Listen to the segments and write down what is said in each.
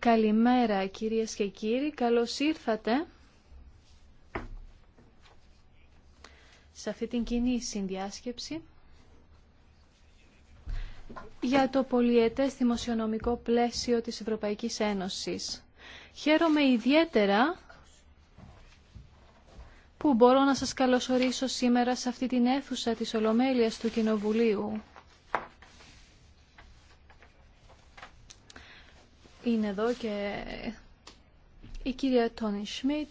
Καλημέρα κυρίες και κύριοι, καλώς ήρθατε σε αυτή την κοινή συνδιάσκεψη για το πολιετές δημοσιονομικό πλαίσιο της Ευρωπαϊκής Ένωσης. Χαίρομαι ιδιαίτερα που μπορώ να σας καλωσορίσω σήμερα σε αυτή την αίθουσα της Ολομέλειας του Κοινοβουλίου. είναι εδώ και η κυρία Τόνι Σμιτ.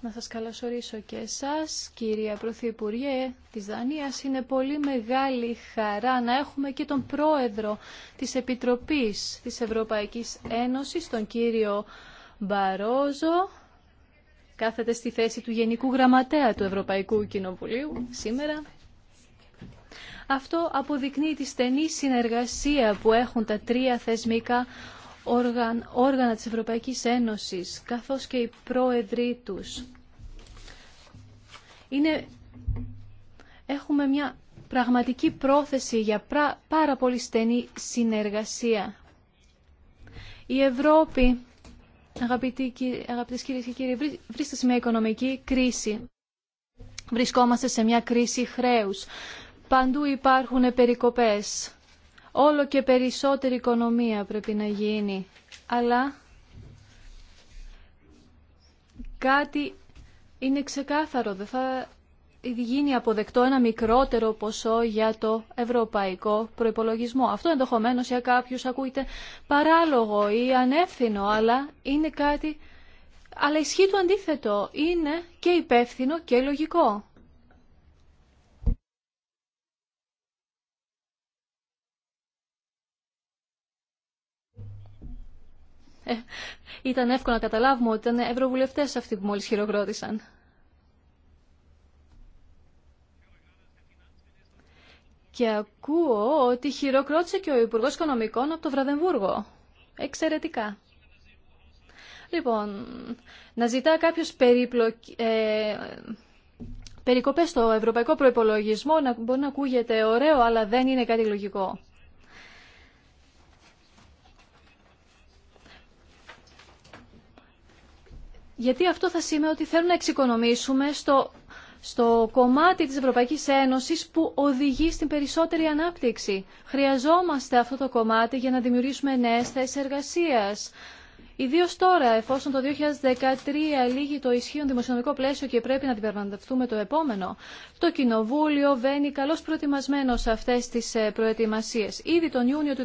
Να σας καλωσορίσω και εσάς, κυρία Πρωθυπουργέ της Δανίας. Είναι πολύ μεγάλη χαρά να έχουμε και τον πρόεδρο της Επιτροπής της Ευρωπαϊκής Ένωσης, τον κύριο Μπαρόζο. Κάθεται στη θέση του Γενικού Γραμματέα του Ευρωπαϊκού Κοινοβουλίου σήμερα. Αυτό αποδεικνύει τη στενή συνεργασία που έχουν τα τρία θεσμικά όργανα, της Ευρωπαϊκής Ένωσης, καθώς και οι πρόεδροι τους. Είναι, έχουμε μια πραγματική πρόθεση για πάρα πολύ στενή συνεργασία. Η Ευρώπη, αγαπητοί, αγαπητές και κύριοι, βρίσκεται σε μια οικονομική κρίση. Βρισκόμαστε σε μια κρίση χρέους. Παντού υπάρχουν περικοπές. Όλο και περισσότερη οικονομία πρέπει να γίνει. Αλλά κάτι είναι ξεκάθαρο. Δεν θα γίνει αποδεκτό ένα μικρότερο ποσό για το ευρωπαϊκό προϋπολογισμό. Αυτό ενδεχομένως για κάποιους ακούγεται παράλογο ή ανεύθυνο, αλλά είναι κάτι... Αλλά ισχύει το αντίθετο. Είναι και υπεύθυνο και λογικό. Ε, ήταν εύκολο να καταλάβουμε ότι ήταν ευρωβουλευτέ αυτοί που μόλι χειροκρότησαν. Και ακούω ότι χειροκρότησε και ο Υπουργό Οικονομικών από το Βραδεμβούργο. Εξαιρετικά. Λοιπόν, να ζητά κάποιος περίπλο. Ε, περικοπές στο ευρωπαϊκό προϋπολογισμό να μπορεί να ακούγεται ωραίο, αλλά δεν είναι κάτι λογικό. Γιατί αυτό θα σημαίνει ότι θέλουν να εξοικονομήσουμε στο, κομμάτι της Ευρωπαϊκής Ένωσης που οδηγεί στην περισσότερη ανάπτυξη. Χρειαζόμαστε αυτό το κομμάτι για να δημιουργήσουμε νέες θέσεις εργασίας. Ιδίω τώρα, εφόσον το 2013 λύγει το ισχύον δημοσιονομικό πλαίσιο και πρέπει να την το επόμενο, το Κοινοβούλιο βαίνει καλώ προετοιμασμένο σε αυτέ τι ε, προετοιμασίε. Ήδη τον Ιούνιο του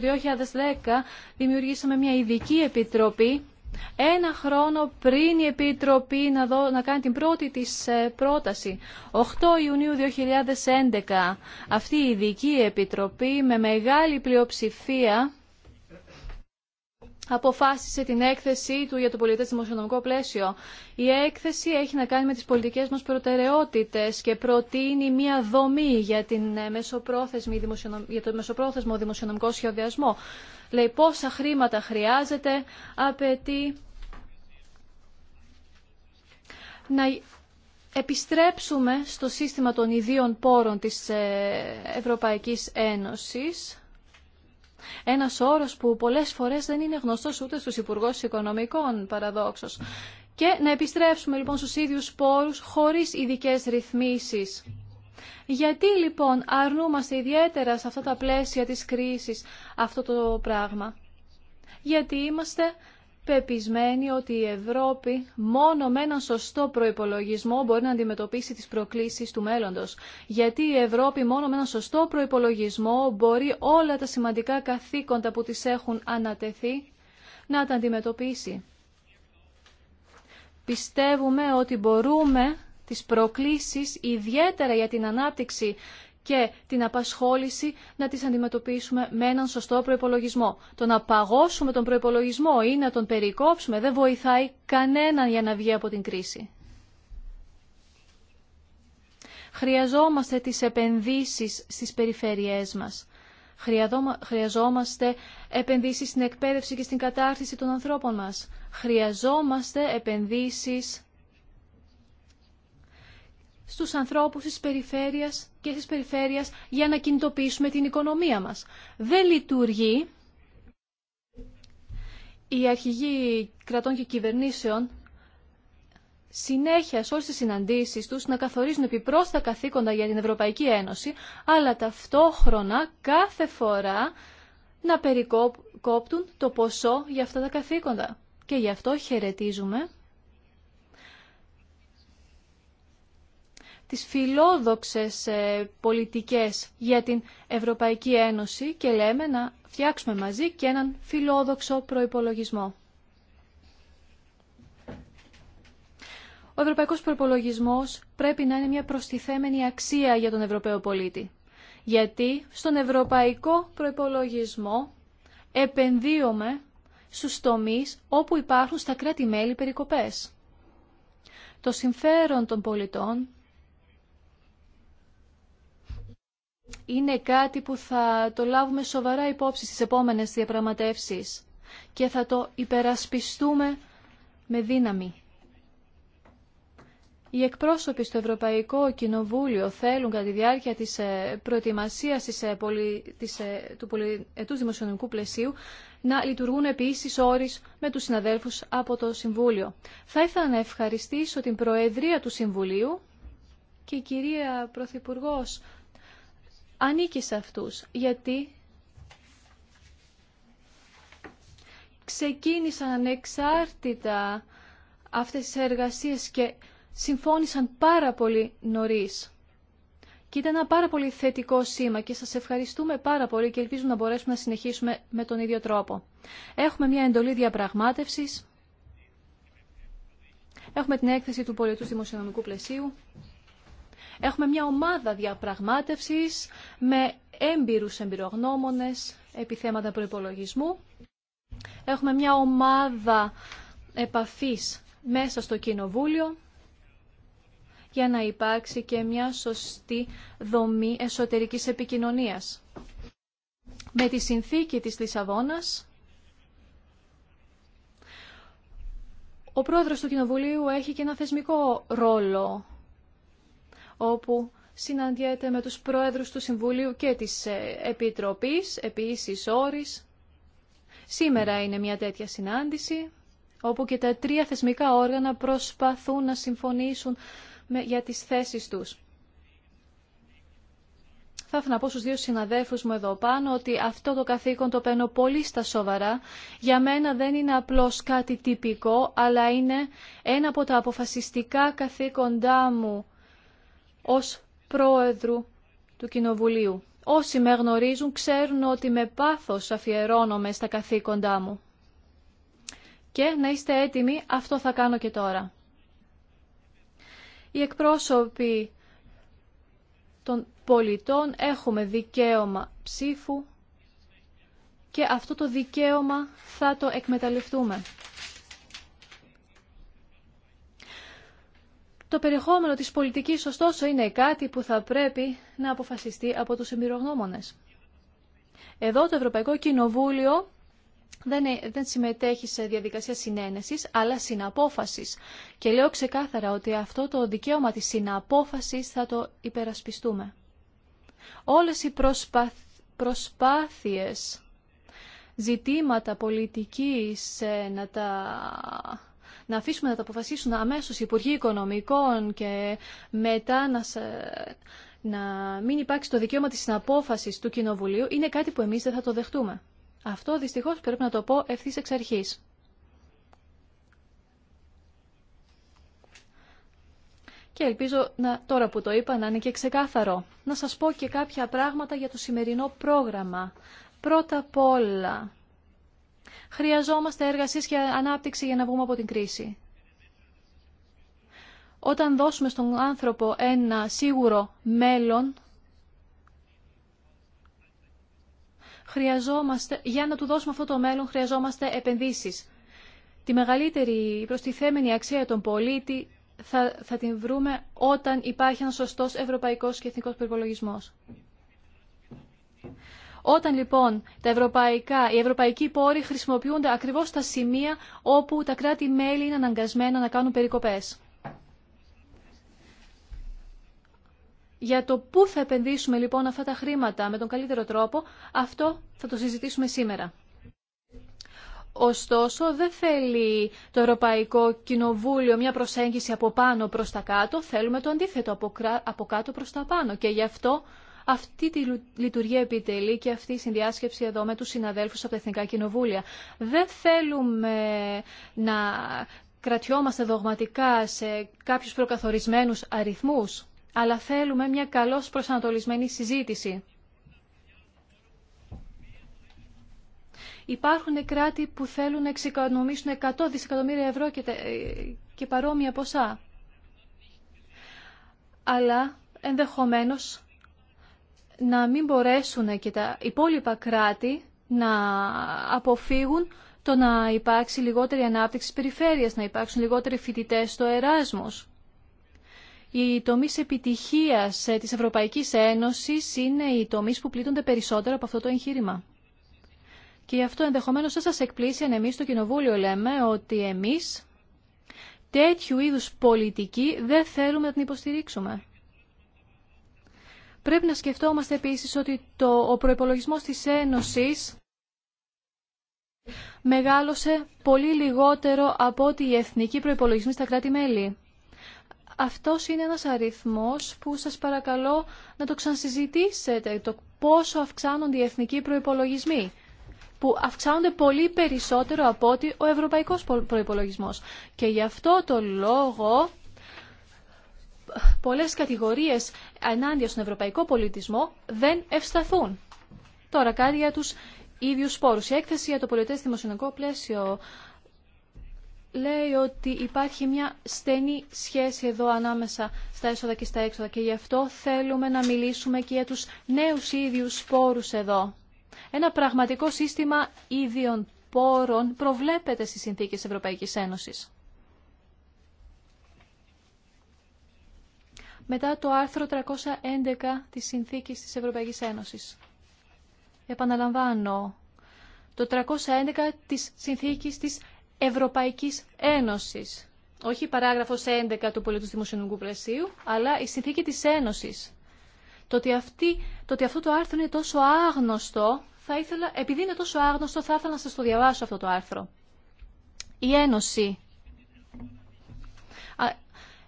2010 δημιουργήσαμε μια ειδική επιτροπή ένα χρόνο πριν η Επιτροπή να, να κάνει την πρώτη της ε, πρόταση. 8 Ιουνίου 2011 αυτή η Ειδική Επιτροπή με μεγάλη πλειοψηφία αποφάσισε την έκθεσή του για το πολιτικό δημοσιονομικό πλαίσιο. Η έκθεση έχει να κάνει με τις πολιτικές μας προτεραιότητες και προτείνει μια δομή για, την ε, μεσοπρόθεσμη, για το μεσοπρόθεσμο δημοσιονομικό σχεδιασμό λέει πόσα χρήματα χρειάζεται, απαιτεί να επιστρέψουμε στο σύστημα των ιδίων πόρων της ε, Ευρωπαϊκής Ένωσης. Ένας όρος που πολλές φορές δεν είναι γνωστός ούτε στους Υπουργούς Οικονομικών, παραδόξως. Και να επιστρέψουμε λοιπόν στους ίδιους πόρους χωρίς ειδικέ ρυθμίσεις γιατί λοιπόν αρνούμαστε ιδιαίτερα σε αυτά τα πλαίσια της κρίσης αυτό το πράγμα. Γιατί είμαστε πεπισμένοι ότι η Ευρώπη μόνο με έναν σωστό προϋπολογισμό μπορεί να αντιμετωπίσει τις προκλήσεις του μέλλοντος. Γιατί η Ευρώπη μόνο με έναν σωστό προϋπολογισμό μπορεί όλα τα σημαντικά καθήκοντα που της έχουν ανατεθεί να τα αντιμετωπίσει. Πιστεύουμε ότι μπορούμε τις προκλήσεις, ιδιαίτερα για την ανάπτυξη και την απασχόληση να τις αντιμετωπίσουμε με έναν σωστό προϋπολογισμό. Το να παγώσουμε τον προϋπολογισμό ή να τον περικόψουμε δεν βοηθάει κανέναν για να βγει από την κρίση. Χρειαζόμαστε τις επενδύσεις στις περιφέρειές μας. Χρειαζόμαστε επενδύσεις στην εκπαίδευση και στην κατάρτιση των ανθρώπων μας. Χρειαζόμαστε επενδύσεις στους ανθρώπους της περιφέρειας και της περιφέρειας για να κινητοποιήσουμε την οικονομία μας. Δεν λειτουργεί οι αρχηγοί κρατών και κυβερνήσεων συνέχεια σε όλες τις συναντήσεις τους να καθορίζουν επιπρόσθετα καθήκοντα για την Ευρωπαϊκή Ένωση, αλλά ταυτόχρονα κάθε φορά να περικόπτουν το ποσό για αυτά τα καθήκοντα. Και γι' αυτό χαιρετίζουμε τις φιλόδοξες ε, πολιτικές για την Ευρωπαϊκή Ένωση και λέμε να φτιάξουμε μαζί και έναν φιλόδοξο προϋπολογισμό. Ο ευρωπαϊκός προϋπολογισμός πρέπει να είναι μια προστιθέμενη αξία για τον Ευρωπαίο πολίτη. Γιατί στον ευρωπαϊκό προϋπολογισμό επενδύουμε στους τομείς όπου υπάρχουν στα κράτη-μέλη περικοπές. Το συμφέρον των πολιτών είναι κάτι που θα το λάβουμε σοβαρά υπόψη στις επόμενες διαπραγματεύσεις και θα το υπερασπιστούμε με δύναμη. Οι εκπρόσωποι στο Ευρωπαϊκό Κοινοβούλιο θέλουν κατά τη διάρκεια της ε, προετοιμασίας της, ε, της, ε, του πολυετούς δημοσιονομικού πλαισίου να λειτουργούν επίσης όρις με τους συναδέλφους από το Συμβούλιο. Θα ήθελα να ευχαριστήσω την Προεδρία του Συμβουλίου και κυρία Πρωθυπουργός ανήκει σε αυτούς, γιατί ξεκίνησαν ανεξάρτητα αυτές τις εργασίες και συμφώνησαν πάρα πολύ νωρίς. Και ήταν ένα πάρα πολύ θετικό σήμα και σας ευχαριστούμε πάρα πολύ και ελπίζουμε να μπορέσουμε να συνεχίσουμε με τον ίδιο τρόπο. Έχουμε μια εντολή διαπραγμάτευσης. Έχουμε την έκθεση του πολιτού δημοσιονομικού πλαισίου. Έχουμε μια ομάδα διαπραγμάτευσης με έμπειρους εμπειρογνώμονες επί θέματα προϋπολογισμού. Έχουμε μια ομάδα επαφής μέσα στο Κοινοβούλιο για να υπάρξει και μια σωστή δομή εσωτερικής επικοινωνίας. Με τη συνθήκη της Λισαβόνας, ο πρόεδρος του Κοινοβουλίου έχει και ένα θεσμικό ρόλο όπου συναντιέται με τους πρόεδρους του Συμβουλίου και της ε, Επιτροπής, επίσης όρης. Σήμερα είναι μια τέτοια συνάντηση, όπου και τα τρία θεσμικά όργανα προσπαθούν να συμφωνήσουν με, για τις θέσεις τους. Θα ήθελα να πω στους δύο συναδέλφους μου εδώ πάνω ότι αυτό το καθήκον το παίρνω πολύ στα σοβαρά. Για μένα δεν είναι απλώς κάτι τυπικό, αλλά είναι ένα από τα αποφασιστικά καθήκοντά μου ως πρόεδρου του Κοινοβουλίου. Όσοι με γνωρίζουν ξέρουν ότι με πάθος αφιερώνομαι στα καθήκοντά μου. Και να είστε έτοιμοι, αυτό θα κάνω και τώρα. Οι εκπρόσωποι των πολιτών έχουμε δικαίωμα ψήφου και αυτό το δικαίωμα θα το εκμεταλλευτούμε. Το περιεχόμενο της πολιτικής, ωστόσο, είναι κάτι που θα πρέπει να αποφασιστεί από τους εμπειρογνώμονες. Εδώ το Ευρωπαϊκό Κοινοβούλιο δεν, δεν συμμετέχει σε διαδικασία συνένεσης, αλλά συναπόφασης. Και λέω ξεκάθαρα ότι αυτό το δικαίωμα της συναπόφασης θα το υπερασπιστούμε. Όλες οι προσπαθ, προσπάθειες, ζητήματα πολιτικής, ε, να τα να αφήσουμε να τα αποφασίσουν αμέσως οι Υπουργοί Οικονομικών και μετά να, να μην υπάρξει το δικαίωμα της συναπόφασης του Κοινοβουλίου είναι κάτι που εμείς δεν θα το δεχτούμε. Αυτό δυστυχώς πρέπει να το πω ευθύ εξ αρχής. Και ελπίζω να, τώρα που το είπα να είναι και ξεκάθαρο. Να σας πω και κάποια πράγματα για το σημερινό πρόγραμμα. Πρώτα απ' όλα, Χρειαζόμαστε έργασης και ανάπτυξη για να βγούμε από την κρίση. Όταν δώσουμε στον άνθρωπο ένα σίγουρο μέλλον, χρειαζόμαστε, για να του δώσουμε αυτό το μέλλον χρειαζόμαστε επενδύσεις. Τη μεγαλύτερη προστιθέμενη αξία των πολίτη θα, θα την βρούμε όταν υπάρχει ένα σωστός ευρωπαϊκός και εθνικός περιπολογισμός. Όταν λοιπόν τα ευρωπαϊκά, οι ευρωπαϊκοί πόροι χρησιμοποιούνται ακριβώς στα σημεία όπου τα κράτη-μέλη είναι αναγκασμένα να κάνουν περικοπές. Για το πού θα επενδύσουμε λοιπόν αυτά τα χρήματα με τον καλύτερο τρόπο, αυτό θα το συζητήσουμε σήμερα. Ωστόσο, δεν θέλει το Ευρωπαϊκό Κοινοβούλιο μια προσέγγιση από πάνω προς τα κάτω, θέλουμε το αντίθετο, από κάτω προς τα πάνω. Και γι' αυτό αυτή τη λειτουργία επιτελεί και αυτή η συνδιάσκεψη εδώ με τους συναδέλφους από τα Εθνικά Κοινοβούλια. Δεν θέλουμε να κρατιόμαστε δογματικά σε κάποιους προκαθορισμένους αριθμούς, αλλά θέλουμε μια καλώς προσανατολισμένη συζήτηση. Υπάρχουν κράτη που θέλουν να εξοικονομήσουν 100 δισεκατομμύρια ευρώ και παρόμοια ποσά. Αλλά ενδεχομένως να μην μπορέσουν και τα υπόλοιπα κράτη να αποφύγουν το να υπάρξει λιγότερη ανάπτυξη περιφέρειας, να υπάρξουν λιγότεροι φοιτητέ στο Εράσμος. Οι τομείς επιτυχίας ε, της Ευρωπαϊκής Ένωσης είναι οι τομείς που πλήττονται περισσότερο από αυτό το εγχείρημα. Και αυτό ενδεχομένως θα σας εκπλήσει αν εμείς στο Κοινοβούλιο λέμε ότι εμείς τέτοιου είδους πολιτική δεν θέλουμε να την υποστηρίξουμε. Πρέπει να σκεφτόμαστε επίσης ότι το, ο προϋπολογισμός της Ένωσης μεγάλωσε πολύ λιγότερο από ότι οι εθνικοί προϋπολογισμοί στα κράτη-μέλη. Αυτός είναι ένας αριθμός που σας παρακαλώ να το ξανασυζητήσετε, το πόσο αυξάνονται οι εθνικοί προϋπολογισμοί που αυξάνονται πολύ περισσότερο από ότι ο ευρωπαϊκός προϋπολογισμός. Και γι' αυτό το λόγο πολλές κατηγορίες ενάντια στον ευρωπαϊκό πολιτισμό δεν ευσταθούν. Τώρα κάτι για τους ίδιους πόρους. Η έκθεση για το πολιτές δημοσιονομικό πλαίσιο λέει ότι υπάρχει μια στενή σχέση εδώ ανάμεσα στα έσοδα και στα έξοδα και γι' αυτό θέλουμε να μιλήσουμε και για τους νέους ίδιους πόρους εδώ. Ένα πραγματικό σύστημα ίδιων πόρων προβλέπεται στις συνθήκες Ευρωπαϊκής Ένωσης. μετά το άρθρο 311 της Συνθήκης της Ευρωπαϊκής Ένωσης. Επαναλαμβάνω, το 311 της Συνθήκης της Ευρωπαϊκής Ένωσης. Όχι η παράγραφος 11 του πολιτικού δημοσιονομικού πλαισίου, αλλά η Συνθήκη της Ένωσης. Το ότι, αυτή, το ότι αυτό το άρθρο είναι τόσο άγνωστο, θα ήθελα, επειδή είναι τόσο άγνωστο, θα ήθελα να σας το διαβάσω αυτό το άρθρο. Η Ένωση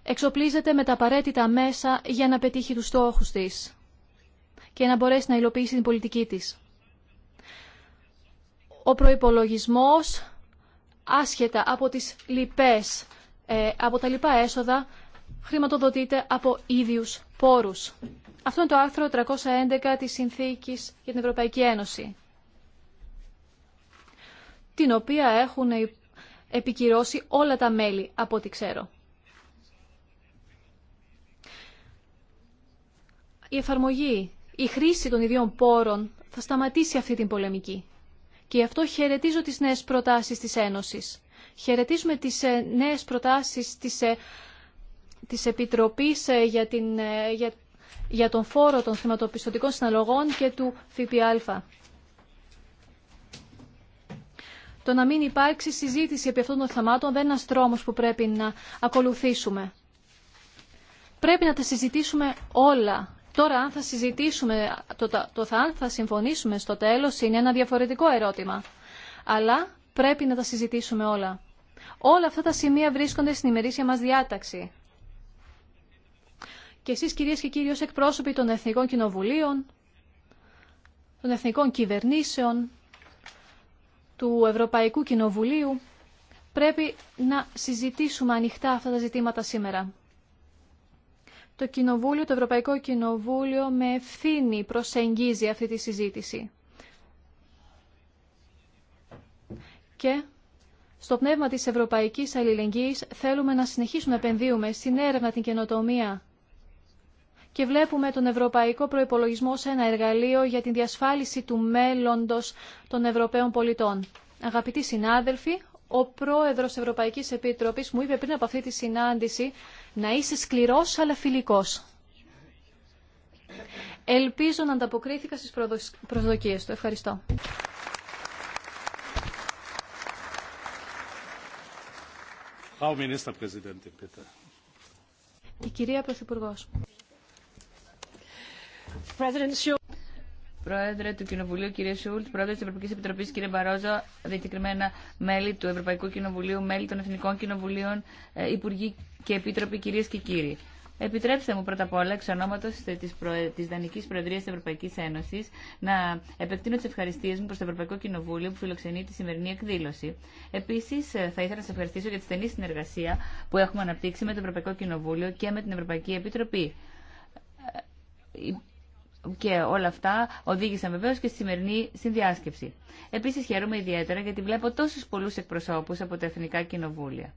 εξοπλίζεται με τα απαραίτητα μέσα για να πετύχει τους στόχους της και να μπορέσει να υλοποιήσει την πολιτική της. Ο προϋπολογισμός, άσχετα από τις λοιπές, ε, από τα λοιπά έσοδα, χρηματοδοτείται από ίδιους πόρους. Αυτό είναι το άρθρο 311 της Συνθήκης για την Ευρωπαϊκή Ένωση, την οποία έχουν επικυρώσει όλα τα μέλη, από ό,τι ξέρω. η εφαρμογή, η χρήση των ιδιών πόρων θα σταματήσει αυτή την πολεμική. Και γι' αυτό χαιρετίζω τις νέες προτάσεις της Ένωσης. Χαιρετίζουμε τις ε, νέες προτάσεις της, ε, της Επιτροπής ε, για, την, για, για τον φόρο των θρηματοπιστωτικών συναλλογών και του ΦΠΑ. Το να μην υπάρξει συζήτηση επί αυτών των θεμάτων δεν είναι ένας τρόμος που πρέπει να ακολουθήσουμε. Πρέπει να τα συζητήσουμε όλα Τώρα, αν θα συζητήσουμε, το, το, θα, θα συμφωνήσουμε στο τέλος είναι ένα διαφορετικό ερώτημα. Αλλά πρέπει να τα συζητήσουμε όλα. Όλα αυτά τα σημεία βρίσκονται στην ημερήσια μας διάταξη. Και εσείς κυρίες και κύριοι ως εκπρόσωποι των Εθνικών Κοινοβουλίων, των Εθνικών Κυβερνήσεων, του Ευρωπαϊκού Κοινοβουλίου, πρέπει να συζητήσουμε ανοιχτά αυτά τα ζητήματα σήμερα το Κοινοβούλιο, το Ευρωπαϊκό Κοινοβούλιο με ευθύνη προσεγγίζει αυτή τη συζήτηση. Και στο πνεύμα της ευρωπαϊκής αλληλεγγύης θέλουμε να συνεχίσουμε να επενδύουμε στην έρευνα, την καινοτομία. Και βλέπουμε τον ευρωπαϊκό προϋπολογισμό σε ένα εργαλείο για την διασφάλιση του μέλλοντος των Ευρωπαίων πολιτών. Αγαπητοί συνάδελφοι, ο πρόεδρος Ευρωπαϊκής Επίτροπης μου είπε πριν από αυτή τη συνάντηση να είσαι σκληρός αλλά φιλικός. Ελπίζω να ανταποκρίθηκα στις προσδοκίε. του. Ευχαριστώ. Η κυρία Πρωθυπουργός. Πρόεδρε του Κοινοβουλίου, κύριε Σούλτ, πρόεδρε τη Ευρωπαϊκή Επιτροπή, κύριε Μπαρόζο, διακεκριμένα μέλη του Ευρωπαϊκού Κοινοβουλίου, μέλη των Εθνικών Κοινοβουλίων, ε, υπουργοί και επίτροποι, κυρίε και κύριοι. Επιτρέψτε μου πρώτα απ' όλα, εξ ονόματο τη Δανική Προεδρία τη Ευρωπαϊκή Ένωση, να επεκτείνω τι ευχαριστίε μου προ το Ευρωπαϊκό Κοινοβούλιο που φιλοξενεί τη σημερινή εκδήλωση. Επίση, ε, θα ήθελα να σα ευχαριστήσω για τη στενή συνεργασία που έχουμε αναπτύξει με το Ευρωπαϊκό Κοινοβούλιο και με την Ευρωπαϊκή Επιτροπή. Ε, και όλα αυτά οδήγησαν βεβαίω και στη σημερινή συνδιάσκεψη. Επίση, χαίρομαι ιδιαίτερα γιατί βλέπω τόσου πολλού εκπροσώπου από τα Εθνικά Κοινοβούλια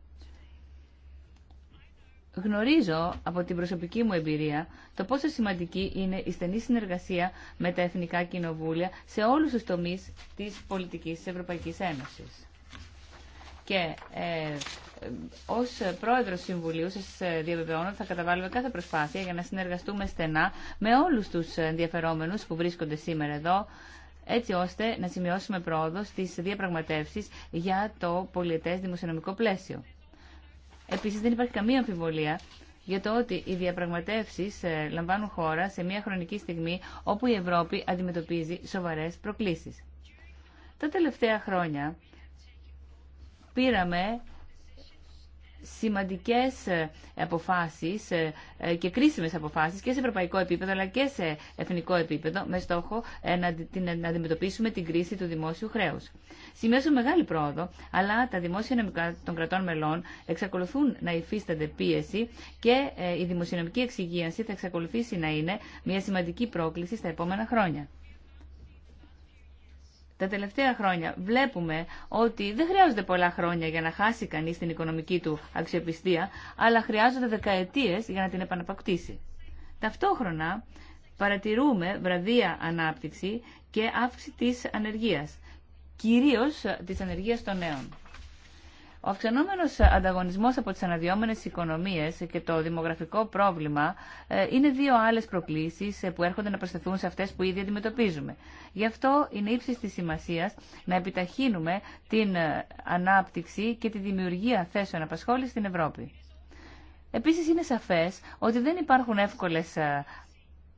γνωρίζω από την προσωπική μου εμπειρία το πόσο σημαντική είναι η στενή συνεργασία με τα εθνικά κοινοβούλια σε όλους τους τομείς της πολιτικής της Ευρωπαϊκής Ένωσης. Και ε, ως πρόεδρος Συμβουλίου σας ε, διαβεβαιώνω ότι θα καταβάλουμε κάθε προσπάθεια για να συνεργαστούμε στενά με όλους τους ενδιαφερόμενους που βρίσκονται σήμερα εδώ έτσι ώστε να σημειώσουμε πρόοδο στις διαπραγματεύσεις για το πολιτές δημοσιονομικό πλαίσιο. Επίσης δεν υπάρχει καμία αμφιβολία για το ότι οι διαπραγματεύσεις ε, λαμβάνουν χώρα σε μια χρονική στιγμή όπου η Ευρώπη αντιμετωπίζει σοβαρές προκλήσεις. Τα τελευταία χρόνια πήραμε σημαντικές ε, αποφάσεις ε, ε, και κρίσιμες αποφάσεις και σε ευρωπαϊκό επίπεδο αλλά και σε εθνικό επίπεδο με στόχο να αντιμετωπίσουμε την κρίση του δημόσιου χρέους. Σημειώσω μεγάλη πρόοδο, αλλά τα δημόσια νομικά των κρατών μελών εξακολουθούν να υφίστανται πίεση και η δημοσιονομική εξυγίανση θα εξακολουθήσει να είναι μια σημαντική πρόκληση στα επόμενα χρόνια. Τα τελευταία χρόνια βλέπουμε ότι δεν χρειάζονται πολλά χρόνια για να χάσει κανείς την οικονομική του αξιοπιστία, αλλά χρειάζονται δεκαετίες για να την επαναπακτήσει. Ταυτόχρονα παρατηρούμε βραδία ανάπτυξη και αύξηση της ανεργίας, κυρίως της ανεργίας των νέων. Ο αυξανόμενος ανταγωνισμό από τις αναδυόμενε οικονομίες και το δημογραφικό πρόβλημα ε, είναι δύο άλλες προκλήσεις ε, που έρχονται να προσθεθούν σε αυτές που ήδη αντιμετωπίζουμε. Γι' αυτό είναι ύψη τη σημασία να επιταχύνουμε την ε, ανάπτυξη και τη δημιουργία θέσεων απασχόληση στην Ευρώπη. Επίση είναι σαφέ ότι δεν υπάρχουν εύκολες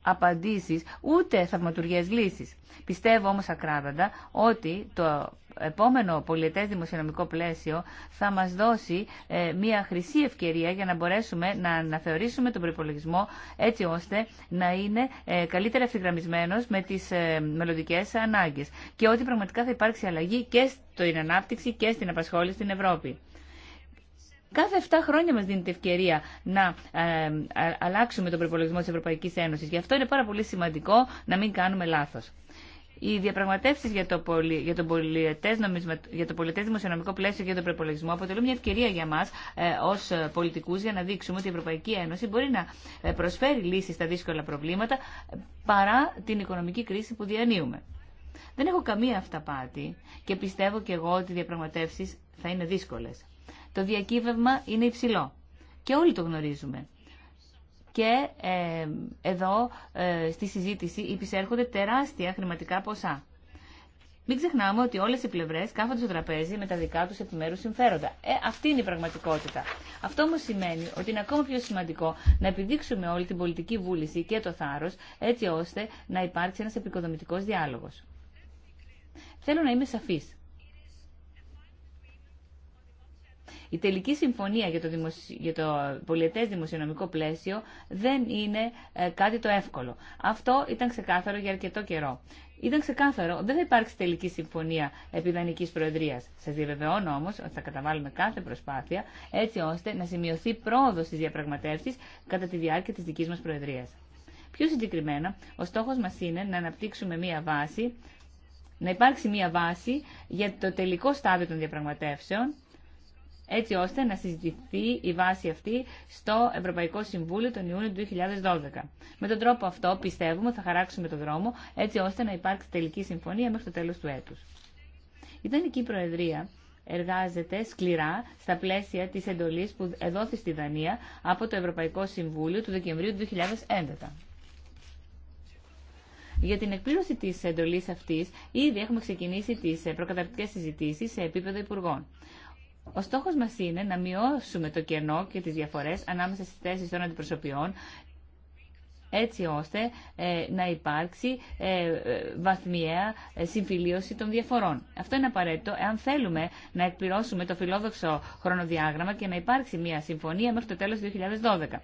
απαντήσεις ούτε θαυματουργές λύσεις. Πιστεύω όμως ακράδαντα ότι το επόμενο πολιτεύσιο δημοσιονομικό πλαίσιο θα μας δώσει ε, μια χρυσή ευκαιρία για να μπορέσουμε να αναθεωρήσουμε τον προπολογισμό έτσι ώστε να είναι ε, καλύτερα ευθυγραμμισμένος με τις ε, μελλοντικές ανάγκες και ότι πραγματικά θα υπάρξει αλλαγή και στην ανάπτυξη και στην απασχόληση στην Ευρώπη. Κάθε 7 χρόνια μα δίνεται ευκαιρία να ε, αλλάξουμε τον προπολογισμό τη Ευρωπαϊκή Ένωση. Γι' αυτό είναι πάρα πολύ σημαντικό να μην κάνουμε λάθο. Οι διαπραγματεύσει για το, πολιτεύσιο για, το για το δημοσιονομικό πλαίσιο και για τον προπολογισμό αποτελούν μια ευκαιρία για μα ε, ω πολιτικού για να δείξουμε ότι η Ευρωπαϊκή Ένωση μπορεί να ε, προσφέρει λύσει στα δύσκολα προβλήματα ε, παρά την οικονομική κρίση που διανύουμε. Δεν έχω καμία αυταπάτη και πιστεύω και εγώ ότι οι διαπραγματεύσει θα είναι δύσκολε. Το διακύβευμα είναι υψηλό. Και όλοι το γνωρίζουμε. Και ε, εδώ ε, στη συζήτηση υπησέρχονται τεράστια χρηματικά ποσά. Μην ξεχνάμε ότι όλες οι πλευρές κάθονται στο τραπέζι με τα δικά τους επιμέρους συμφέροντα. Ε, αυτή είναι η πραγματικότητα. Αυτό όμω σημαίνει ότι είναι ακόμα πιο σημαντικό να επιδείξουμε όλη την πολιτική βούληση και το θάρρος έτσι ώστε να υπάρξει ένας επικοδομητικός διάλογος. Θέλω να είμαι σαφή. Η τελική συμφωνία για το, δημοσι... το δημοσιονομικό πλαίσιο δεν είναι ε, κάτι το εύκολο. Αυτό ήταν ξεκάθαρο για αρκετό καιρό. Ήταν ξεκάθαρο, δεν θα υπάρξει τελική συμφωνία επί προεδρίας. Προεδρία. Σα διαβεβαιώνω όμω ότι θα καταβάλουμε κάθε προσπάθεια έτσι ώστε να σημειωθεί πρόοδο στι διαπραγματεύσει κατά τη διάρκεια τη δική μα Προεδρία. Πιο συγκεκριμένα, ο στόχο μα είναι να αναπτύξουμε μία βάση, να υπάρξει μία βάση για το τελικό στάδιο των διαπραγματεύσεων έτσι ώστε να συζητηθεί η βάση αυτή στο Ευρωπαϊκό Συμβούλιο τον Ιούνιο του 2012. Με τον τρόπο αυτό πιστεύουμε θα χαράξουμε τον δρόμο έτσι ώστε να υπάρξει τελική συμφωνία μέχρι το τέλος του έτους. Η Δανική Προεδρία εργάζεται σκληρά στα πλαίσια της εντολής που εδόθη στη Δανία από το Ευρωπαϊκό Συμβούλιο του Δεκεμβρίου του 2011. Για την εκπλήρωση τη εντολή αυτή, ήδη έχουμε ξεκινήσει τι προκαταρκτικέ συζητήσει σε επίπεδο υπουργών. Ο στόχο μα είναι να μειώσουμε το κενό και τι διαφορέ ανάμεσα στι θέσει των αντιπροσωπιών έτσι ώστε ε, να υπάρξει ε, βαθμιαία ε, συμφιλίωση των διαφορών. Αυτό είναι απαραίτητο εάν θέλουμε να εκπληρώσουμε το φιλόδοξο χρονοδιάγραμμα και να υπάρξει μια συμφωνία μέχρι το τέλος του 2012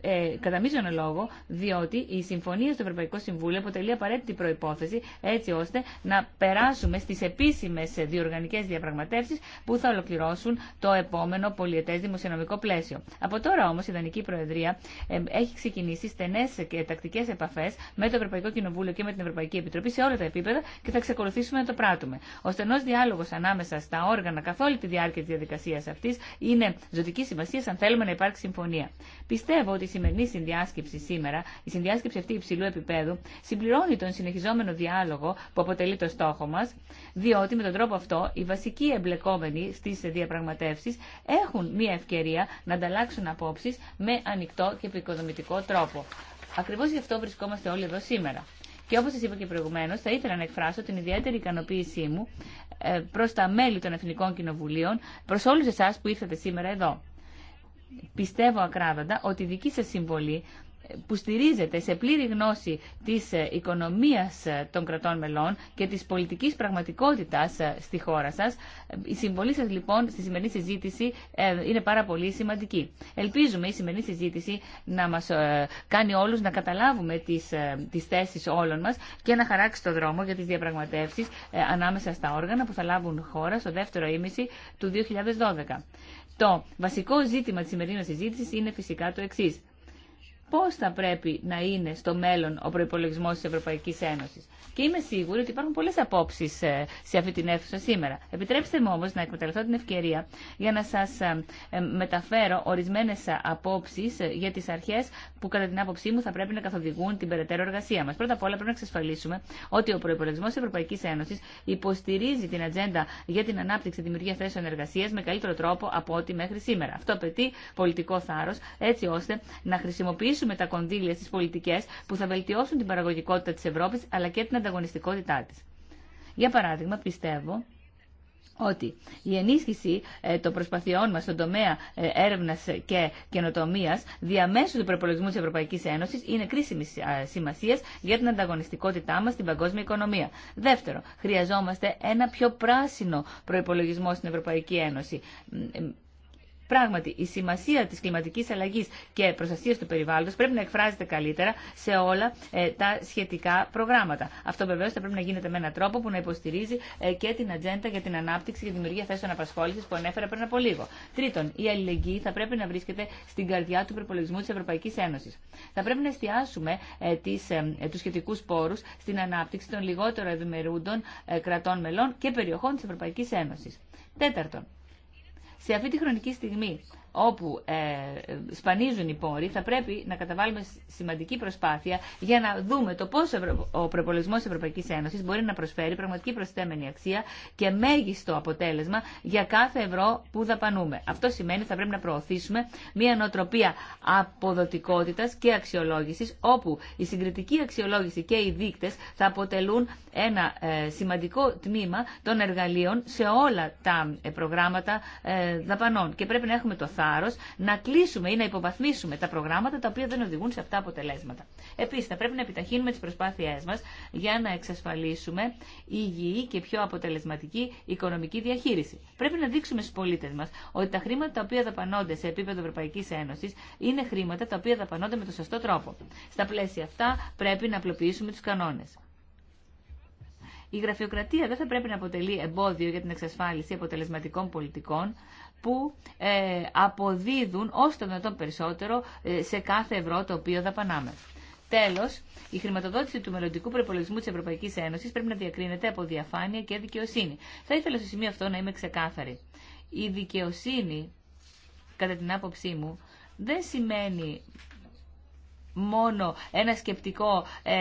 ε, κατά μείζον λόγο, διότι η συμφωνία στο Ευρωπαϊκό Συμβούλιο αποτελεί απαραίτητη προπόθεση έτσι ώστε να περάσουμε στι επίσημε διοργανικέ διαπραγματεύσει που θα ολοκληρώσουν το επόμενο πολιετέ δημοσιονομικό πλαίσιο. Από τώρα όμω η Δανική Προεδρία ε, έχει ξεκινήσει στενέ και τακτικέ επαφέ με το Ευρωπαϊκό Κοινοβούλιο και με την Ευρωπαϊκή Επιτροπή σε όλα τα επίπεδα και θα ξεκολουθήσουμε να το πράττουμε. Ο στενό διάλογο ανάμεσα στα όργανα καθ' όλη τη διάρκεια τη διαδικασία αυτή είναι ζωτική σημασία αν θέλουμε να υπάρξει συμφωνία. Πιστεύω πιστεύω ότι η σημερινή συνδιάσκεψη σήμερα, η συνδιάσκεψη αυτή υψηλού επίπεδου, συμπληρώνει τον συνεχιζόμενο διάλογο που αποτελεί το στόχο μα, διότι με τον τρόπο αυτό οι βασικοί εμπλεκόμενοι στι διαπραγματεύσει έχουν μία ευκαιρία να ανταλλάξουν απόψει με ανοιχτό και επικοδομητικό τρόπο. Ακριβώ γι' αυτό βρισκόμαστε όλοι εδώ σήμερα. Και όπω σα είπα και προηγουμένω, θα ήθελα να εκφράσω την ιδιαίτερη ικανοποίησή μου ε, προ τα μέλη των Εθνικών Κοινοβουλίων, προ όλου εσά που ήρθατε σήμερα εδώ πιστεύω ακράδαντα ότι η δική σας συμβολή που στηρίζεται σε πλήρη γνώση της ε, οικονομίας ε, των κρατών μελών και της πολιτικής πραγματικότητας ε, στη χώρα σας. Η συμβολή σας λοιπόν στη σημερινή συζήτηση είναι πάρα πολύ σημαντική. Ελπίζουμε η σημερινή συζήτηση να μας κάνει όλους να καταλάβουμε τις, τις θέσεις όλων μας και να χαράξει το δρόμο για τις διαπραγματεύσεις ανάμεσα στα όργανα που θα λάβουν χώρα στο δεύτερο ήμιση του 2012. Το βασικό ζήτημα της σημερινής συζήτησης είναι φυσικά το εξής πώς θα πρέπει να είναι στο μέλλον ο προϋπολογισμός της Ευρωπαϊκής Ένωσης. Και είμαι σίγουρη ότι υπάρχουν πολλές απόψεις ε, σε αυτή την αίθουσα σήμερα. Επιτρέψτε μου όμως να εκμεταλλευτώ την ευκαιρία για να σας ε, ε, μεταφέρω ορισμένες απόψεις για τις αρχές που κατά την άποψή μου θα πρέπει να καθοδηγούν την περαιτέρω εργασία μας. Πρώτα απ' όλα πρέπει να εξασφαλίσουμε ότι ο προϋπολογισμός της Ευρωπαϊκής Ένωση υποστηρίζει την ατζέντα για την ανάπτυξη δημιουργία θέσεων εργασία με καλύτερο τρόπο από ό,τι μέχρι σήμερα. Αυτό απαιτεί πολιτικό θάρρο, έτσι ώστε να χρησιμοποιήσουμε συνεχίσουμε τα κονδύλια στι πολιτικέ που θα βελτιώσουν την παραγωγικότητα τη Ευρώπη αλλά και την ανταγωνιστικότητά τη. Για παράδειγμα, πιστεύω ότι η ενίσχυση ε, των προσπαθειών μα στον τομέα ε, έρευνα και καινοτομία, διαμέσου του προπολογισμού τη Ευρωπαϊκή Ένωση είναι κρίσιμη ε, σημασία για την ανταγωνιστικότητά μα στην παγκόσμια οικονομία. Δεύτερο, χρειαζόμαστε ένα πιο πράσινο προπολογισμό στην Ευρωπαϊκή Ένωση Πράγματι, η σημασία τη κλιματική αλλαγή και προστασία του περιβάλλοντο πρέπει να εκφράζεται καλύτερα σε όλα ε, τα σχετικά προγράμματα. Αυτό βεβαίω θα πρέπει να γίνεται με έναν τρόπο που να υποστηρίζει ε, και την ατζέντα για την ανάπτυξη και δημιουργία θέσεων απασχόληση που ανέφερα πριν από λίγο. Τρίτον, η αλληλεγγύη θα πρέπει να βρίσκεται στην καρδιά του προπολογισμού τη Ευρωπαϊκή Ένωση. Θα πρέπει να εστιάσουμε ε, του σχετικού πόρου στην ανάπτυξη των λιγότερο ευημερούντων κρατών μελών και περιοχών τη Ευρωπαϊκή Ένωση. Τέταρτον, σε αυτή τη χρονική στιγμή όπου ε, σπανίζουν οι πόροι, θα πρέπει να καταβάλουμε σημαντική προσπάθεια για να δούμε το πώς ο προπολογισμό της Ευρωπαϊκής Ένωσης μπορεί να προσφέρει πραγματική προσθέμενη αξία και μέγιστο αποτέλεσμα για κάθε ευρώ που δαπανούμε. Αυτό σημαίνει ότι θα πρέπει να προωθήσουμε μια νοοτροπία αποδοτικότητας και αξιολόγηση, όπου η συγκριτική αξιολόγηση και οι δείκτες θα αποτελούν ένα ε, σημαντικό τμήμα των εργαλείων σε όλα τα ε, προγράμματα δαπανών. Και πρέπει να έχουμε το θάρρο να κλείσουμε ή να υποβαθμίσουμε τα προγράμματα τα οποία δεν οδηγούν σε αυτά αποτελέσματα. Επίση, θα πρέπει να επιταχύνουμε τι προσπάθειέ μα για να εξασφαλίσουμε υγιή και πιο αποτελεσματική οικονομική διαχείριση. Πρέπει να δείξουμε στου πολίτε μα ότι τα χρήματα τα οποία δαπανώνται σε επίπεδο Ευρωπαϊκή Ένωση είναι χρήματα τα οποία δαπανώνται με τον σωστό τρόπο. Στα πλαίσια αυτά πρέπει να απλοποιήσουμε του κανόνε. Η γραφειοκρατία δεν θα πρέπει να αποτελεί εμπόδιο για την εξασφάλιση αποτελεσματικών πολιτικών που ε, αποδίδουν όσο το δυνατόν περισσότερο ε, σε κάθε ευρώ το οποίο δαπανάμε. Τέλο, η χρηματοδότηση του μελλοντικού προπολογισμού τη Ευρωπαϊκή Ένωση πρέπει να διακρίνεται από διαφάνεια και δικαιοσύνη. Θα ήθελα στο σημείο αυτό να είμαι ξεκάθαρη. Η δικαιοσύνη, κατά την άποψή μου, δεν σημαίνει μόνο ένα σκεπτικό ε,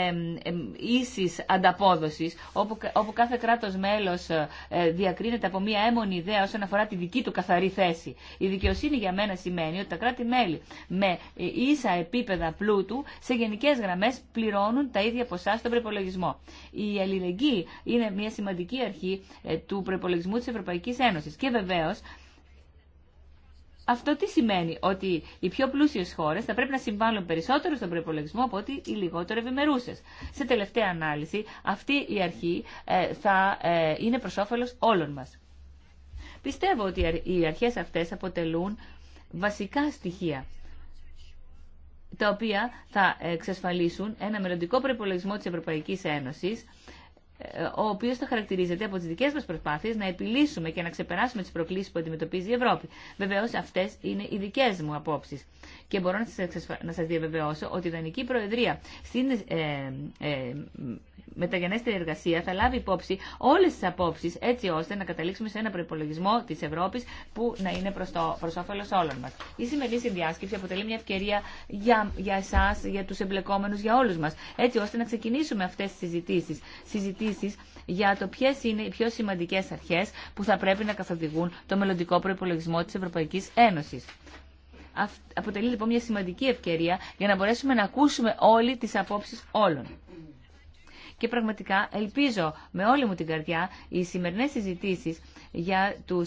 ε, ίσης ανταπόδοσης, όπου, όπου κάθε κράτος μέλος ε, διακρίνεται από μία έμονη ιδέα όσον αφορά τη δική του καθαρή θέση. Η δικαιοσύνη για μένα σημαίνει ότι τα κράτη-μέλη με ε, ίσα επίπεδα πλούτου σε γενικές γραμμές πληρώνουν τα ίδια ποσά στον προπολογισμό. Η αλληλεγγύη είναι μια σημαντική αρχή ε, του προπολογισμού της Ευρωπαϊκής Ένωσης και βεβαίως αυτό τι σημαίνει, ότι οι πιο πλούσιε χώρε θα πρέπει να συμβάλλουν περισσότερο στον προπολογισμό από ότι οι λιγότερο ευημερούσε. Σε τελευταία ανάλυση, αυτή η αρχή ε, θα ε, είναι προ όφελο όλων μα. Πιστεύω ότι οι αρχές αυτές αποτελούν βασικά στοιχεία τα οποία θα εξασφαλίσουν ένα μελλοντικό προπολογισμό της Ευρωπαϊκής Ένωσης ο οποίο θα χαρακτηρίζεται από τι δικέ μα προσπάθειε να επιλύσουμε και να ξεπεράσουμε τι προκλήσει που αντιμετωπίζει η Ευρώπη. Βεβαίω, αυτέ είναι οι δικέ μου απόψει. Και μπορώ να σα διαβεβαιώσω ότι η Δανική Προεδρία στην ε, ε, μεταγενέστερη εργασία θα λάβει υπόψη όλε τι απόψει, έτσι ώστε να καταλήξουμε σε ένα προπολογισμό τη Ευρώπη που να είναι προ όφελο όλων μα. Η σημερινή συνδιάσκεψη αποτελεί μια ευκαιρία για, για εσά, για του εμπλεκόμενου, για όλου μα, έτσι ώστε να ξεκινήσουμε αυτέ τι συζητήσει για το ποιε είναι οι πιο σημαντικές αρχές που θα πρέπει να καθοδηγούν το μελλοντικό προπολογισμό της Ευρωπαϊκής Ένωσης. Αποτελεί λοιπόν μια σημαντική ευκαιρία για να μπορέσουμε να ακούσουμε όλοι τι απόψει όλων. Και πραγματικά ελπίζω με όλη μου την καρδιά οι σημερινέ συζητήσει για του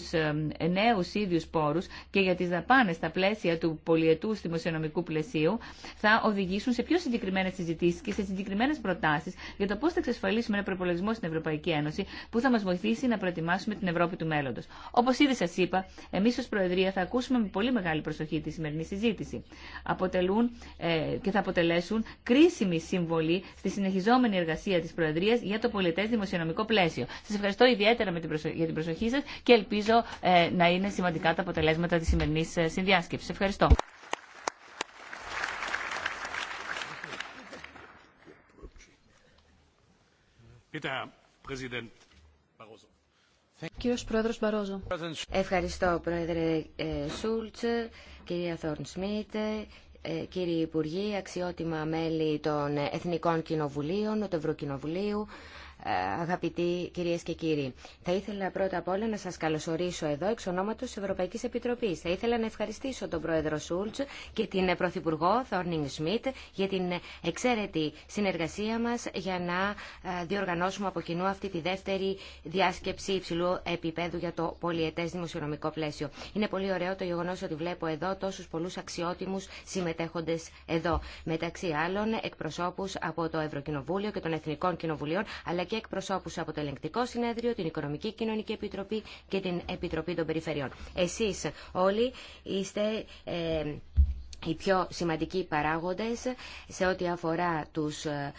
νέου ίδιου πόρου και για τι δαπάνε στα πλαίσια του πολιετού δημοσιονομικού πλαισίου θα οδηγήσουν σε πιο συγκεκριμένε συζητήσει και σε συγκεκριμένε προτάσει για το πώ θα εξασφαλίσουμε ένα προπολογισμό στην Ευρωπαϊκή Ένωση που θα μα βοηθήσει να προετοιμάσουμε την Ευρώπη του μέλλοντο. Όπω ήδη σα είπα, εμεί, ω Προεδρία θα ακούσουμε με πολύ μεγάλη προσοχή τη σημερινή συζήτηση. Αποτελούν ε, και θα αποτελέσουν κρίσιμη συμβολή στη συνεχιζόμενη εργασία τη Προεδρία, για το πολιτέ δημοσιονομικό πλαίσιο. Σα ευχαριστώ ιδιαίτερα με την προσοχή, για την προσοχή σα και ελπίζω ε, να είναι σημαντικά τα αποτελέσματα τη σημερινή ε, συνδιάσκεψη. Ευχαριστώ. Κύριο Πρόεδρο Μπαρόζο. Ευχαριστώ Πρόεδρε ε, Σούλτ, κυρία Θόρν Σμίτ, κύριοι Υπουργοί, αξιότιμα μέλη των Εθνικών Κοινοβουλίων, του Ευρωκοινοβουλίου, αγαπητοί κυρίε και κύριοι. Θα ήθελα πρώτα απ' όλα να σα καλωσορίσω εδώ εξ ονόματο τη Ευρωπαϊκή Επιτροπή. Θα ήθελα να ευχαριστήσω τον Πρόεδρο Σούλτ και την Πρωθυπουργό Θόρνινγκ Σμιτ για την εξαίρετη συνεργασία μα για να ε, διοργανώσουμε από κοινού αυτή τη δεύτερη διάσκεψη υψηλού επίπεδου για το πολιετέ δημοσιονομικό πλαίσιο. Είναι πολύ ωραίο το γεγονό ότι βλέπω εδώ τόσου πολλού αξιότιμου συμμετέχοντε εδώ. Μεταξύ άλλων εκπροσώπου από το Ευρωκοινοβούλιο και των Εθνικών Κοινοβουλίων αλλά και και εκπροσώπους από το Ελεγκτικό Συνέδριο, την Οικονομική Κοινωνική Επιτροπή και την Επιτροπή των Περιφερειών. Εσείς όλοι είστε ε, οι πιο σημαντικοί παράγοντες σε ό,τι αφορά τους ε,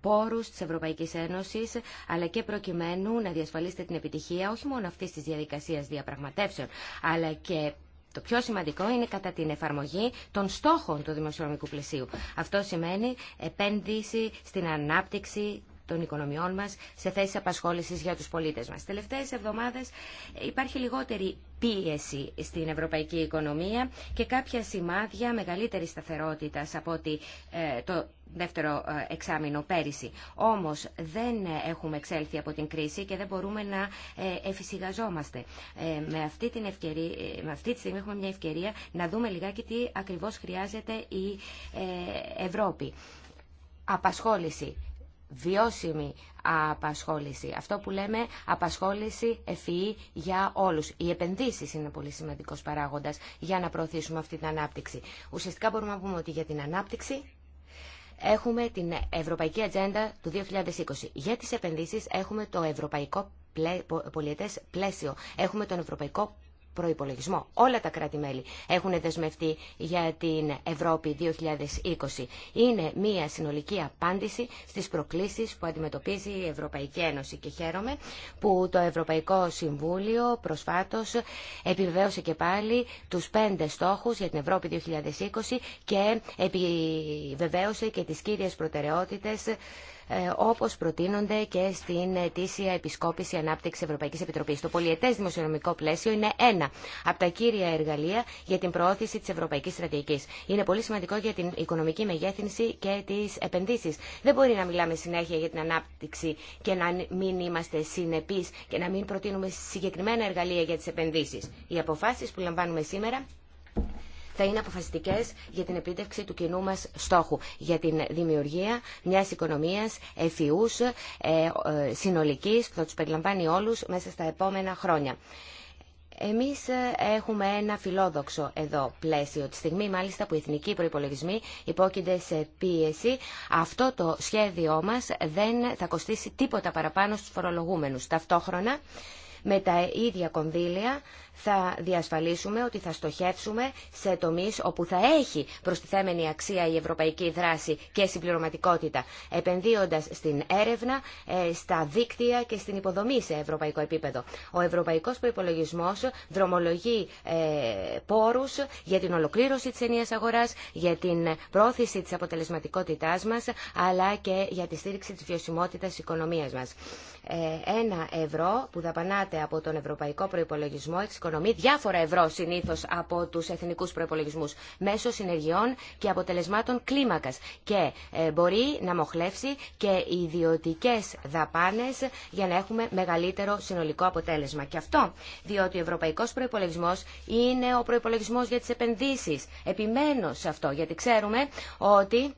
πόρους της Ευρωπαϊκής Ένωσης, αλλά και προκειμένου να διασφαλίσετε την επιτυχία όχι μόνο αυτής της διαδικασίας διαπραγματεύσεων, αλλά και το πιο σημαντικό είναι κατά την εφαρμογή των στόχων του δημοσιονομικού πλαισίου. Αυτό σημαίνει επένδυση στην ανάπτυξη των οικονομιών μας σε θέσεις απασχόλησης για τους πολίτες μας. Τελευταίες εβδομάδες υπάρχει λιγότερη πίεση στην ευρωπαϊκή οικονομία και κάποια σημάδια μεγαλύτερη σταθερότητα από ότι ε, το δεύτερο ε, εξάμεινο πέρυσι. Όμως δεν έχουμε εξέλθει από την κρίση και δεν μπορούμε να ε, εφησυχαζόμαστε. με, αυτή την με αυτή τη στιγμή έχουμε μια ευκαιρία να δούμε λιγάκι τι ακριβώς χρειάζεται η Ευρώπη. Απασχόληση βιώσιμη απασχόληση. Αυτό που λέμε απασχόληση ευφυή για όλους. Οι επενδύσεις είναι πολύ σημαντικός παράγοντας για να προωθήσουμε αυτή την ανάπτυξη. Ουσιαστικά μπορούμε να πούμε ότι για την ανάπτυξη έχουμε την Ευρωπαϊκή Ατζέντα του 2020. Για τις επενδύσεις έχουμε το Ευρωπαϊκό Πολιετές Πλαίσιο. Έχουμε τον Ευρωπαϊκό Όλα τα κράτη-μέλη έχουν δεσμευτεί για την Ευρώπη 2020. Είναι μια συνολική απάντηση στις προκλήσεις που αντιμετωπίζει η Ευρωπαϊκή Ένωση και χαίρομαι που το Ευρωπαϊκό Συμβούλιο προσφάτως επιβεβαίωσε και πάλι τους πέντε στόχους για την Ευρώπη 2020 και επιβεβαίωσε και τις κύριες προτεραιότητες ε, όπως προτείνονται και στην ετήσια επισκόπηση ανάπτυξη Ευρωπαϊκής Επιτροπής. Το πολιετές δημοσιονομικό πλαίσιο είναι ένα από τα κύρια εργαλεία για την προώθηση της ευρωπαϊκής στρατηγικής. Είναι πολύ σημαντικό για την οικονομική μεγέθυνση και τις επενδύσεις. Δεν μπορεί να μιλάμε συνέχεια για την ανάπτυξη και να μην είμαστε συνεπείς και να μην προτείνουμε συγκεκριμένα εργαλεία για τις επενδύσεις. Οι αποφάσεις που λαμβάνουμε σήμερα θα είναι αποφασιστικέ για την επίτευξη του κοινού μα στόχου, για την δημιουργία μιας οικονομίας ε, ε, συνολικής, που θα του περιλαμβάνει όλους μέσα στα επόμενα χρόνια. Εμείς ε, έχουμε ένα φιλόδοξο εδώ πλαίσιο. Τη στιγμή μάλιστα που οι εθνικοί προπολογισμοί υπόκεινται σε πίεση, αυτό το σχέδιό μας δεν θα κοστίσει τίποτα παραπάνω στους φορολογούμενους. Ταυτόχρονα με τα ίδια κονδύλια θα διασφαλίσουμε ότι θα στοχεύσουμε σε τομείς όπου θα έχει προστιθέμενη αξία η ευρωπαϊκή δράση και συμπληρωματικότητα, επενδύοντας στην έρευνα, ε, στα δίκτυα και στην υποδομή σε ευρωπαϊκό επίπεδο. Ο ευρωπαϊκός προϋπολογισμός δρομολογεί ε, πόρους για την ολοκλήρωση της ενίας αγοράς, για την πρόθεση της αποτελεσματικότητάς μας, αλλά και για τη στήριξη της βιωσιμότητας της οικονομίας μας. Ε, ένα ευρώ που δαπανάται από τον ευρωπαϊκό προϋπολογισμό διάφορα ευρώ συνήθω από του εθνικού προπολογισμού μέσω συνεργειών και αποτελεσμάτων κλίμακα και ε, μπορεί να μοχλεύσει και ιδιωτικέ δαπάνε για να έχουμε μεγαλύτερο συνολικό αποτέλεσμα. Και αυτό διότι ο ευρωπαϊκό προπολογισμό είναι ο προπολογισμό για τι επενδύσει. Επιμένω σε αυτό γιατί ξέρουμε ότι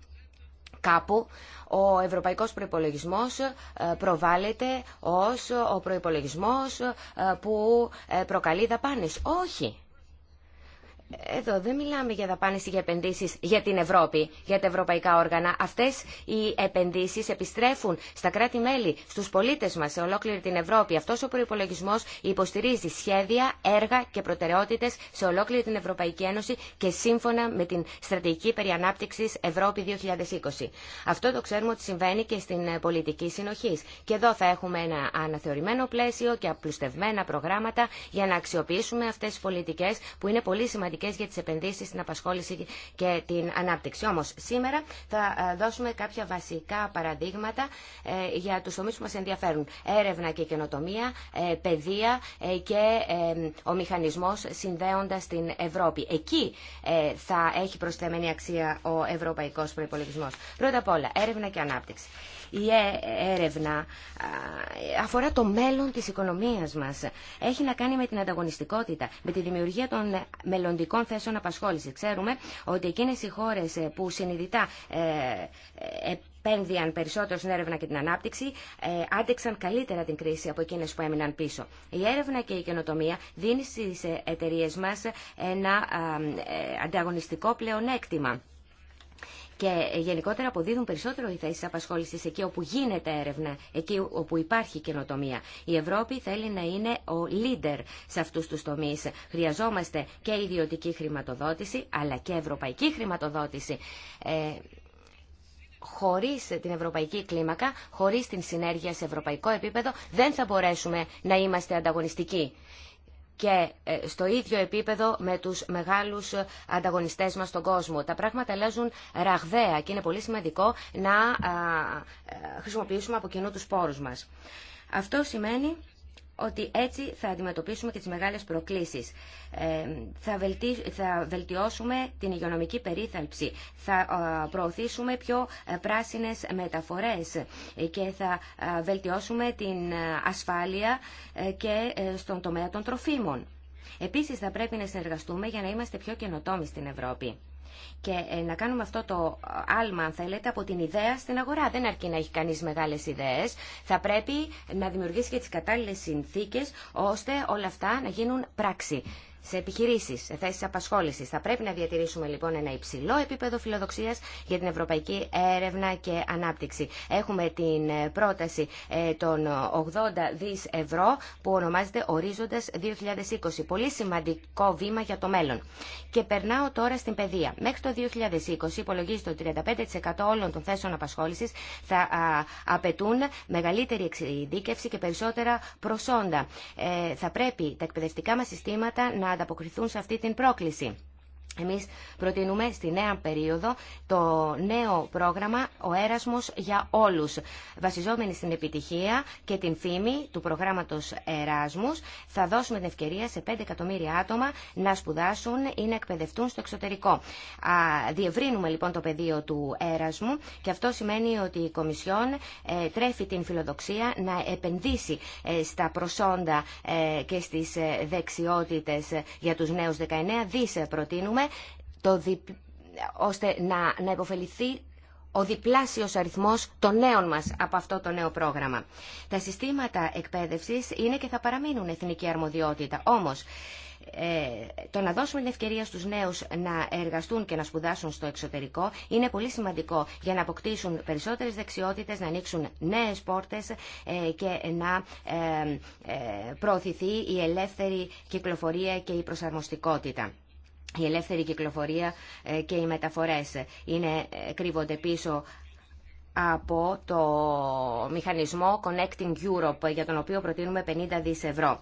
κάπου ο ευρωπαϊκός προϋπολογισμός ε, προβάλλεται ως ο προϋπολογισμός ε, που ε, προκαλεί δαπάνες. Όχι. Εδώ δεν μιλάμε για δαπάνες ή για επενδύσεις για την Ευρώπη, για τα ευρωπαϊκά όργανα. Αυτές οι επενδύσεις επιστρέφουν στα κράτη-μέλη, στους πολίτες μας, σε ολόκληρη την Ευρώπη. Αυτός ο προϋπολογισμός υποστηρίζει σχέδια, έργα και προτεραιότητες σε ολόκληρη την Ευρωπαϊκή Ένωση και σύμφωνα με την στρατηγική περί Ευρώπη 2020. Αυτό το ξέρουμε ότι συμβαίνει και στην πολιτική συνοχή. Και εδώ θα έχουμε ένα αναθεωρημένο πλαίσιο και απλουστευμένα προγράμματα για να αξιοποιήσουμε αυτές τις πολιτικές που είναι πολύ σημαντικές σημαντικέ για τι επενδύσεις την απασχόληση και την ανάπτυξη. Όμω, σήμερα θα ε, δώσουμε κάποια βασικά παραδείγματα ε, για τους τομεί που μα ενδιαφέρουν. Έρευνα και καινοτομία, ε, παιδεία και ο μηχανισμό συνδέοντα την Ευρώπη. Εκεί θα έχει προσθεμένη αξία ο ευρωπαϊκό προπολογισμό. Πρώτα απ' όλα, έρευνα και ανάπτυξη η ε, έρευνα αφορά το μέλλον της οικονομίας μας. Έχει να κάνει με την ανταγωνιστικότητα, με τη δημιουργία των μελλοντικών θέσεων απασχόλησης. Ξέρουμε ότι εκείνες οι χώρες που συνειδητά ε, ε, επένδυαν περισσότερο στην έρευνα και την ανάπτυξη, ε, άντεξαν καλύτερα την κρίση από εκείνε που έμειναν πίσω. Η έρευνα και η καινοτομία δίνει στι εταιρείε μα ένα ανταγωνιστικό πλεονέκτημα και ε, γενικότερα αποδίδουν περισσότερο οι θέσει απασχόληση εκεί όπου γίνεται έρευνα, εκεί όπου υπάρχει καινοτομία. Η Ευρώπη θέλει να είναι ο leader σε αυτού του τομεί. Χρειαζόμαστε και ιδιωτική χρηματοδότηση, αλλά και ευρωπαϊκή χρηματοδότηση. Ε, χωρίς την ευρωπαϊκή κλίμακα, χωρίς την συνέργεια σε ευρωπαϊκό επίπεδο, δεν θα μπορέσουμε να είμαστε ανταγωνιστικοί και ε, στο ίδιο επίπεδο με τους μεγάλους ε, ανταγωνιστές μας στον κόσμο. Τα πράγματα αλλάζουν ραγδαία και είναι πολύ σημαντικό να ε, χρησιμοποιήσουμε από κοινού τους πόρους μας. Αυτό σημαίνει ότι έτσι θα αντιμετωπίσουμε και τις μεγάλες προκλήσεις. Ε, θα, βελτιώσουμε την υγειονομική περίθαλψη, θα ε, προωθήσουμε πιο ε, πράσινες μεταφορές και θα βελτιώσουμε την ασφάλεια και στον τομέα των τροφίμων. Επίσης θα πρέπει να συνεργαστούμε για να είμαστε πιο καινοτόμοι στην Ευρώπη και ε, να κάνουμε αυτό το άλμα, αν θέλετε, από την ιδέα στην αγορά. Δεν αρκεί να έχει κανεί μεγάλε ιδέε. Θα πρέπει να δημιουργήσει και τι κατάλληλε συνθήκε ώστε όλα αυτά να γίνουν πράξη σε επιχειρήσει, σε θέσει απασχόληση. Θα πρέπει να διατηρήσουμε λοιπόν ένα υψηλό επίπεδο φιλοδοξία για την ευρωπαϊκή έρευνα και ανάπτυξη. Έχουμε την ε, πρόταση ε, των 80 δι ευρώ που ονομάζεται Ορίζοντα 2020. Πολύ σημαντικό βήμα για το μέλλον. Και περνάω τώρα στην παιδεία. Μέχρι το 2020 υπολογίζεται ότι 35% όλων των θέσεων απασχόληση θα απαιτούν μεγαλύτερη εξειδίκευση και περισσότερα προσόντα. Ε, θα πρέπει τα εκπαιδευτικά μα συστήματα να να ανταποκριθούν σε αυτή την πρόκληση. Εμείς προτείνουμε στη νέα περίοδο το νέο πρόγραμμα «Ο Έρασμος για όλους». Βασιζόμενοι στην επιτυχία και την φήμη του προγράμματος Εράσμους, θα δώσουμε την ευκαιρία σε 5 εκατομμύρια άτομα να σπουδάσουν ή να εκπαιδευτούν στο εξωτερικό. Α, διευρύνουμε λοιπόν το πεδίο του Έρασμου και αυτό σημαίνει ότι η Κομισιόν ε, τρέφει την φιλοδοξία να εκπαιδευτουν στο εξωτερικο α διευρυνουμε λοιπον το πεδιο του ερασμου και αυτο σημαινει οτι η κομισιον τρεφει την φιλοδοξια να επενδυσει ε, στα προσόντα ε, και στις ε, δεξιότητες για τους νέους 19 δις προτείνουμε το ώστε να, να υποφεληθεί ο διπλάσιος αριθμός των νέων μας από αυτό το νέο πρόγραμμα. Τα συστήματα εκπαίδευσης είναι και θα παραμείνουν εθνική αρμοδιότητα. Όμως, ε, το να δώσουμε την ευκαιρία στους νέους να εργαστούν και να σπουδάσουν στο εξωτερικό είναι πολύ σημαντικό για να αποκτήσουν περισσότερες δεξιότητες, να ανοίξουν νέες πόρτες ε, και να ε, προωθηθεί η ελεύθερη κυκλοφορία και η προσαρμοστικότητα η ελεύθερη κυκλοφορία ε, και οι μεταφορές ε, είναι, ε, κρύβονται πίσω από το μηχανισμό Connecting Europe, για τον οποίο προτείνουμε 50 δις ευρώ.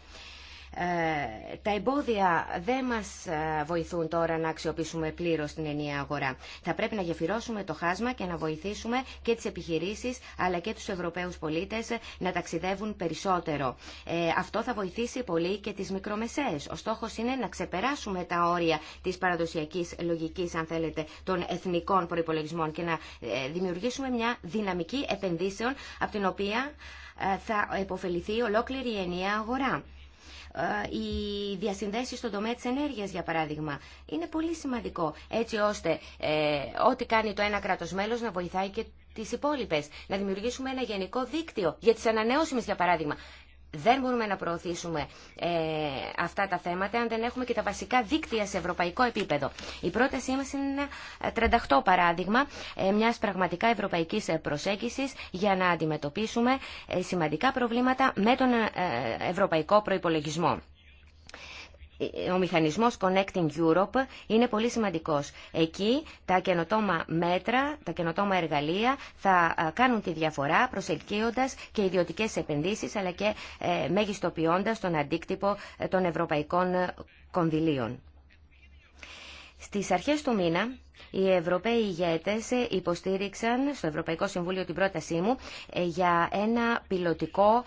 Ε, τα εμπόδια δεν μας ε, βοηθούν τώρα να αξιοποιήσουμε πλήρως την ενιαία αγορά. Θα πρέπει να γεφυρώσουμε το χάσμα και να βοηθήσουμε και τις επιχειρήσεις αλλά και τους Ευρωπαίους πολίτες ε, να ταξιδεύουν περισσότερο. αυτό θα βοηθήσει πολύ και τις μικρομεσαίες. Ο στόχος είναι να ξεπεράσουμε τα όρια της παραδοσιακής λογικής, αν θέλετε, των εθνικών προϋπολογισμών και να δημιουργήσουμε μια δυναμική επενδύσεων από την οποία θα υποφεληθεί ολόκληρη η ενιαία αγορά. Ε, οι διασυνδέσεις στον τομέα της ενέργειας, για παράδειγμα. Είναι πολύ σημαντικό, έτσι ώστε ε, ό,τι κάνει το ένα κράτος μέλος να βοηθάει και τις υπόλοιπες. Να δημιουργήσουμε ένα γενικό δίκτυο για τις ανανεώσιμες, για παράδειγμα δεν μπορούμε να προωθήσουμε ε, αυτά τα θέματα αν δεν έχουμε και τα βασικά δίκτυα σε ευρωπαϊκό επίπεδο. Η πρότασή μας είναι ένα 38 ε, παράδειγμα ε, μιας πραγματικά ευρωπαϊκής ε, προσέγγισης για να αντιμετωπίσουμε σημαντικά προβλήματα με τον ευρωπαϊκό προϋπολογισμό ο μηχανισμός Connecting Europe είναι πολύ σημαντικός. Εκεί τα καινοτόμα μέτρα, τα καινοτόμα εργαλεία θα ε, κάνουν τη διαφορά προσελκύοντας και ιδιωτικές επενδύσεις αλλά και ε, μεγιστοποιώντας τον αντίκτυπο ε, των ευρωπαϊκών κονδυλίων. Στις αρχές του μήνα οι Ευρωπαίοι ηγέτες υποστήριξαν στο Ευρωπαϊκό Συμβούλιο την πρότασή μου για ένα πιλωτικό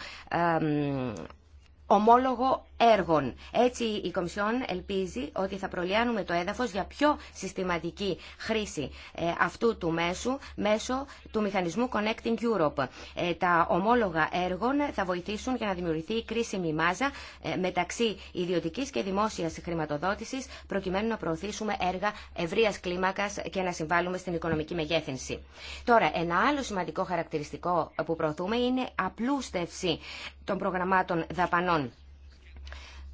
ομόλογο έργων. Έτσι η Κομισιόν ελπίζει ότι θα προλιάνουμε το έδαφος για πιο συστηματική χρήση ε, αυτού του μέσου μέσω του μηχανισμού Connecting Europe. Ε, τα ομόλογα έργων θα βοηθήσουν για να δημιουργηθεί η κρίσιμη μάζα ε, μεταξύ ιδιωτικής και δημόσιας χρηματοδότησης προκειμένου να προωθήσουμε έργα ευρείας κλίμακας και να συμβάλλουμε στην οικονομική μεγέθυνση. Τώρα, ένα άλλο σημαντικό χαρακτηριστικό που προωθούμε είναι απλούστευση των προγραμμάτων δαπανών.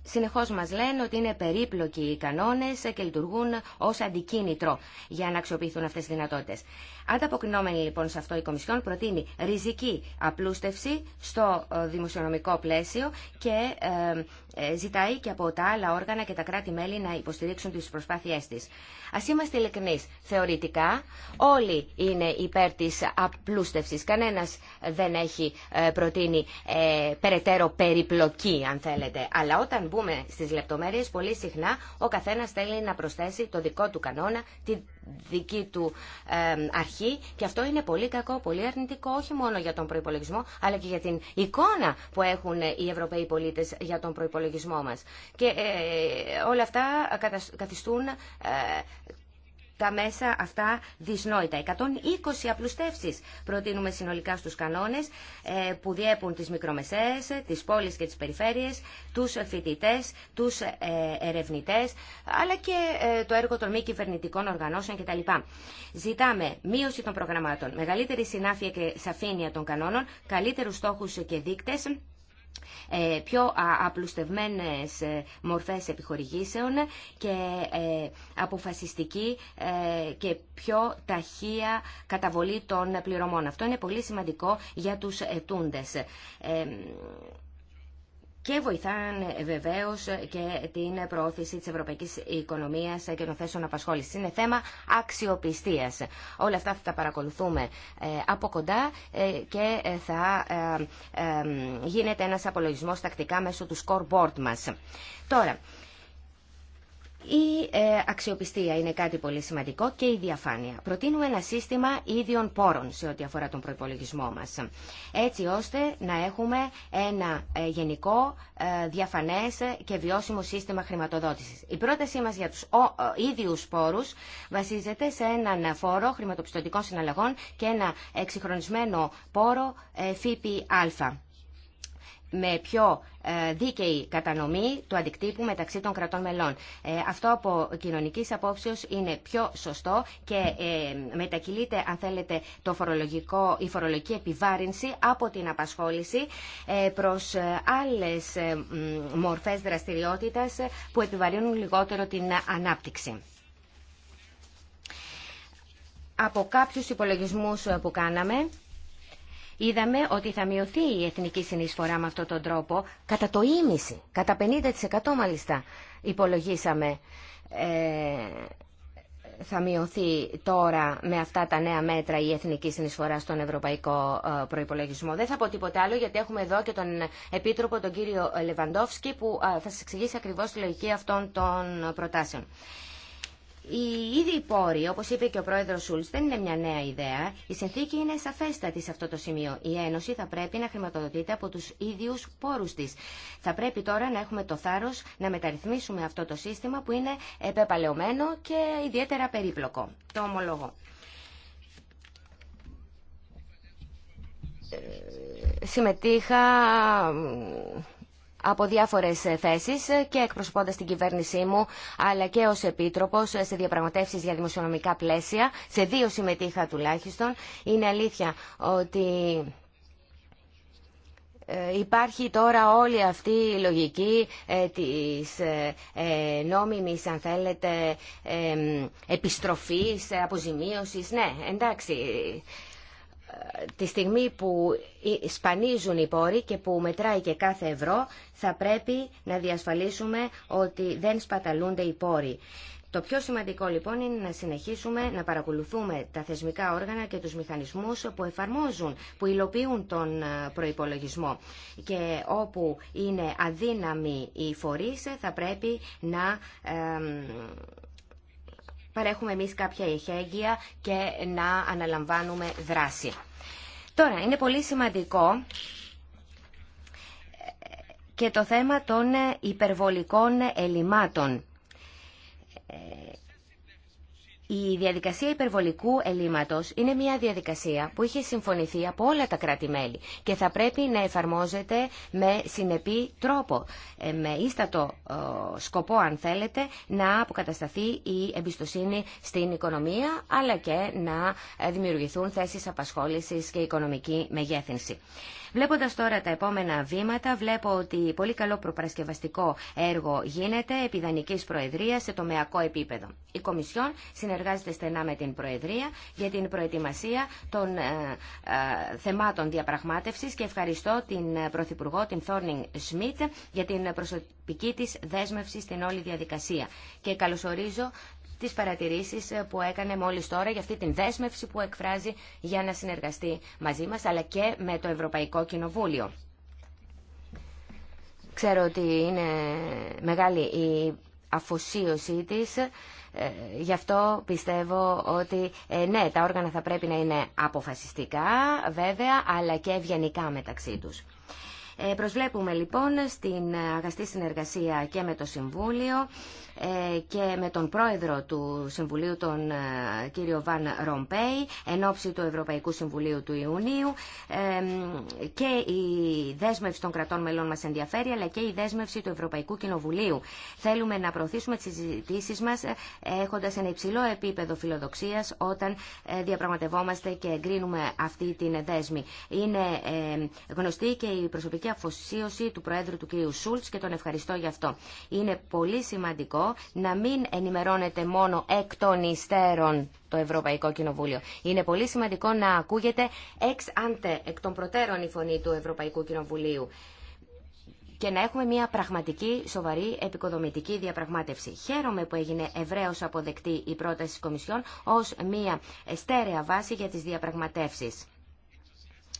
Συνεχώς μας λένε ότι είναι περίπλοκοι οι κανόνες και λειτουργούν ως αντικίνητρο για να αξιοποιηθούν αυτές οι δυνατότητες. Ανταποκρινόμενη λοιπόν σε αυτό η Κομισιόν προτείνει ριζική απλούστευση στο ε, δημοσιονομικό πλαίσιο και ε, ε, ζητάει και από τα άλλα όργανα και τα κράτη-μέλη να υποστηρίξουν τις προσπάθειές της. Ας είμαστε ειλικρινείς. Θεωρητικά όλοι είναι υπέρ της απλούστευσης. Κανένας δεν έχει προτείνει ε, περαιτέρω περιπλοκή, αν θέλετε. Αλλά όταν μπούμε στις λεπτομέρειες, πολύ συχνά ο καθένας θέλει να προσθέσει το δικό του κανόνα, δική του αρχή και αυτό είναι πολύ κακό, πολύ αρνητικό όχι μόνο για τον προϋπολογισμό αλλά και για την εικόνα που έχουν οι Ευρωπαίοι πολίτες για τον προϋπολογισμό μας. Και ε, ε, όλα αυτά καθιστούν ε, τα μέσα αυτά δυσνόητα. 120 απλουστεύσει προτείνουμε συνολικά στους κανόνες ε, που διέπουν τις μικρομεσαίες, τις πόλεις και τις περιφέρειες, τους φοιτητέ, τους ε, ερευνητέ, αλλά και ε, το έργο των μη κυβερνητικών οργανώσεων κτλ. Ζητάμε μείωση των προγραμμάτων, μεγαλύτερη συνάφεια και σαφήνεια των κανόνων, καλύτερου στόχου και δείκτες, ε, πιο απλουστευμένες ε, μορφές επιχορηγήσεων και ε, αποφασιστική και πιο ταχεία καταβολή των πληρωμών. Αυτό είναι πολύ σημαντικό για τους ετούντες και βοηθάνε ε, βεβαίω ε, και την προώθηση τη ευρωπαϊκή οικονομία και των θέσεων απασχόληση. Είναι θέμα αξιοπιστία. Όλα αυτά θα τα παρακολουθούμε ε, από κοντά και θα γίνεται ένα απολογισμό τακτικά μέσω του scoreboard μα. Τώρα, η ε, αξιοπιστία είναι κάτι πολύ σημαντικό και η διαφάνεια. Προτείνουμε ένα σύστημα ίδιων πόρων σε ό,τι αφορά τον προπολογισμό μας. Έτσι ώστε να έχουμε ένα ε, γενικό, ε, διαφανές και βιώσιμο σύστημα χρηματοδότησης. Η πρότασή μας για τους ίδιους πόρους βασίζεται σε έναν φόρο χρηματοπιστωτικών συναλλαγών και ένα εξυγχρονισμένο πόρο ΦΠΑ με πιο ε, δίκαιη κατανομή του αντικτύπου μεταξύ των κρατών μελών. Ε, αυτό από κοινωνικής απόψεως είναι πιο σωστό και ε, μετακυλείται, αν θέλετε, το φορολογικό, η φορολογική επιβάρυνση από την απασχόληση προς άλλες μορφές δραστηριότητας που επιβαρύνουν λιγότερο την ανάπτυξη. Από κάποιους υπολογισμούς που κάναμε, είδαμε ότι θα μειωθεί η εθνική συνεισφορά με αυτόν τον τρόπο κατά το ίμιση, κατά 50% μάλιστα υπολογίσαμε ε, θα μειωθεί τώρα με αυτά τα νέα μέτρα η εθνική συνεισφορά στον ευρωπαϊκό ε, Προϋπολογισμό. Δεν θα πω τίποτα άλλο γιατί έχουμε εδώ και τον Επίτροπο τον κύριο Λεβαντόφσκι που ε, θα σας εξηγήσει ακριβώς τη λογική αυτών των προτάσεων. Οι η πόροι, όπω είπε και ο πρόεδρο Σούλς, δεν είναι μια νέα ιδέα. Η συνθήκη είναι σαφέστατη σε αυτό το σημείο. Η Ένωση θα πρέπει να χρηματοδοτείται από του ίδιου πόρου τη. Θα πρέπει τώρα να έχουμε το θάρρο να μεταρρυθμίσουμε αυτό το σύστημα που είναι επεπαλαιωμένο και ιδιαίτερα περίπλοκο. Το ομολογώ. Ε, συμμετείχα από διάφορε ε, θέσεις ε, και εκπροσωπώντας την κυβέρνησή μου αλλά και ως επίτροπος ε, σε διαπραγματεύσεις για δημοσιονομικά πλαίσια. Σε δύο συμμετείχα τουλάχιστον. Είναι αλήθεια ότι υπάρχει τώρα όλη αυτή η λογική της νόμιμης αν θέλετε επιστροφής, αποζημίωσης. Ναι, εντάξει, τη στιγμή που σπανίζουν οι πόροι και που μετράει και κάθε ευρώ, θα πρέπει να διασφαλίσουμε ότι δεν σπαταλούνται οι πόροι. Το πιο σημαντικό λοιπόν είναι να συνεχίσουμε να παρακολουθούμε τα θεσμικά όργανα και τους μηχανισμούς που εφαρμόζουν, που υλοποιούν τον ε, προϋπολογισμό. Και όπου είναι αδύναμη η φορείς θα πρέπει να ε, παρέχουμε εμείς κάποια ηχέγγυα και να αναλαμβάνουμε δράση. Τώρα, είναι πολύ σημαντικό και το θέμα των υπερβολικών ελλημάτων. Η διαδικασία υπερβολικού ελλείμματος είναι μια διαδικασία που είχε συμφωνηθεί από όλα τα κράτη-μέλη και θα πρέπει να εφαρμόζεται με συνεπή τρόπο, ε, με ίστατο ε, σκοπό αν θέλετε να αποκατασταθεί η εμπιστοσύνη στην οικονομία αλλά και να ε, δημιουργηθούν θέσεις απασχόλησης και οικονομική μεγέθυνση. Βλέποντας τώρα τα επόμενα βήματα, βλέπω ότι πολύ καλό προπαρασκευαστικό έργο γίνεται επί προεδρία Προεδρία σε τομεακό επίπεδο. Η Κομισιόν συνεργάζεται στενά με την Προεδρία για την προετοιμασία των ε, ε, θεμάτων διαπραγμάτευσης και ευχαριστώ την Πρωθυπουργό, την Θόρνινγκ Σμιτ, για την προσωπική της δέσμευση στην όλη διαδικασία. Και καλωσορίζω τις παρατηρήσεις ε, που έκανε μόλις τώρα για αυτή την δέσμευση που εκφράζει για να συνεργαστεί μαζί μας αλλά και με το Ευρωπαϊκό Κοινοβούλιο. Ξέρω ότι είναι μεγάλη η αφοσίωσή της, ε, γι' αυτό πιστεύω ότι ε, ναι, τα όργανα θα πρέπει να είναι αποφασιστικά βέβαια, αλλά και ευγενικά μεταξύ τους. Ε, προσβλέπουμε λοιπόν στην αγαστή συνεργασία και με το Συμβούλιο ε, και με τον πρόεδρο του Συμβουλίου, τον ε, κύριο Βαν Ρομπέι, εν ώψη του Ευρωπαϊκού Συμβουλίου του Ιουνίου και η δέσμευση των κρατών μελών μας ενδιαφέρει, αλλά και η δέσμευση του Ευρωπαϊκού Κοινοβουλίου. Θέλουμε να προωθήσουμε τις συζητήσει μας έχοντας ένα υψηλό επίπεδο φιλοδοξίας όταν διαπραγματευόμαστε και εγκρίνουμε αυτή την δέσμη. Είναι γνωστή και η προσωπική και αφοσίωση του Προέδρου του κ. Σούλτ και τον ευχαριστώ για αυτό. Είναι πολύ σημαντικό να μην ενημερώνεται μόνο εκ των υστέρων το Ευρωπαϊκό Κοινοβούλιο. Είναι πολύ σημαντικό να ακούγεται εξ άντε, εκ των προτέρων η φωνή του Ευρωπαϊκού Κοινοβουλίου και να έχουμε μια πραγματική, σοβαρή, επικοδομητική διαπραγμάτευση. Χαίρομαι που έγινε ευρέω αποδεκτή η πρόταση τη Κομισιόν ω μια στέρεα βάση για τι διαπραγματεύσει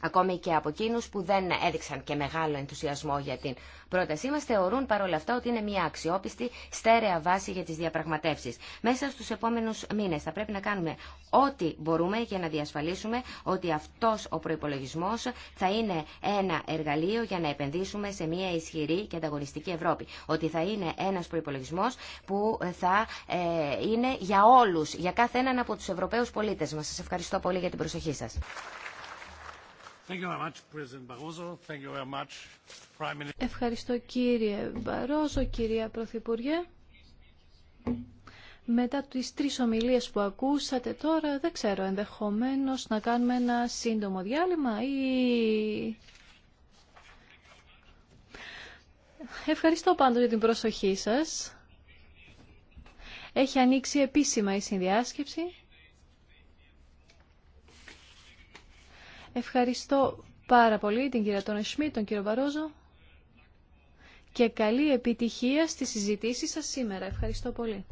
ακόμη και από εκείνου που δεν έδειξαν και μεγάλο ενθουσιασμό για την πρότασή μα, θεωρούν παρόλα αυτά ότι είναι μια αξιόπιστη, στέρεα βάση για τι διαπραγματεύσει. Μέσα στου επόμενου μήνε θα πρέπει να κάνουμε ό,τι μπορούμε για να διασφαλίσουμε ότι αυτό ο προπολογισμό θα είναι ένα εργαλείο για να επενδύσουμε σε μια ισχυρή και ανταγωνιστική Ευρώπη. Ότι θα είναι ένα προπολογισμό που θα ε, είναι για όλου, για κάθε έναν από του Ευρωπαίου πολίτε μα. Σα ευχαριστώ πολύ για την προσοχή σα. Ευχαριστώ κύριε Μπαρόζο, κυρία Πρωθυπουργέ. Μετά τις τρεις ομιλίες που ακούσατε τώρα, δεν ξέρω, ενδεχομένως να κάνουμε ένα σύντομο διάλειμμα ή... Ευχαριστώ πάντως για την προσοχή σας. Έχει ανοίξει επίσημα η συνδιάσκεψη. Ευχαριστώ πάρα πολύ την κυρία Τόνα Σμιτ, τον κύριο Βαρόζο και καλή επιτυχία στις συζητήσεις σας σήμερα. Ευχαριστώ πολύ.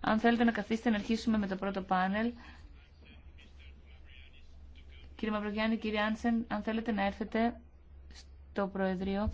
Αν θέλετε να καθίσετε να αρχίσουμε με το πρώτο πάνελ. Κύριε Μαυρογιάννη, κύριε Άνσεν, αν θέλετε να έρθετε στο Προεδρείο.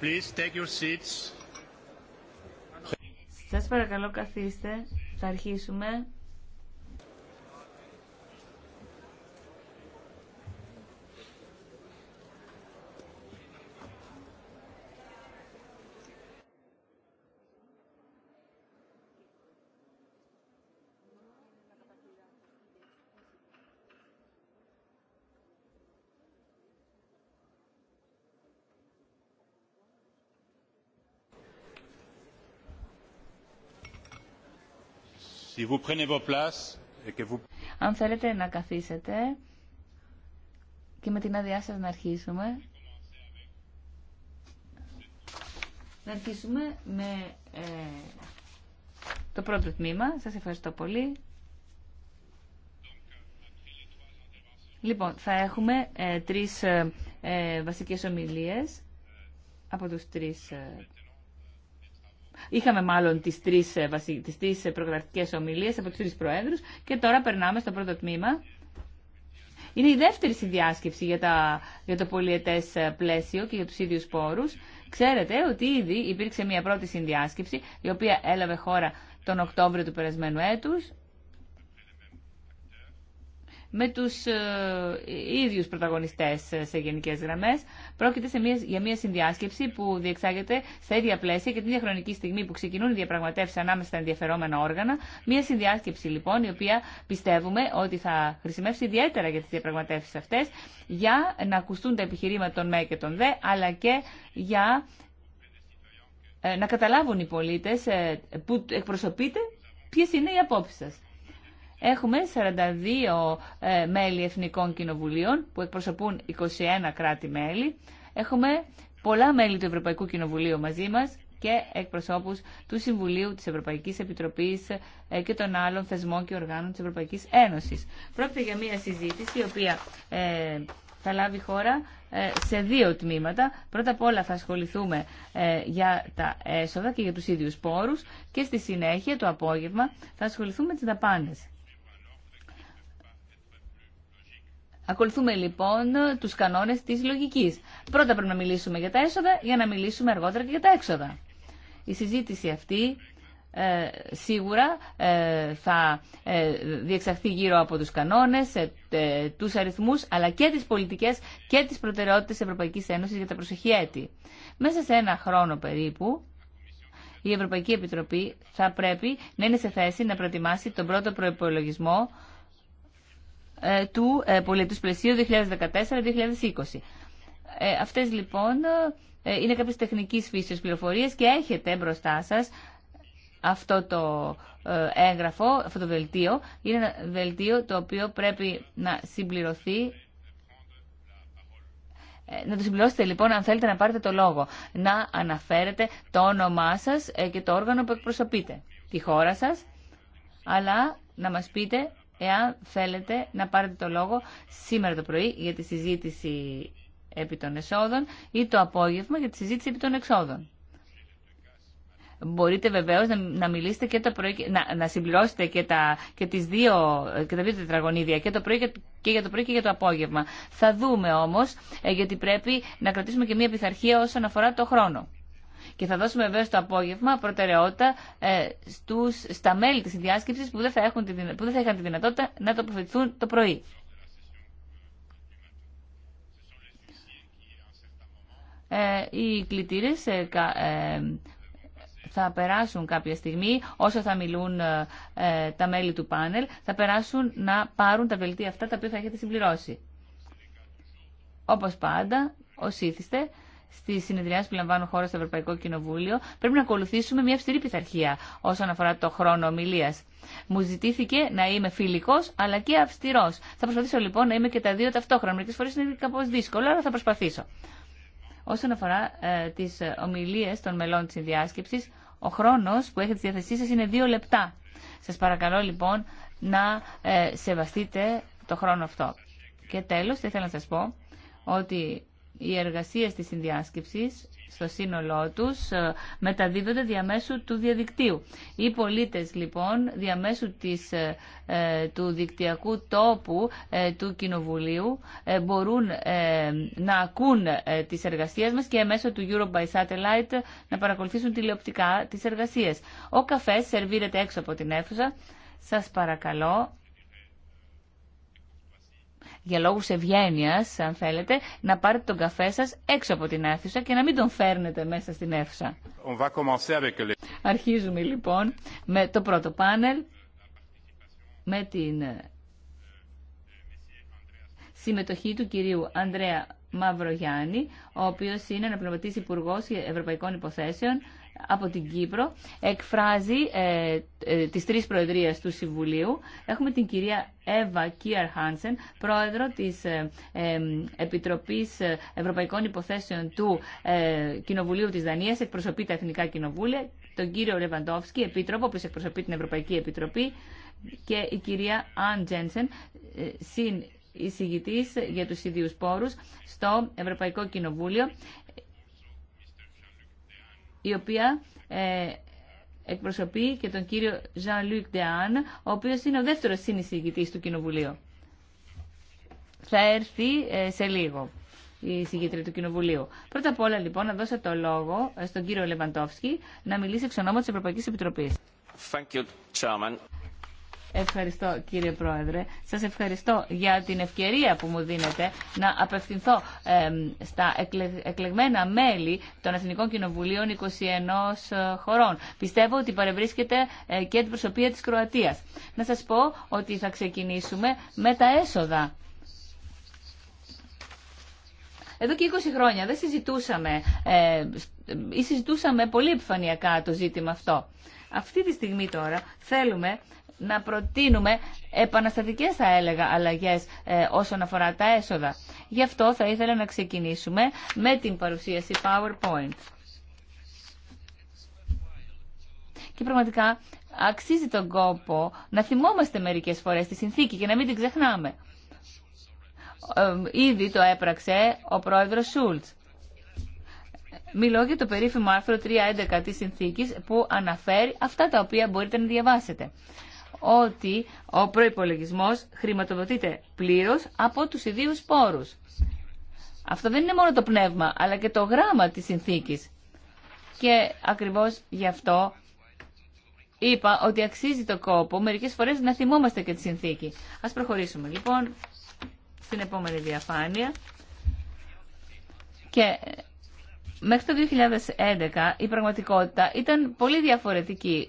Please take your seats. Σας παρακαλώ καθίστε. Θα αρχίσουμε. Αν θέλετε να καθίσετε και με την άδειά σας να αρχίσουμε. Να αρχίσουμε με ε, το πρώτο τμήμα. Σας ευχαριστώ πολύ. Λοιπόν, θα έχουμε ε, τρεις ε, ε βασικές ομιλίες από τους τρεις ε, Είχαμε μάλλον τις τρεις, ε, τις ομιλίε ομιλίες από του τρει προέδρους και τώρα περνάμε στο πρώτο τμήμα. Είναι η δεύτερη συνδιάσκεψη για, τα, για το πολιετέ ε, πλαίσιο και για του ίδιου πόρους. Ξέρετε ότι ήδη υπήρξε μια πρώτη συνδιάσκεψη η οποία έλαβε χώρα τον Οκτώβριο του περασμένου έτους με τους ε, ίδιους πρωταγωνιστές σε γενικές γραμμές. Πρόκειται σε μια, για μια συνδιάσκεψη που διεξάγεται στα ίδια πλαίσια και την ίδια χρονική στιγμή που ξεκινούν οι διαπραγματεύσεις ανάμεσα στα ενδιαφερόμενα όργανα. Μια συνδιάσκεψη λοιπόν η οποία πιστεύουμε ότι θα χρησιμεύσει ιδιαίτερα για τις διαπραγματεύσεις αυτές για να ακουστούν τα επιχειρήματα των ΜΕ και των ΔΕ αλλά και για ε, να καταλάβουν οι πολίτες ε, που εκπροσωπείτε ποιες είναι οι απόψεις σας. Έχουμε 42 ε, μέλη εθνικών κοινοβουλίων που εκπροσωπούν 21 κράτη-μέλη. Έχουμε πολλά μέλη του Ευρωπαϊκού Κοινοβουλίου μαζί μας και εκπροσώπους του Συμβουλίου της Ευρωπαϊκής Επιτροπής ε, και των άλλων θεσμών και οργάνων της Ευρωπαϊκής Ένωσης. Πρόκειται για μια συζήτηση η οποία ε, θα λάβει χώρα ε, σε δύο τμήματα. Πρώτα απ' όλα θα ασχοληθούμε για τα έσοδα και για τους ίδιους πόρους και στη συνέχεια το απόγευμα θα ασχοληθούμε τις δαπάνες. Ακολουθούμε λοιπόν τους κανόνες της λογικής. Πρώτα πρέπει να μιλήσουμε για τα έσοδα για να μιλήσουμε αργότερα και για τα έξοδα. Η συζήτηση αυτή ε, σίγουρα ε, θα ε, διεξαχθεί γύρω από τους κανόνες, ε, τους αριθμούς αλλά και τις πολιτικές και τις προτεραιότητες Ευρωπαϊκής Ένωσης για τα προσεχή έτη. Μέσα σε ένα χρόνο περίπου η Ευρωπαϊκή Επιτροπή θα πρέπει να είναι σε θέση να προετοιμάσει τον πρώτο προπολογισμό ε, του ε, πολιτικού πλαισίου 2014-2020. Ε, αυτές λοιπόν είναι κάποιες τεχνικής φύσει πληροφορίες και έχετε μπροστά σας αυτό το έγγραφο, αυτό το βελτίο. Είναι ένα βελτίο το οποίο πρέπει να συμπληρωθεί να το συμπληρώσετε λοιπόν αν θέλετε να πάρετε το λόγο. Να αναφέρετε το όνομά σας και το όργανο που εκπροσωπείτε. Τη χώρα σας, αλλά να μας πείτε εάν θέλετε να πάρετε το λόγο σήμερα το πρωί για τη συζήτηση επί των εσόδων ή το απόγευμα για τη συζήτηση επί των εξόδων. Μπορείτε βεβαίω να, να, μιλήσετε και το πρωί, να, να συμπληρώσετε και τα, τις δύο, και τα δύο τετραγωνίδια και, το πρωί και, για το πρωί και για το απόγευμα. Θα δούμε όμω, ε, γιατί πρέπει να κρατήσουμε και μια πειθαρχία όσον αφορά το χρόνο. Και θα δώσουμε βέβαια στο απόγευμα προτεραιότητα ε, στους, στα μέλη της διάσκεψης που δεν, θα έχουν που δεν θα είχαν τη δυνατότητα να τοποθετηθούν το πρωί. Ε, οι κλητήρε ε, ε, θα περάσουν κάποια στιγμή, όσο θα μιλούν τα μέλη του πάνελ, θα περάσουν να πάρουν τα βελτία αυτά τα οποία θα έχετε συμπληρώσει. Όπως πάντα, ως ήθιστε, στι συνεδριάσει που λαμβάνουν χώρα στο Ευρωπαϊκό Κοινοβούλιο, πρέπει να ακολουθήσουμε μια αυστηρή πειθαρχία όσον αφορά το χρόνο ομιλία. Μου ζητήθηκε να είμαι φιλικό αλλά και αυστηρό. Θα προσπαθήσω λοιπόν να είμαι και τα δύο ταυτόχρονα. Μερικέ φορέ είναι κάπω δύσκολο, αλλά θα προσπαθήσω. Όσον αφορά ε, τι ομιλίε των μελών τη συνδιάσκεψη, ο χρόνο που έχετε στη διάθεσή σα είναι δύο λεπτά. Σα παρακαλώ λοιπόν να ε, σεβαστείτε το χρόνο αυτό. Και τέλο, θα ήθελα να σα πω ότι οι εργασίες της συνδιάσκεψης στο σύνολό τους ε, μεταδίδονται διαμέσου του διαδικτύου. Οι πολίτες λοιπόν διαμέσου ε, ε, του δικτυακού τόπου του Κοινοβουλίου μπορούν να ακούν τις εργασίες μας και μέσω του Europe by Satellite να παρακολουθήσουν τηλεοπτικά τις εργασίες. Ο καφές σερβίρεται έξω από την αίθουσα. Σας παρακαλώ για λόγους ευγένεια, αν θέλετε, να πάρετε τον καφέ σας έξω από την αίθουσα και να μην τον φέρνετε μέσα στην αίθουσα. Αρχίζουμε λοιπόν με το πρώτο πάνελ, με την συμμετοχή του κυρίου Ανδρέα Μαυρογιάννη, ο οποίος είναι αναπληρωματής Υπουργός Ευρωπαϊκών Υποθέσεων από την Κύπρο εκφράζει ε, ε, τις τρεις προεδρίες του Συμβουλίου. Έχουμε την κυρία Εύα Κίαρ Χάνσεν, πρόεδρο της ε, ε Επιτροπής Ευρωπαϊκών Υποθέσεων του ε, Κοινοβουλίου της Δανίας, εκπροσωπεί τα Εθνικά Κοινοβούλια, τον κύριο Ρεβαντόφσκι, επίτροπο, που εκπροσωπεί την Ευρωπαϊκή Επιτροπή και η κυρία Αν Τζένσεν, συν για τους ίδιους πόρους στο Ευρωπαϊκό Κοινοβούλιο η οποία ε, εκπροσωπεί και τον κύριο Jean-Luc Dehaene, ο οποίος είναι ο δεύτερος συνεισηγητής του Κοινοβουλίου. Θα έρθει ε, σε λίγο η συγκήτρια του Κοινοβουλίου. Πρώτα απ' όλα, λοιπόν, να δώσω το λόγο ε, στον κύριο Λεβαντόφσκι να μιλήσει εξ ονόμα τη Ευρωπαϊκή Επιτροπή. Ευχαριστώ κύριε Πρόεδρε. Σας ευχαριστώ για την ευκαιρία που μου δίνετε να απευθυνθώ στα εκλεγμένα μέλη των Εθνικών Κοινοβουλίων 21 ε, χωρών. Πιστεύω ότι παρευρίσκεται ε, και την προσωπία της Κροατίας. Να σας πω ότι θα ξεκινήσουμε με τα έσοδα. Εδώ και 20 χρόνια δεν συζητούσαμε ε, ή συζητούσαμε πολύ επιφανειακά το ζήτημα αυτό. Αυτή τη στιγμή τώρα θέλουμε να προτείνουμε επαναστατικές θα έλεγα αλλαγές ε, όσον αφορά τα έσοδα. Γι' αυτό θα ήθελα να ξεκινήσουμε με την παρουσίαση PowerPoint. Και πραγματικά αξίζει τον κόπο να θυμόμαστε μερικές φορές τη συνθήκη και να μην την ξεχνάμε. Ε, ήδη το έπραξε ο πρόεδρος Σούλτς. Μιλώ για το περίφημο άρθρο 311 της συνθήκης που αναφέρει αυτά τα οποία μπορείτε να διαβάσετε ότι ο προϋπολογισμός χρηματοδοτείται πλήρως από τους ιδίους πόρους. Αυτό δεν είναι μόνο το πνεύμα, αλλά και το γράμμα της συνθήκης. Και ακριβώς γι' αυτό είπα ότι αξίζει το κόπο μερικές φορές να θυμόμαστε και τη συνθήκη. Ας προχωρήσουμε λοιπόν στην επόμενη διαφάνεια. Και ε, μέχρι το 2011 η πραγματικότητα ήταν πολύ διαφορετική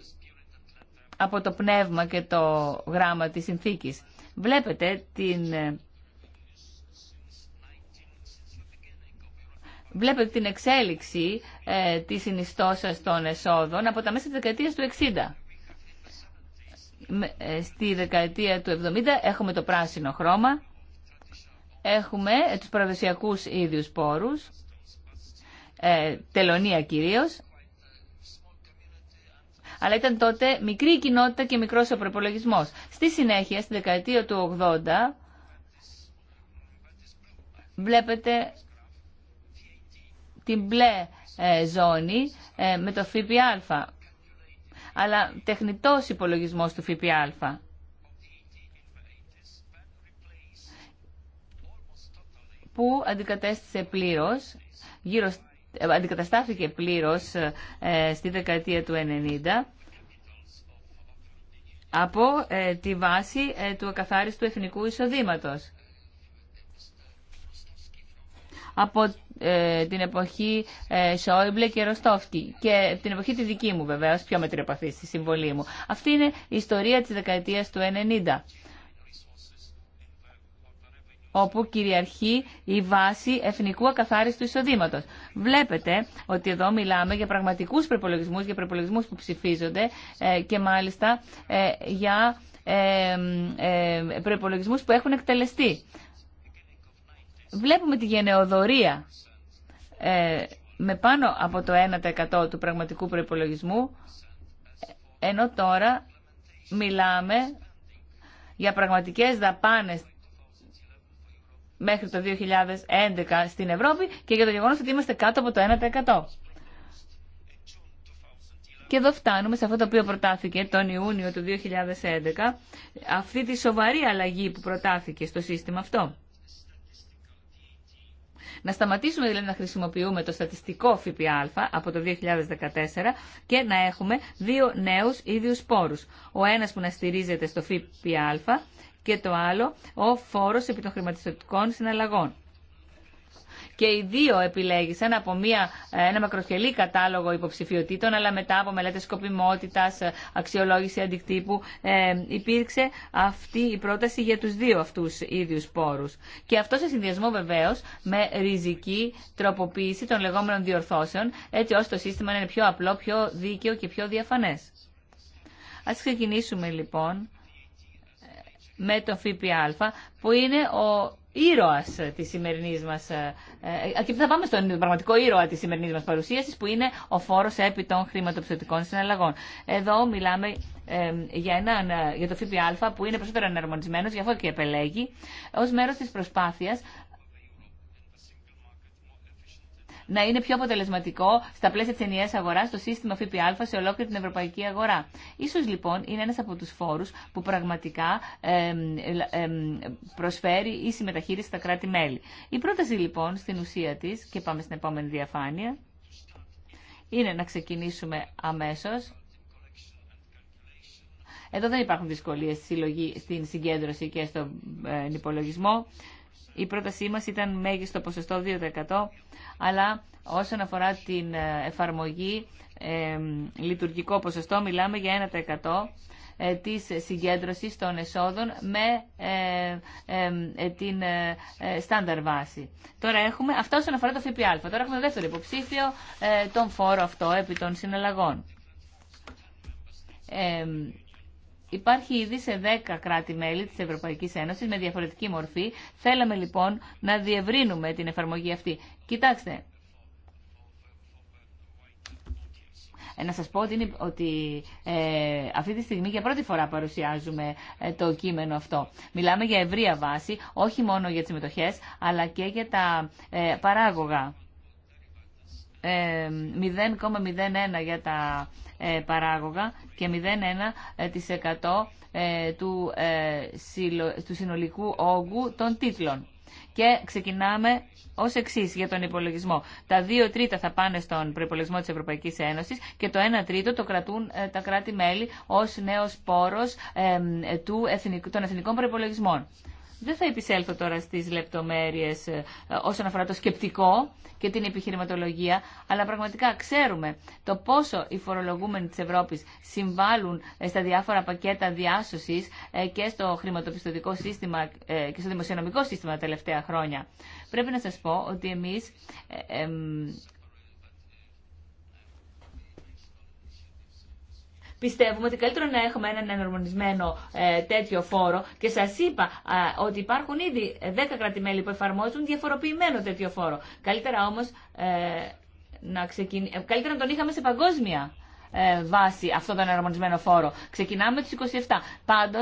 από το πνεύμα και το γράμμα της συνθήκης. Βλέπετε την... Βλέπετε την εξέλιξη ε, της συνιστώσας των εσόδων από τα μέσα της δεκαετίας του 60. Ε, στη δεκαετία του 70 έχουμε το πράσινο χρώμα, έχουμε ε, τους παραδοσιακούς ίδιους πόρους, ε, τελωνία κυρίως, αλλά ήταν τότε μικρή κοινότητα και μικρό ο προπολογισμό. Στη συνέχεια, στη δεκαετία του 80, βλέπετε την μπλε ε, ζώνη ε, με το ΦΠΑ, αλλά τεχνητός υπολογισμός του ΦΠΑ. που αντικατέστησε πλήρως γύρω αντικαταστάθηκε πλήρως ε, στη δεκαετία του 90 από ε, τη βάση ε, του ακαθάριστου εθνικού εισοδήματος. Από την εποχή Σόιμπλε και Ροστόφκι και την εποχή τη δική μου βεβαίως, πιο μετριοπαθή στη συμβολή μου. Αυτή είναι η ιστορία της δεκαετίας του 90 όπου κυριαρχεί η βάση εθνικού ακαθάριστου εισοδήματος. Βλέπετε ότι εδώ μιλάμε για πραγματικούς προπολογισμού, για προπολογισμού που ψηφίζονται ε, και μάλιστα ε, για ε, προπολογισμού που έχουν εκτελεστεί. Βλέπουμε τη γενεοδορία με πάνω από το 1% του πραγματικού προπολογισμού, ενώ τώρα μιλάμε για πραγματικές δαπάνες μέχρι το 2011 στην Ευρώπη και για το γεγονό ότι είμαστε κάτω από το 1%. Και εδώ φτάνουμε σε αυτό το οποίο προτάθηκε τον Ιούνιο του 2011, αυτή τη σοβαρή αλλαγή που προτάθηκε στο σύστημα αυτό. Να σταματήσουμε δηλαδή να χρησιμοποιούμε το στατιστικό ΦΠΑ από το 2014 και να έχουμε δύο νέους ίδιους πόρους. Ο ένας που να στηρίζεται στο ΦΠΑ και το άλλο ο φόρος επί των χρηματιστοτικών συναλλαγών. Και οι δύο επιλέγησαν από ένα μακροχελή κατάλογο υποψηφιωτήτων, αλλά μετά από μελέτες σκοπιμότητας, αξιολόγηση αντικτύπου, ε, υπήρξε αυτή η πρόταση για τους δύο αυτούς ίδιους πόρους. Και αυτό σε συνδυασμό βεβαίως με ριζική τροποποίηση των λεγόμενων διορθώσεων, έτσι ώστε το σύστημα να είναι πιο απλό, πιο δίκαιο και πιο διαφανές. Ας ξεκινήσουμε λοιπόν με το ΦΠΑ, που είναι ο ήρωα τη σημερινή μα. Ε, ε, και θα πάμε στον πραγματικό ήρωα τη σημερινή μα παρουσίαση, που είναι ο φόρο επί των χρηματοπιστωτικών συναλλαγών. Εδώ μιλάμε για, ένα, ε, για το ΦΠΑ που είναι περισσότερο εναρμονισμένο, γι' αυτό και επελέγει, ω μέρο τη προσπάθεια να είναι πιο αποτελεσματικό στα πλαίσια τη ενιαία αγορά το σύστημα ΦΠΑ σε ολόκληρη την ευρωπαϊκή αγορά. σω λοιπόν είναι ένα από του φόρου που πραγματικά προσφέρει Η μεταχείριση στα κράτη-μέλη. Η πρόταση λοιπόν στην ουσία τη, και πάμε στην επόμενη διαφάνεια, είναι να ξεκινήσουμε αμέσως. Εδώ δεν υπάρχουν δυσκολίες στην συγκέντρωση και στον ε, υπολογισμό. Η πρότασή μας ήταν μέγιστο ποσοστό 2%, αλλά όσον αφορά την ε, εφαρμογή, ε, λειτουργικό ποσοστό, μιλάμε για 1% ε, της συγκέντρωσης των εσόδων με ε, ε, ε την ε, στάνταρ βάση. Τώρα έχουμε, αυτά όσον αφορά το ΦΠΑ, τώρα έχουμε δεύτερο υποψήφιο τον φόρο αυτό επί των συναλλαγών. Υπάρχει ήδη σε 10 κράτη-μέλη της Ευρωπαϊκής Ένωσης με διαφορετική μορφή. Θέλαμε λοιπόν να διευρύνουμε την εφαρμογή αυτή. Κοιτάξτε, ε, να σας πω ότι ε, αυτή τη στιγμή για πρώτη φορά παρουσιάζουμε ε, το κείμενο αυτό. Μιλάμε για ευρεία βάση, όχι μόνο για τις μετοχές, αλλά και για τα παράγωγα. 0,01 ε, για τα ε, παράγωγα και 0,1% ε, του, του συνολικού όγκου των τίτλων. Και ξεκινάμε ω εξή για τον υπολογισμό. Τα 2 τρίτα θα πάνε στον προπολογισμό τη Ευρωπαϊκή Ένωση και το 1 τρίτο το κρατούν τα κράτη-μέλη ω νέο πόρο των εθνικών προπολογισμών. Δεν θα επισέλθω τώρα στις λεπτομέρειες ε, όσον αφορά το σκεπτικό και την επιχειρηματολογία, αλλά πραγματικά ξέρουμε το πόσο οι φορολογούμενοι της Ευρώπης συμβάλλουν ε, στα διάφορα πακέτα διάσωσης ε, και στο χρηματοπιστωτικό σύστημα και στο δημοσιονομικό σύστημα τα τελευταία χρόνια. Πρέπει να σας πω ότι εμείς Πιστεύουμε ότι καλύτερο να έχουμε έναν εναρμονισμένο ε, τέτοιο φόρο και σα είπα ότι υπάρχουν ήδη 10 κρατημέλη που εφαρμόζουν διαφοροποιημένο τέτοιο φόρο. Καλύτερα όμω ε, να ε, Καλύτερα να τον είχαμε σε παγκόσμια βάση αυτό τον εναρμονισμένο φόρο. Ξεκινάμε του 27. Πάντω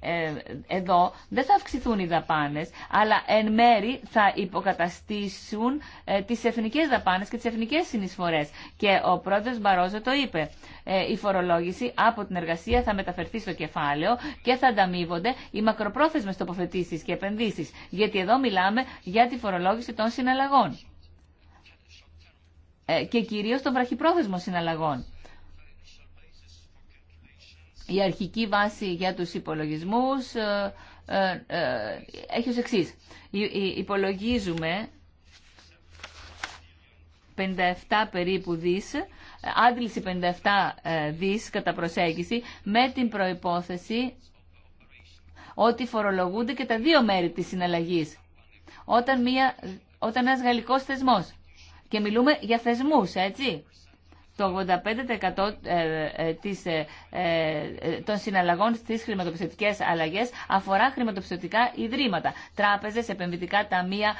ε, εδώ δεν θα αυξηθούν οι δαπάνες, αλλά εν μέρη θα υποκαταστήσουν ε, τις εθνικές δαπάνες και τις εθνικές συνεισφορές. Και ο πρόεδρος Μπαρόζο το είπε. Ε, η φορολόγηση από την εργασία θα μεταφερθεί στο κεφάλαιο και θα ανταμείβονται οι μακροπρόθεσμες τοποθετήσεις και επενδύσεις. Γιατί εδώ μιλάμε για τη φορολόγηση των συναλλαγών. Και κυρίως των βραχυπρόθεσμων συναλλαγών η αρχική βάση για τους υπολογισμούς ε, ε, ε, έχει ως εξής. Υπολογίζουμε 57 περίπου δις, άντληση 57 δις κατά προσέγγιση, με την προϋπόθεση ότι φορολογούνται και τα δύο μέρη της συναλλαγής. Όταν, μια, όταν ένας γαλλικός θεσμός, και μιλούμε για θεσμούς, έτσι, το 85% ε, ε, ε, των συναλλαγών στις χρηματοπιστωτικές αλλαγές αφορά χρηματοπιστωτικά ιδρύματα, τράπεζες, επενδυτικά ταμεία,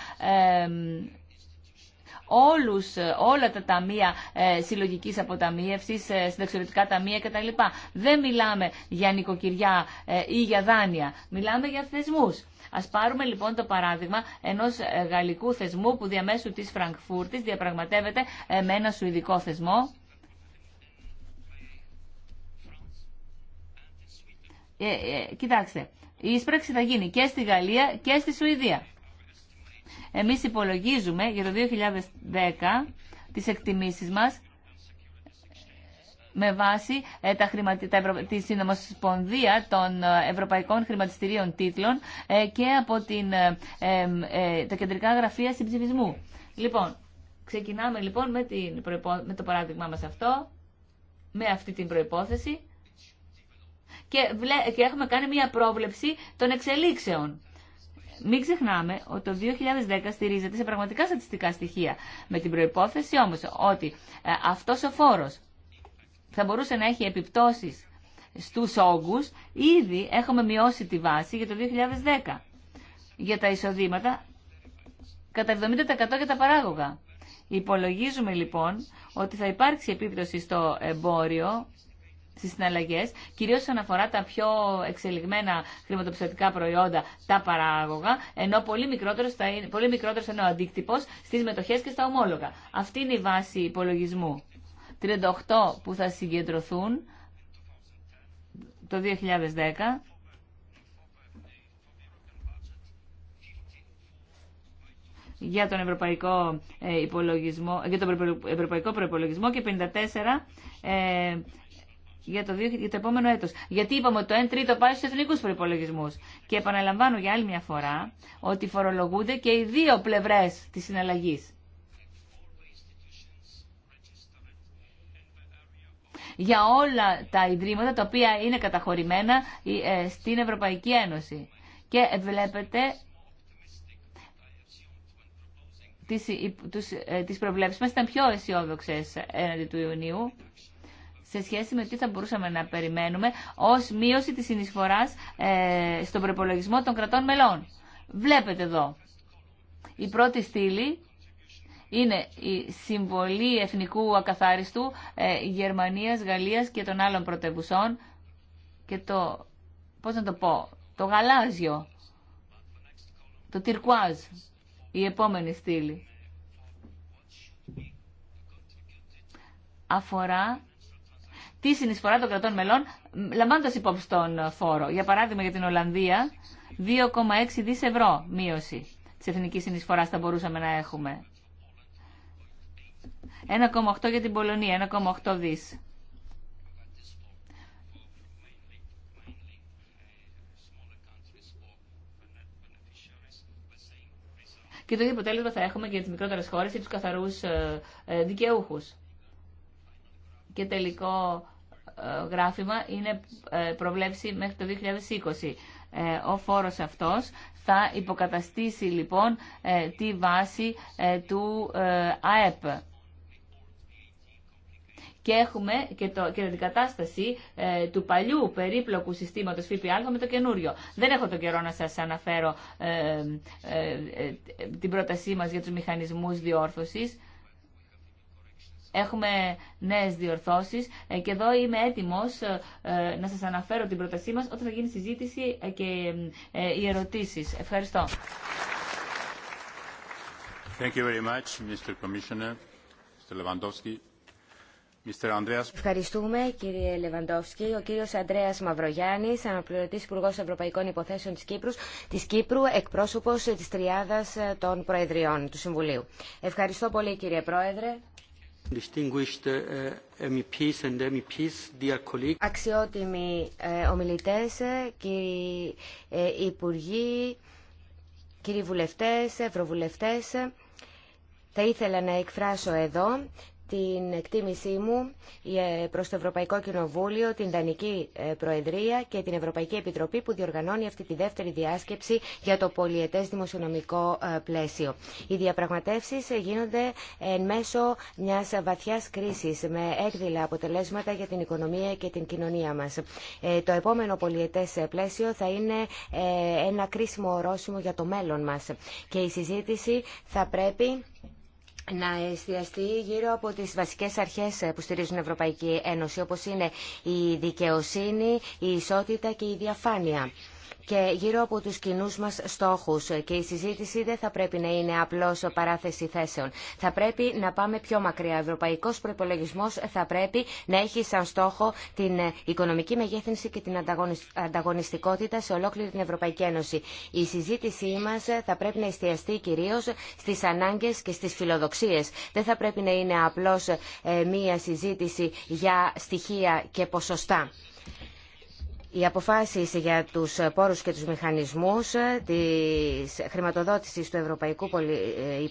όλους, όλα τα ταμεία ε, συλλογικής αποταμίευσης, ε, συνταξιωτικά ταμεία κτλ. Δεν μιλάμε για νοικοκυριά ή για δάνεια, μιλάμε για θεσμούς. Ας πάρουμε λοιπόν το παράδειγμα ενός γαλλικού θεσμού που διαμέσου της Φραγκφούρτης διαπραγματεύεται με ένα σουηδικό θεσμό Ε, ε, κοιτάξτε, η εισπράξη θα γίνει και στη Γαλλία και στη Σουηδία. Εμείς υπολογίζουμε για το 2010 τις εκτιμήσεις μας με βάση ε, τα τα ευρω... τη συνομοσπονδία των ε, Ευρωπαϊκών Χρηματιστηρίων Τίτλων και από την, ε, τα κεντρικά γραφεία συμψηφισμού. Λοιπόν, ξεκινάμε λοιπόν με, την με το παράδειγμά μας αυτό, με αυτή την προϋπόθεση και, έχουμε κάνει μια πρόβλεψη των εξελίξεων. Μην ξεχνάμε ότι το 2010 στηρίζεται σε πραγματικά στατιστικά στοιχεία. Με την προπόθεση όμω ότι ε, αυτό ο φόρο θα μπορούσε να έχει επιπτώσει στου όγκου, ήδη έχουμε μειώσει τη βάση για το 2010 για τα εισοδήματα κατά 70% για τα παράγωγα. Υπολογίζουμε λοιπόν ότι θα υπάρξει επίπτωση στο εμπόριο στι συναλλαγέ, κυρίω όσον αφορά τα πιο εξελιγμένα χρηματοπιστωτικά προϊόντα, τα παράγωγα, ενώ πολύ μικρότερο πολύ μικρότερος είναι ο αντίκτυπο στι μετοχέ και στα ομόλογα. Αυτή είναι η βάση υπολογισμού. 38 που θα συγκεντρωθούν το 2010. για τον ευρωπαϊκό, ε, υπολογισμό, για τον ευρωπαϊκό προϋπολογισμό. και 54 για το, για το επόμενο έτος. Γιατί είπαμε ότι το 1 τρίτο πάει στου εθνικού προπολογισμού. Και επαναλαμβάνω για άλλη μια φορά ότι φορολογούνται και οι δύο πλευρές της συναλλαγής. για όλα τα ιδρύματα τα οποία είναι καταχωρημένα ε, στην Ευρωπαϊκή Ένωση. Και βλέπετε τις, ε, τις προβλέψεις μας ήταν πιο αισιόδοξε έναντι του Ιουνίου σε σχέση με τι θα μπορούσαμε να περιμένουμε ως μείωση της συνεισφοράς ε, στον προπολογισμό των κρατών μελών. Βλέπετε εδώ. Η πρώτη στήλη είναι η συμβολή εθνικού ακαθάριστου ε, Γερμανίας, Γαλλίας και των άλλων πρωτευουσών και το, πώς να το πω, το γαλάζιο, το τυρκουάζ, η επόμενη στήλη. Αφορά τη συνεισφορά των κρατών μελών, λαμβάνοντα υπόψη τον φόρο. Για παράδειγμα, για την Ολλανδία, 2,6 δις ευρώ μείωση τη εθνική συνεισφορά θα μπορούσαμε να έχουμε. 1,8 για την Πολωνία, 1,8 δις. Και το ίδιο αποτέλεσμα θα έχουμε και για τι μικρότερε χώρε ή του καθαρού ε, ε, δικαιούχου και τελικό ε, γράφημα είναι ε, προβλέψη μέχρι το 2020. Ε, ο φόρος αυτός θα υποκαταστήσει λοιπόν τη βάση του ΑΕΠ. Και έχουμε και, το, και την κατάσταση του παλιού περίπλοκου συστήματος ΦΠΑ με το καινούριο. Δεν έχω τον καιρό να σας αναφέρω την πρότασή μας για τους μηχανισμούς διόρθωσης. Έχουμε νέε διορθώσει ε, και εδώ είμαι έτοιμο ε, ε, να σα αναφέρω την πρότασή μα όταν θα γίνει συζήτηση και οι ερωτήσει. Ευχαριστώ. Thank you very much, Mr. Commissioner, Lewandowski. Mr. Andreas... Ευχαριστούμε κύριε Λεβαντόφσκι. Ο κύριο Αντρέα Μαυρογιάννη, αναπληρωτή Υπουργό Ευρωπαϊκών Υποθέσεων τη Κύπρου, της Κύπρου εκπρόσωπος της Τριάδας των Προεδριών του Συμβουλίου. Ευχαριστώ πολύ κύριε Πρόεδρε. Αξιότιμοι ομιλητές, κύριοι υπουργοί, κύριοι βουλευτές, ευρωβουλευτές, ε, θα ήθελα να εκφράσω εδώ την εκτίμησή μου ε, προς το Ευρωπαϊκό Κοινοβούλιο, την Δανική ε, Προεδρία και την Ευρωπαϊκή Επιτροπή που διοργανώνει αυτή τη δεύτερη διάσκεψη για το πολιετές δημοσιονομικό ε, πλαίσιο. Οι διαπραγματεύσεις γίνονται εν μέσω μιας βαθιάς κρίσης με έκδηλα αποτελέσματα για την οικονομία και την κοινωνία μας. Το επόμενο πολιετές πλαίσιο θα είναι ένα κρίσιμο ορόσημο για το μέλλον μας και η συζήτηση θα πρέπει να εστιαστεί γύρω από τις βασικές αρχές που στηρίζουν η Ευρωπαϊκή Ένωση, όπως είναι η δικαιοσύνη, η ισότητα και η διαφάνεια και γύρω από τους κοινούς μας στόχους και η συζήτηση δεν θα πρέπει να είναι απλώς παράθεση θέσεων. Θα πρέπει να πάμε πιο μακριά. Ο ευρωπαϊκός προϋπολογισμός θα πρέπει να έχει σαν στόχο την οικονομική μεγέθυνση και την ανταγωνιστικότητα σε ολόκληρη την Ευρωπαϊκή Ένωση. Η συζήτησή μας θα πρέπει να εστιαστεί κυρίως στις ανάγκες και στις φιλοδοξίες. Δεν θα πρέπει να είναι απλώς ε, μία συζήτηση για στοιχεία και ποσοστά. Οι αποφάσει για τους πόρους και τους μηχανισμούς ε, της χρηματοδότησης του ευρωπαϊκού ε,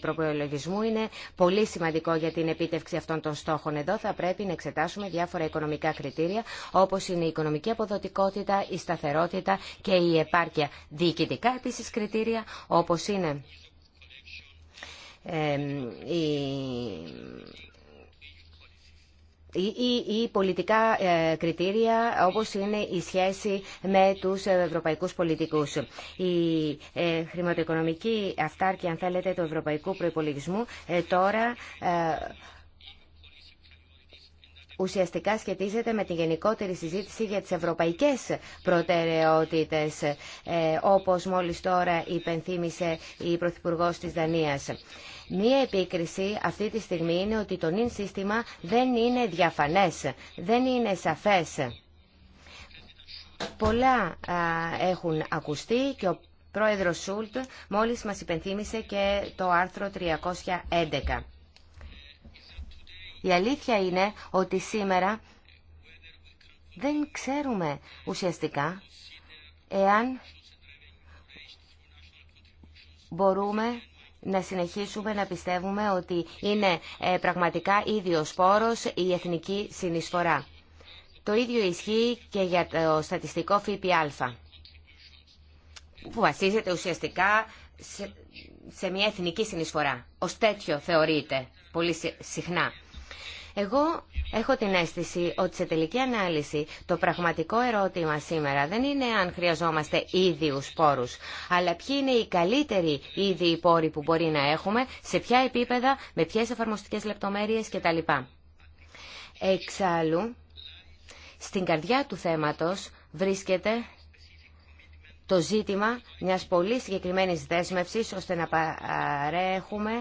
προπολογισμού είναι πολύ σημαντικό για την επίτευξη αυτών των στόχων. Εδώ θα πρέπει να εξετάσουμε διάφορα οικονομικά κριτήρια όπως είναι η οικονομική αποδοτικότητα, η σταθερότητα και η επάρκεια. Διοικητικά επίση κριτήρια όπω είναι ε, η ή, πολιτικά ε, κριτήρια όπως είναι η σχέση με τους ευρωπαϊκούς πολιτικούς. Η ε, χρηματοοικονομική αυτάρκεια, αν θέλετε, του ευρωπαϊκού προϋπολογισμού ε, τώρα ουσιαστικά σχετίζεται με τη γενικότερη συζήτηση για τις ευρωπαϊκές προτεραιότητες, ε, όπως μόλις τώρα υπενθύμησε η Πρωθυπουργό της Δανίας. Μία επίκριση αυτή τη στιγμή είναι ότι το νυν σύστημα δεν είναι διαφανές, δεν είναι σαφές. Πολλά έχουν ακουστεί και ο πρόεδρος Σούλτ μόλις μας υπενθύμησε και το άρθρο 311. Η αλήθεια είναι ότι σήμερα δεν ξέρουμε ουσιαστικά εάν μπορούμε να συνεχίσουμε να πιστεύουμε ότι είναι ε, πραγματικά ίδιο σπόρος η εθνική συνεισφορά. Το ίδιο ισχύει και για το στατιστικό ΦΠΑ, που βασίζεται ουσιαστικά σε, μια εθνική συνεισφορά. Ως τέτοιο θεωρείται πολύ συχνά. Εγώ έχω την αίσθηση ότι σε τελική ανάλυση το πραγματικό ερώτημα σήμερα δεν είναι αν χρειαζόμαστε ίδιους πόρους, αλλά ποιοι είναι οι καλύτεροι ίδιοι πόροι που μπορεί να έχουμε, σε ποια επίπεδα, με ποιες εφαρμοστικές λεπτομέρειες κτλ. Εξάλλου, στην καρδιά του θέματος βρίσκεται το ζήτημα μιας πολύ συγκεκριμένης δέσμευσης ώστε να παρέχουμε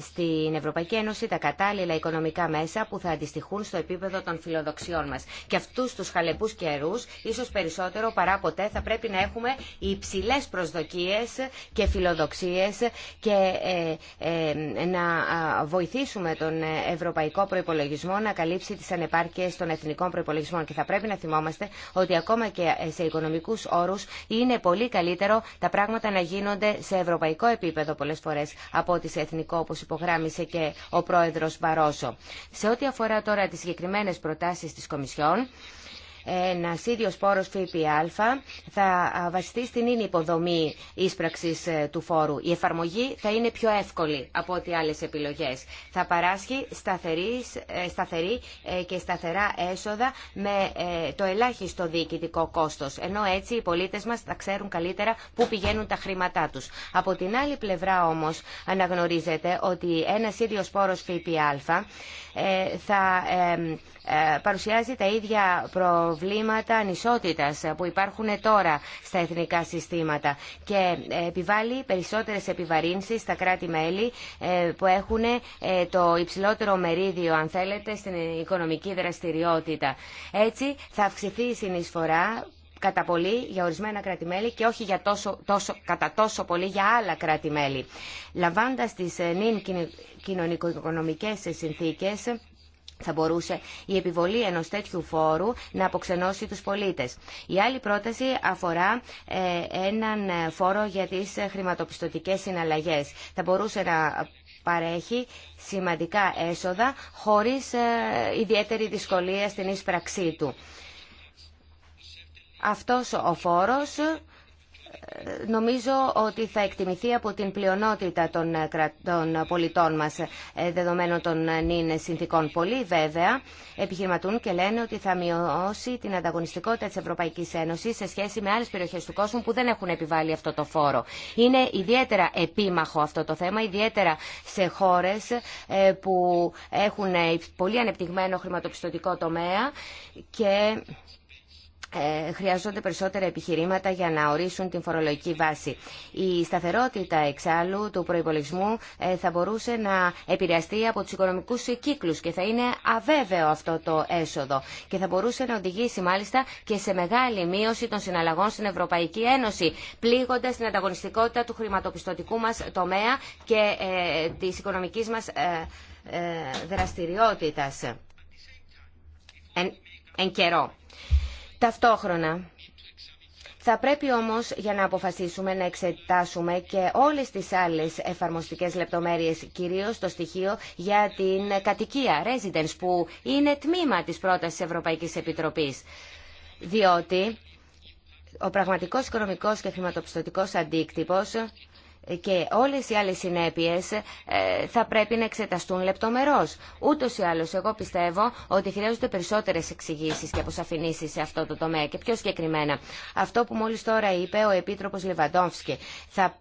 στην Ευρωπαϊκή Ένωση τα κατάλληλα οικονομικά μέσα που θα αντιστοιχούν στο επίπεδο των φιλοδοξιών μα. Και αυτού, του χαλεπού καιρού, ίσω περισσότερο παρά ποτέ, θα πρέπει να έχουμε υψηλέ προσδοκίε και φιλοδοξίε, και ε, ε, να βοηθήσουμε τον ευρωπαϊκό προπολογισμό να καλύψει τι ανεπάρκειες των εθνικών προπολογισμών. Και θα πρέπει να θυμόμαστε ότι ακόμα και σε οικονομικού όρου είναι πολύ καλύτερο τα πράγματα να γίνονται σε ευρωπαϊκό επίπεδο πολλέ φορέ από ότι σε εθνικό υπογράμμισε και ο πρόεδρος Μπαρόσο. Σε ό,τι αφορά τώρα τις συγκεκριμένες προτάσεις της Κομισιόν, ένα ίδιο πόρο ΦΠΑ θα βασιστεί στην ίνη υποδομή ίσπραξη ε, του φόρου. Η εφαρμογή θα είναι πιο εύκολη από ό,τι άλλε επιλογέ. Θα παράσχει ε, σταθερή ε, και σταθερά έσοδα με το ελάχιστο διοικητικό κόστο. Ενώ έτσι οι πολίτε μα θα ξέρουν καλύτερα πού πηγαίνουν τα χρήματά του. Από την άλλη πλευρά όμω αναγνωρίζεται ότι ένα ίδιο πόρο ΦΠΑ θα παρουσιάζει τα ίδια προβλήματα προβλήματα ανισότητας που υπάρχουν τώρα στα εθνικά συστήματα και ε, επιβάλλει περισσότερες επιβαρύνσεις στα κράτη-μέλη ε, που έχουν ε, το υψηλότερο μερίδιο, αν θέλετε, στην οικονομική δραστηριότητα. Έτσι θα αυξηθεί η συνεισφορά κατά πολύ για ορισμένα κράτη-μέλη και όχι για τόσο, τόσο, κατά τόσο πολύ για άλλα κράτη-μέλη. Λαμβάνοντας τις νυν κοινωνικο-οικονομικές συνθήκες, θα μπορούσε η επιβολή ενό τέτοιου φόρου να αποξενώσει τους πολίτες. Η άλλη πρόταση αφορά ε, έναν φόρο για τι χρηματοπιστωτικές συναλλαγές. Θα μπορούσε να παρέχει σημαντικά έσοδα χωρίς ε, ιδιαίτερη δυσκολία στην ίσπραξή του. Αυτός ο φόρος νομίζω ότι θα εκτιμηθεί από την πλειονότητα των, ε, πολιτών μας ε, δεδομένων των ε, νυν συνθήκων. Πολλοί βέβαια επιχειρηματούν και λένε ότι θα μειώσει την ανταγωνιστικότητα της Ευρωπαϊκής Ένωσης σε σχέση με άλλες περιοχές του κόσμου που δεν έχουν επιβάλει αυτό το φόρο. Είναι ιδιαίτερα επίμαχο αυτό το θέμα, ιδιαίτερα σε χώρες που έχουν πολύ ανεπτυγμένο χρηματοπιστωτικό τομέα και ε, χρειάζονται περισσότερα επιχειρήματα για να ορίσουν την φορολογική βάση. Η σταθερότητα εξάλλου του προπολογισμού ε, θα μπορούσε να επηρεαστεί από του οικονομικού κύκλου και θα είναι αβέβαιο αυτό το έσοδο και θα μπορούσε να οδηγήσει μάλιστα και σε μεγάλη μείωση των συναλλαγών στην Ευρωπαϊκή Ένωση, πλήγοντα την ανταγωνιστικότητα του χρηματοπιστωτικού μα τομέα και ε, τη οικονομική μα δραστηριότητα. Εν, καιρό. Ταυτόχρονα, θα πρέπει όμως για να αποφασίσουμε να εξετάσουμε και όλες τις άλλες εφαρμοστικές λεπτομέρειες, κυρίως το στοιχείο για την κατοικία, residence, που είναι τμήμα της πρότασης Ευρωπαϊκής Επιτροπής. Διότι ο πραγματικός οικονομικός και χρηματοπιστωτικός αντίκτυπος και όλες οι άλλες συνέπειες ε, θα πρέπει να εξεταστούν λεπτομερώς. Ούτως ή άλλως εγώ πιστεύω ότι χρειάζονται περισσότερες εξηγήσει και αποσαφηνήσεις σε αυτό το τομέα και πιο συγκεκριμένα. Αυτό που μόλις τώρα είπε ο Επίτροπος Λεβαντόμφσκι θα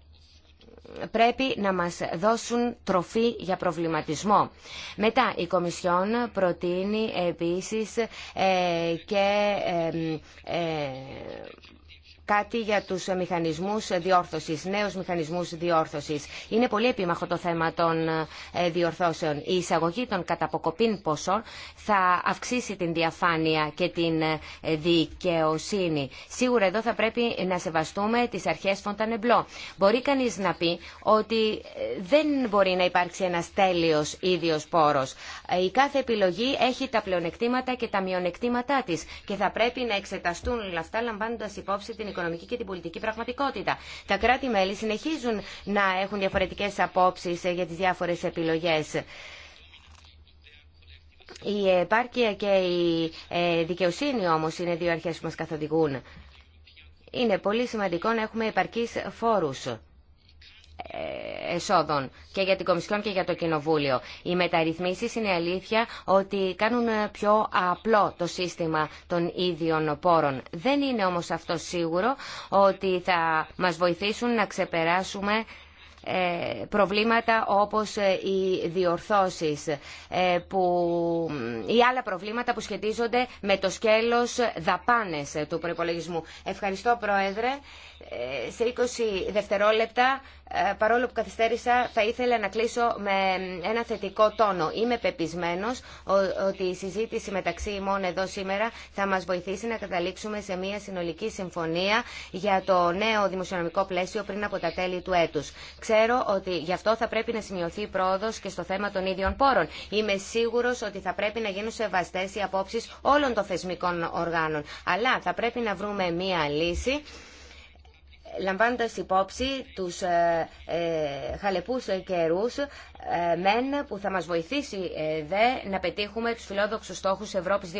πρέπει να μας δώσουν τροφή για προβληματισμό. Μετά η Κομισιόν προτείνει επίσης ε, και ε, κάτι για του μηχανισμούς διορθωση. νέους μηχανισμούς διορθωση Είναι πολύ επίμαχο το θέμα των ε, διορθώσεων. Η εισαγωγή των καταποκοπήν ποσών θα αυξήσει την διαφάνεια και την ε, δικαιοσύνη. Σίγουρα εδώ θα πρέπει να σεβαστούμε τις αρχές Φοντανεμπλό. Μπορεί κανεί να πει ότι ε, δεν μπορεί να υπάρξει ένα τέλειο ίδιο πόρο. Η κάθε επιλογή έχει τα πλεονεκτήματα και τα μειονεκτήματά τη και θα πρέπει να εξεταστούν όλα αυτά υπόψη την οικονομική και την πολιτική πραγματικότητα. Τα κράτη-μέλη συνεχίζουν να έχουν διαφορετικές απόψεις ε, για τις διάφορες επιλογές. Η επάρκεια και η ε, δικαιοσύνη όμως είναι δύο αρχές που μας καθοδηγούν. Είναι πολύ σημαντικό να έχουμε επαρκείς φόρους. Ε, εσόδων και για την Κομισιόν και για το Κοινοβούλιο. Οι μεταρρυθμίσει είναι αλήθεια ότι κάνουν ε, πιο απλό το σύστημα των ίδιων πόρων. Δεν είναι όμως αυτό σίγουρο ότι θα μας βοηθήσουν να ξεπεράσουμε ε, προβλήματα όπως οι διορθώσεις που, ή άλλα προβλήματα που σχετίζονται με το σκέλος δαπάνες του προϋπολογισμού. Ευχαριστώ Πρόεδρε σε 20 δευτερόλεπτα, ε, παρόλο που καθυστέρησα, θα ήθελα να κλείσω με ένα θετικό τόνο. Είμαι πεπισμένος ότι η συζήτηση μεταξύ ημών εδώ σήμερα θα μας βοηθήσει να καταλήξουμε σε μια συνολική συμφωνία για το νέο δημοσιονομικό πλαίσιο πριν από τα τέλη του έτους. Ξέρω ότι γι' αυτό θα πρέπει να σημειωθεί πρόοδος και στο θέμα των ίδιων πόρων. Είμαι σίγουρος ότι θα πρέπει να γίνουν σεβαστές οι απόψεις όλων των θεσμικών οργάνων. Αλλά θα πρέπει να βρούμε μια λύση λαμβάνοντας υπόψη τους ε, ε, χαλεπούς ε, καιρούς ε, μεν που θα μας βοηθήσει ε, δε να πετύχουμε τους φιλόδοξους στόχους Ευρώπης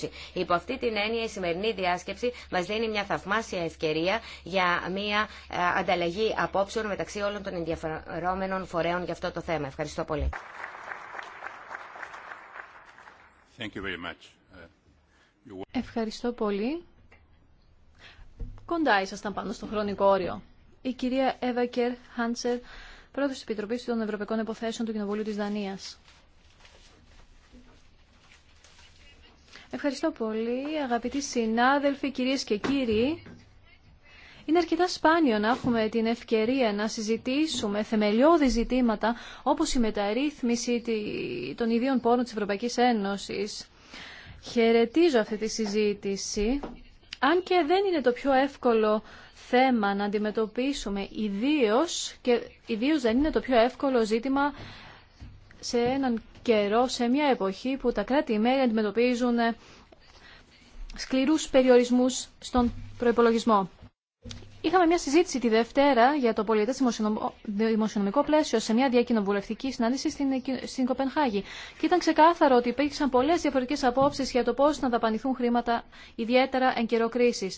2020. Υπό αυτή την έννοια η σημερινή διάσκεψη μας δίνει μια θαυμάσια ευκαιρία για μια ε, ανταλλαγή απόψεων μεταξύ όλων των ενδιαφερόμενων φορέων για αυτό το θέμα. Ευχαριστώ πολύ. Ευχαριστώ πολύ κοντά ήσασταν πάνω στο χρονικό όριο. Η κυρία Εύα Κερ Χάντσερ, πρόεδρος της Επιτροπής των Ευρωπαϊκών Εποθέσεων του Κοινοβουλίου της Δανίας. Ευχαριστώ πολύ, αγαπητοί συνάδελφοι, κυρίε και κύριοι. Είναι αρκετά σπάνιο να έχουμε την ευκαιρία να συζητήσουμε θεμελιώδη ζητήματα όπως η μεταρρύθμιση των ιδίων πόρων της Ευρωπαϊκής Ένωσης. Χαιρετίζω αυτή τη συζήτηση αν και δεν είναι το πιο εύκολο θέμα να αντιμετωπίσουμε, ιδίως, και ιδίως δεν είναι το πιο εύκολο ζήτημα σε έναν καιρό, σε μια εποχή που τα κράτη-μέλη αντιμετωπίζουν ε, σκληρούς περιορισμούς στον προϋπολογισμό. Είχαμε μια συζήτηση τη Δευτέρα για το πολιτέ δημοσιονομικό πλαίσιο σε μια διακοινοβουλευτική συνάντηση στην, ε, στην Κοπενχάγη. Και ήταν ξεκάθαρο ότι υπήρξαν πολλέ διαφορετικέ απόψει για το πώ να δαπανηθούν χρήματα, ιδιαίτερα εν καιρό κρίση.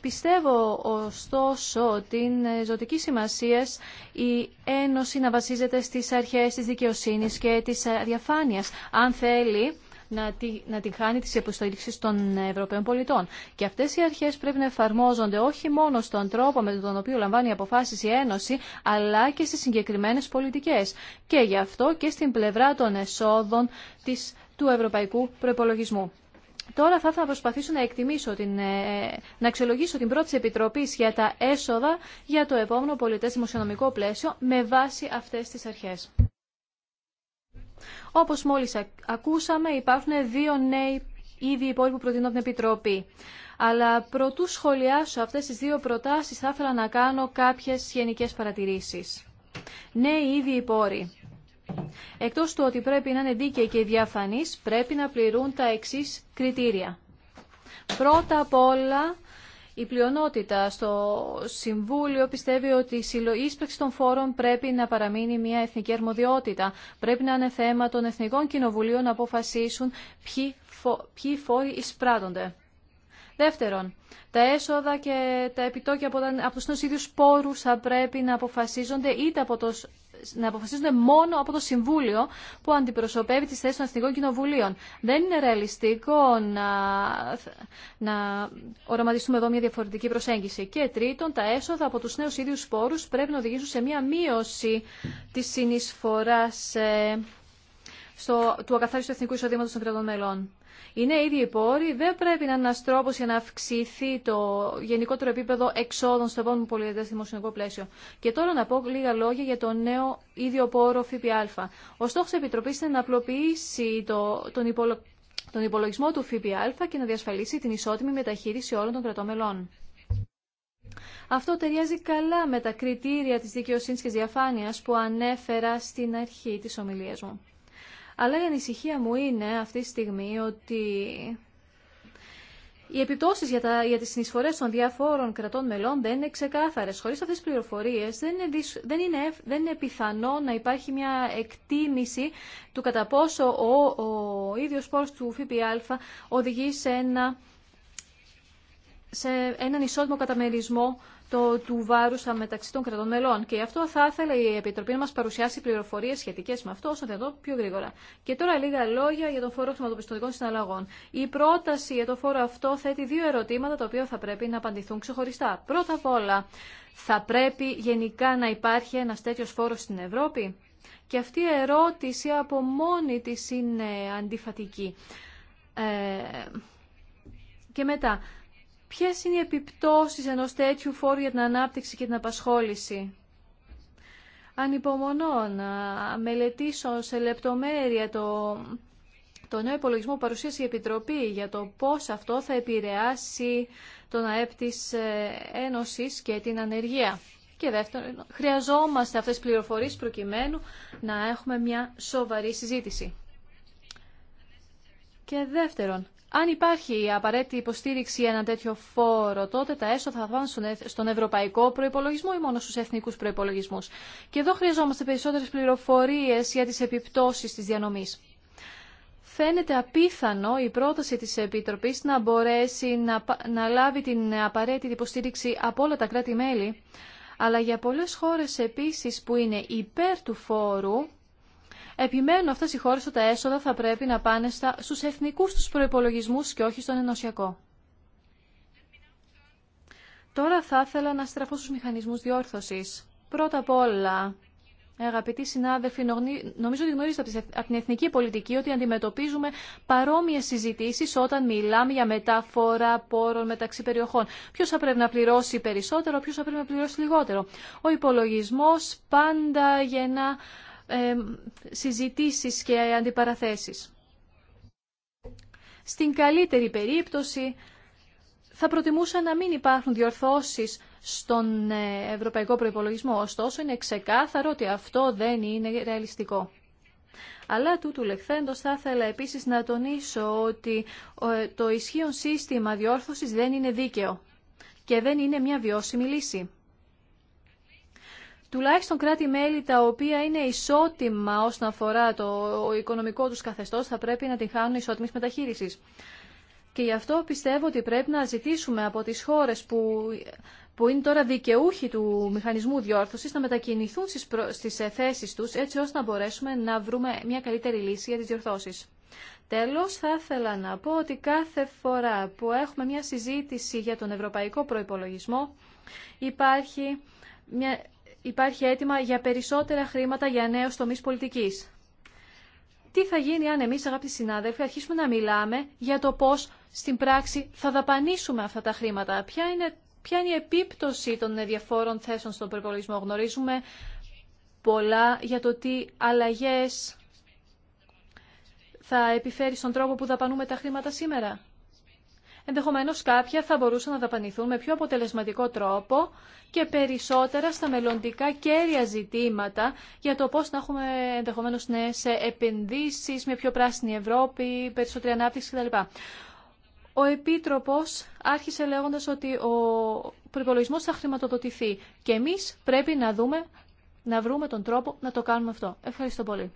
Πιστεύω ωστόσο ότι είναι ζωτική σημασία η Ένωση να βασίζεται στι αρχέ τη δικαιοσύνη και τη διαφάνεια. Αν θέλει να, τη, να την χάνει τη υποστήριξη των Ευρωπαίων πολιτών. Και αυτέ οι αρχέ πρέπει να εφαρμόζονται όχι μόνο στον τρόπο με τον οποίο λαμβάνει αποφάσει η Ένωση, αλλά και στι συγκεκριμένε πολιτικέ. Και γι' αυτό και στην πλευρά των εσόδων της, του ευρωπαϊκού προπολογισμού. Τώρα θα ήθελα προσπαθήσω να εκτιμήσω, την, ε, να αξιολογήσω την πρώτη επιτροπή για τα έσοδα για το επόμενο πολιτές δημοσιονομικό πλαίσιο με βάση αυτές τις αρχές. Όπως μόλις ακούσαμε υπάρχουν δύο νέοι ήδη υπόλοιποι που προτείνω την Επιτροπή. Αλλά προτού σχολιάσω αυτές τις δύο προτάσεις θα ήθελα να κάνω κάποιες γενικές παρατηρήσεις. Νέοι ήδη υπόροι. Εκτός του ότι πρέπει να είναι δίκαιοι και διαφανείς, πρέπει να πληρούν τα εξής κριτήρια. Πρώτα απ' όλα η πλειονότητα στο Συμβούλιο πιστεύει ότι η ίσπραξη των φόρων πρέπει να παραμείνει μια εθνική αρμοδιότητα. Πρέπει να είναι θέμα των εθνικών κοινοβουλίων να αποφασίσουν ποιοι, φόροι εισπράττονται. Δεύτερον, τα έσοδα και τα επιτόκια από, από του ίδιου πόρου θα πρέπει να αποφασίζονται είτε από το να αποφασίζονται μόνο από το Συμβούλιο που αντιπροσωπεύει τις θέσεις των Εθνικών Κοινοβουλίων. Δεν είναι ρεαλιστικό να, να οραματιστούμε εδώ μια διαφορετική προσέγγιση. Και τρίτον, τα έσοδα από τους νέους ίδιους σπόρους πρέπει να οδηγήσουν σε μια μείωση της συνεισφοράς ε, στο, του ακαθάριστου εθνικού εισοδήματος των κρατών μελών. Οι νέοι ίδιοι πόροι δεν πρέπει να είναι ένα τρόπο για να αυξηθεί το γενικότερο επίπεδο εξόδων στο επόμενο δημοσιονομικό πλαίσιο. Και τώρα να πω λίγα λόγια για το νέο ίδιο πόρο ΦΠΑ. Ο στόχο τη Επιτροπή είναι να απλοποιήσει το, τον, υπολο, τον υπολογισμό του ΦΠΑ και να διασφαλίσει την ισότιμη μεταχείριση όλων των κρατών μελών. Αυτό ταιριάζει καλά με τα κριτήρια της δικαιοσύνης και διαφάνειας που ανέφερα στην αρχή της ομιλίας μου. Αλλά η ανησυχία μου είναι αυτή τη στιγμή ότι οι επιπτώσεις για, τα, για τις συνεισφορές των διαφόρων κρατών μελών δεν είναι ξεκάθαρες. Χωρίς αυτές τις πληροφορίες δεν είναι, δεν είναι, δεν είναι πιθανό να υπάρχει μια εκτίμηση του κατά πόσο ο, ο, ο ίδιος πόρος του ΦΠΑ οδηγεί σε ένα σε έναν ισότιμο καταμερισμό του βάρου μεταξύ των κρατών μελών. Και αυτό θα ήθελε η Επιτροπή να μα παρουσιάσει πληροφορίε σχετικέ με αυτό, όσο δυνατόν πιο γρήγορα. Και τώρα λίγα λόγια για τον φόρο χρηματοπιστωτικών συναλλαγών. Η πρόταση για τον φόρο αυτό θέτει δύο ερωτήματα τα οποία θα πρέπει να απαντηθούν ξεχωριστά. Πρώτα απ' όλα, θα πρέπει γενικά να υπάρχει ένα τέτοιο φόρο στην Ευρώπη. Και αυτή η ερώτηση από μόνη της είναι αντιφατική. Ε, και μετά, Ποιε είναι οι επιπτώσεις ενός τέτοιου φόρου για την ανάπτυξη και την απασχόληση. Ανυπομονώ να μελετήσω σε λεπτομέρεια το, το νέο υπολογισμό που παρουσίασε η Επιτροπή για το πώς αυτό θα επηρεάσει τον ΑΕΠ της ε, Ένωσης και την ανεργία. Και δεύτερον, χρειαζόμαστε αυτές τις πληροφορίες προκειμένου να έχουμε μια σοβαρή συζήτηση. Και δεύτερον, αν υπάρχει απαραίτητη υποστήριξη για ένα τέτοιο φόρο, τότε τα έσοδα θα βγουν στον ευρωπαϊκό προπολογισμό ή μόνο στου εθνικού προπολογισμού. Και εδώ χρειαζόμαστε περισσότερε πληροφορίε για τι επιπτώσει τη διανομή. Φαίνεται απίθανο η πρόταση της Επιτροπής να μπορέσει να, να λάβει την απαραίτητη υποστήριξη από όλα τα κράτη-μέλη, αλλά για πολλές χώρες επίσης που είναι υπέρ του φόρου, Επιμένω αυτέ οι χώρε ότι τα έσοδα θα πρέπει να πάνε στα, στους εθνικούς τους προϋπολογισμούς και όχι στον ενωσιακό. Τώρα θα ήθελα να στραφώ στους μηχανισμούς διόρθωσης. Πρώτα απ' όλα, αγαπητοί συνάδελφοι, νομίζω ότι γνωρίζετε από την εθνική πολιτική ότι αντιμετωπίζουμε παρόμοιες συζητήσεις όταν μιλάμε για μετάφορα πόρων μεταξύ περιοχών. Ποιος θα πρέπει να πληρώσει περισσότερο, ποιος θα πρέπει να πληρώσει λιγότερο. Ο υπολογισμός πάντα γεννά συζητήσεις και αντιπαραθέσεις. Στην καλύτερη περίπτωση θα προτιμούσα να μην υπάρχουν διορθώσεις στον ε, ευρωπαϊκό προϋπολογισμό, ωστόσο είναι ξεκάθαρο ότι αυτό δεν είναι ρεαλιστικό. Αλλά τούτου λεχθέντος θα ήθελα επίσης να τονίσω ότι το ισχύον σύστημα διόρθωσης δεν είναι δίκαιο και δεν είναι μια βιώσιμη λύση τουλάχιστον κράτη-μέλη τα οποία είναι ισότιμα όσον αφορά το οικονομικό τους καθεστώς θα πρέπει να την χάνουν ισότιμης μεταχείρισης. Και γι' αυτό πιστεύω ότι πρέπει να ζητήσουμε από τις χώρες που, που είναι τώρα δικαιούχοι του μηχανισμού διόρθωσης να μετακινηθούν στις, προ... στις θέσεις τους έτσι ώστε να μπορέσουμε να βρούμε μια καλύτερη λύση για τις διορθώσεις. Τέλος, θα ήθελα να πω ότι κάθε φορά που έχουμε μια συζήτηση για τον ευρωπαϊκό προϋπολογισμό υπάρχει μια υπάρχει αίτημα για περισσότερα χρήματα για νέου τομεί πολιτικής. Τι θα γίνει αν εμεί, αγαπητοί συνάδελφοι, αρχίσουμε να μιλάμε για το πώς στην πράξη θα δαπανίσουμε αυτά τα χρήματα. Ποια είναι, ποια είναι η επίπτωση των διαφόρων θέσεων στον προπολογισμό. Γνωρίζουμε πολλά για το τι αλλαγές θα επιφέρει στον τρόπο που δαπανούμε τα χρήματα σήμερα. Ενδεχομένω κάποια θα μπορούσαν να δαπανηθούν με πιο αποτελεσματικό τρόπο και περισσότερα στα μελλοντικά κέρια ζητήματα για το πώς να έχουμε ενδεχομένω νέες επενδύσεις, μια πιο πράσινη Ευρώπη, περισσότερη ανάπτυξη κτλ. Ο Επίτροπος άρχισε λέγοντας ότι ο προπολογισμό θα χρηματοδοτηθεί και εμεί πρέπει να δούμε, να βρούμε τον τρόπο να το κάνουμε αυτό. Ευχαριστώ πολύ.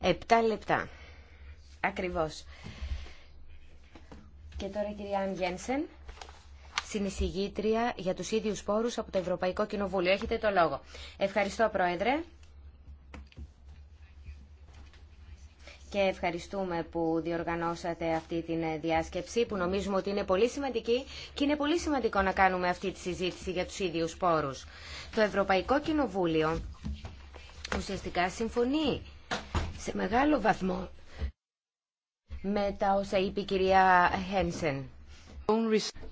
Επτά λεπτά. Ακριβώς. Και τώρα η κυρία Γένσεν, για τους ίδιους πόρους από το Ευρωπαϊκό Κοινοβούλιο. Έχετε το λόγο. Ευχαριστώ, Πρόεδρε. και ευχαριστούμε που διοργανώσατε αυτή τη διάσκεψη που νομίζουμε ότι είναι πολύ σημαντική και είναι πολύ σημαντικό να κάνουμε αυτή τη συζήτηση για τους ίδιους πόρους. Το Ευρωπαϊκό Κοινοβούλιο ουσιαστικά συμφωνεί σε μεγάλο βαθμό με τα όσα είπε η κυρία Χένσεν.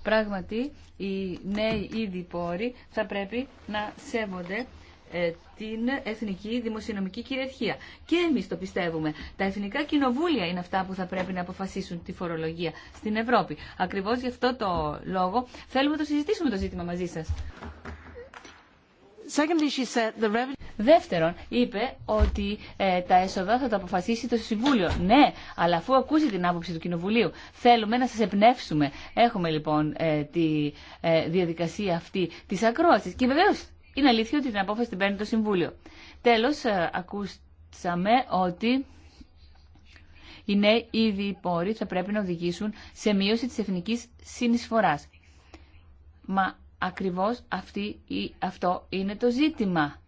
Πράγματι, οι νέοι ήδη πόροι θα πρέπει να σέβονται ε, την εθνική δημοσιονομική κυριαρχία. Και εμείς το πιστεύουμε. Τα εθνικά κοινοβούλια είναι αυτά που θα πρέπει να αποφασίσουν τη φορολογία στην Ευρώπη. Ακριβώς γι' αυτό το λόγο θέλουμε να το συζητήσουμε το ζήτημα μαζί σα. Δεύτερον, είπε ότι ε, τα έσοδα θα τα αποφασίσει το Συμβούλιο. Ναι, αλλά αφού ακούσει την άποψη του Κοινοβουλίου, θέλουμε να σα εμπνεύσουμε. Έχουμε λοιπόν ε, τη ε, διαδικασία αυτή τη ακρόαση. Και βεβαίω είναι αλήθεια ότι την απόφαση την παίρνει το Συμβούλιο. Τέλο, ακούσαμε ότι οι νέοι ήδη πόροι θα πρέπει να οδηγήσουν σε μείωση τη εθνική συνεισφορά. Μα ακριβώς αυτό είναι το ζήτημα.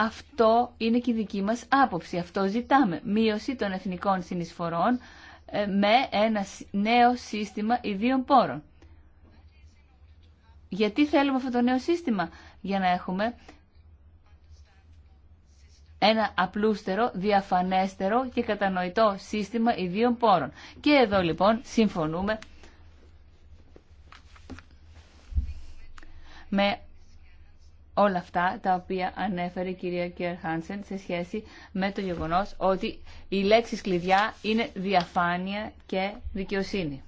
Αυτό είναι και η δική μας άποψη. Αυτό ζητάμε. Μείωση των εθνικών συνεισφορών ε, με ένα νέο σύστημα ιδίων πόρων. Γιατί θέλουμε αυτό το νέο σύστημα. Για να έχουμε ένα απλούστερο, διαφανέστερο και κατανοητό σύστημα ιδίων πόρων. Και εδώ λοιπόν συμφωνούμε με όλα αυτά τα οποία ανέφερε η κυρία κερ Χάνσεν σε σχέση με το γεγονός ότι η λέξη κλειδιά είναι διαφάνεια και δικαιοσύνη.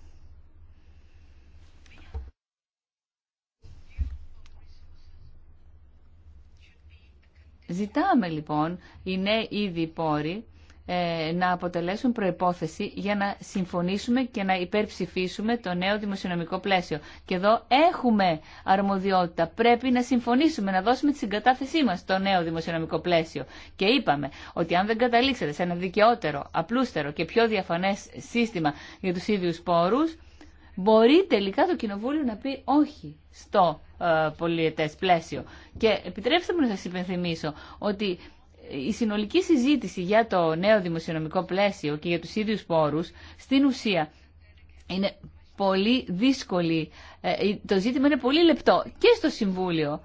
Ζητάμε λοιπόν οι νέοι ήδη πόροι ε, να αποτελέσουν προϋπόθεση για να συμφωνήσουμε και να υπερψηφίσουμε το νέο δημοσιονομικό πλαίσιο. Και εδώ έχουμε αρμοδιότητα. Πρέπει να συμφωνήσουμε, να δώσουμε τη συγκατάθεσή μας στο νέο δημοσιονομικό πλαίσιο. Και είπαμε ότι αν δεν καταλήξετε σε ένα δικαιότερο, απλούστερο και πιο διαφανές σύστημα για τους ίδιους πόρους, μπορεί τελικά το Κοινοβούλιο να πει όχι στο ε, πλαίσιο. Και επιτρέψτε μου να σας υπενθυμίσω ότι η συνολική συζήτηση για το νέο δημοσιονομικό πλαίσιο και για τους ίδιους πόρους στην ουσία είναι πολύ δύσκολη. Ε, το ζήτημα είναι πολύ λεπτό και στο Συμβούλιο.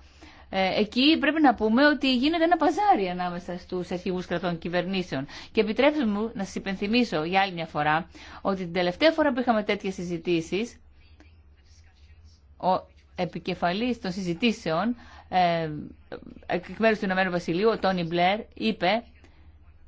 Ε, εκεί πρέπει να πούμε ότι γίνεται ένα παζάρι ανάμεσα στου αρχηγού κρατών κυβερνήσεων. Και επιτρέψτε μου να σα υπενθυμίσω για άλλη μια φορά ότι την τελευταία φορά που είχαμε τέτοιε συζητήσει, ο επικεφαλή των συζητήσεων ε, εκ μέρους του Ηνωμένου Βασιλείου, ο Τόνι Μπλερ, είπε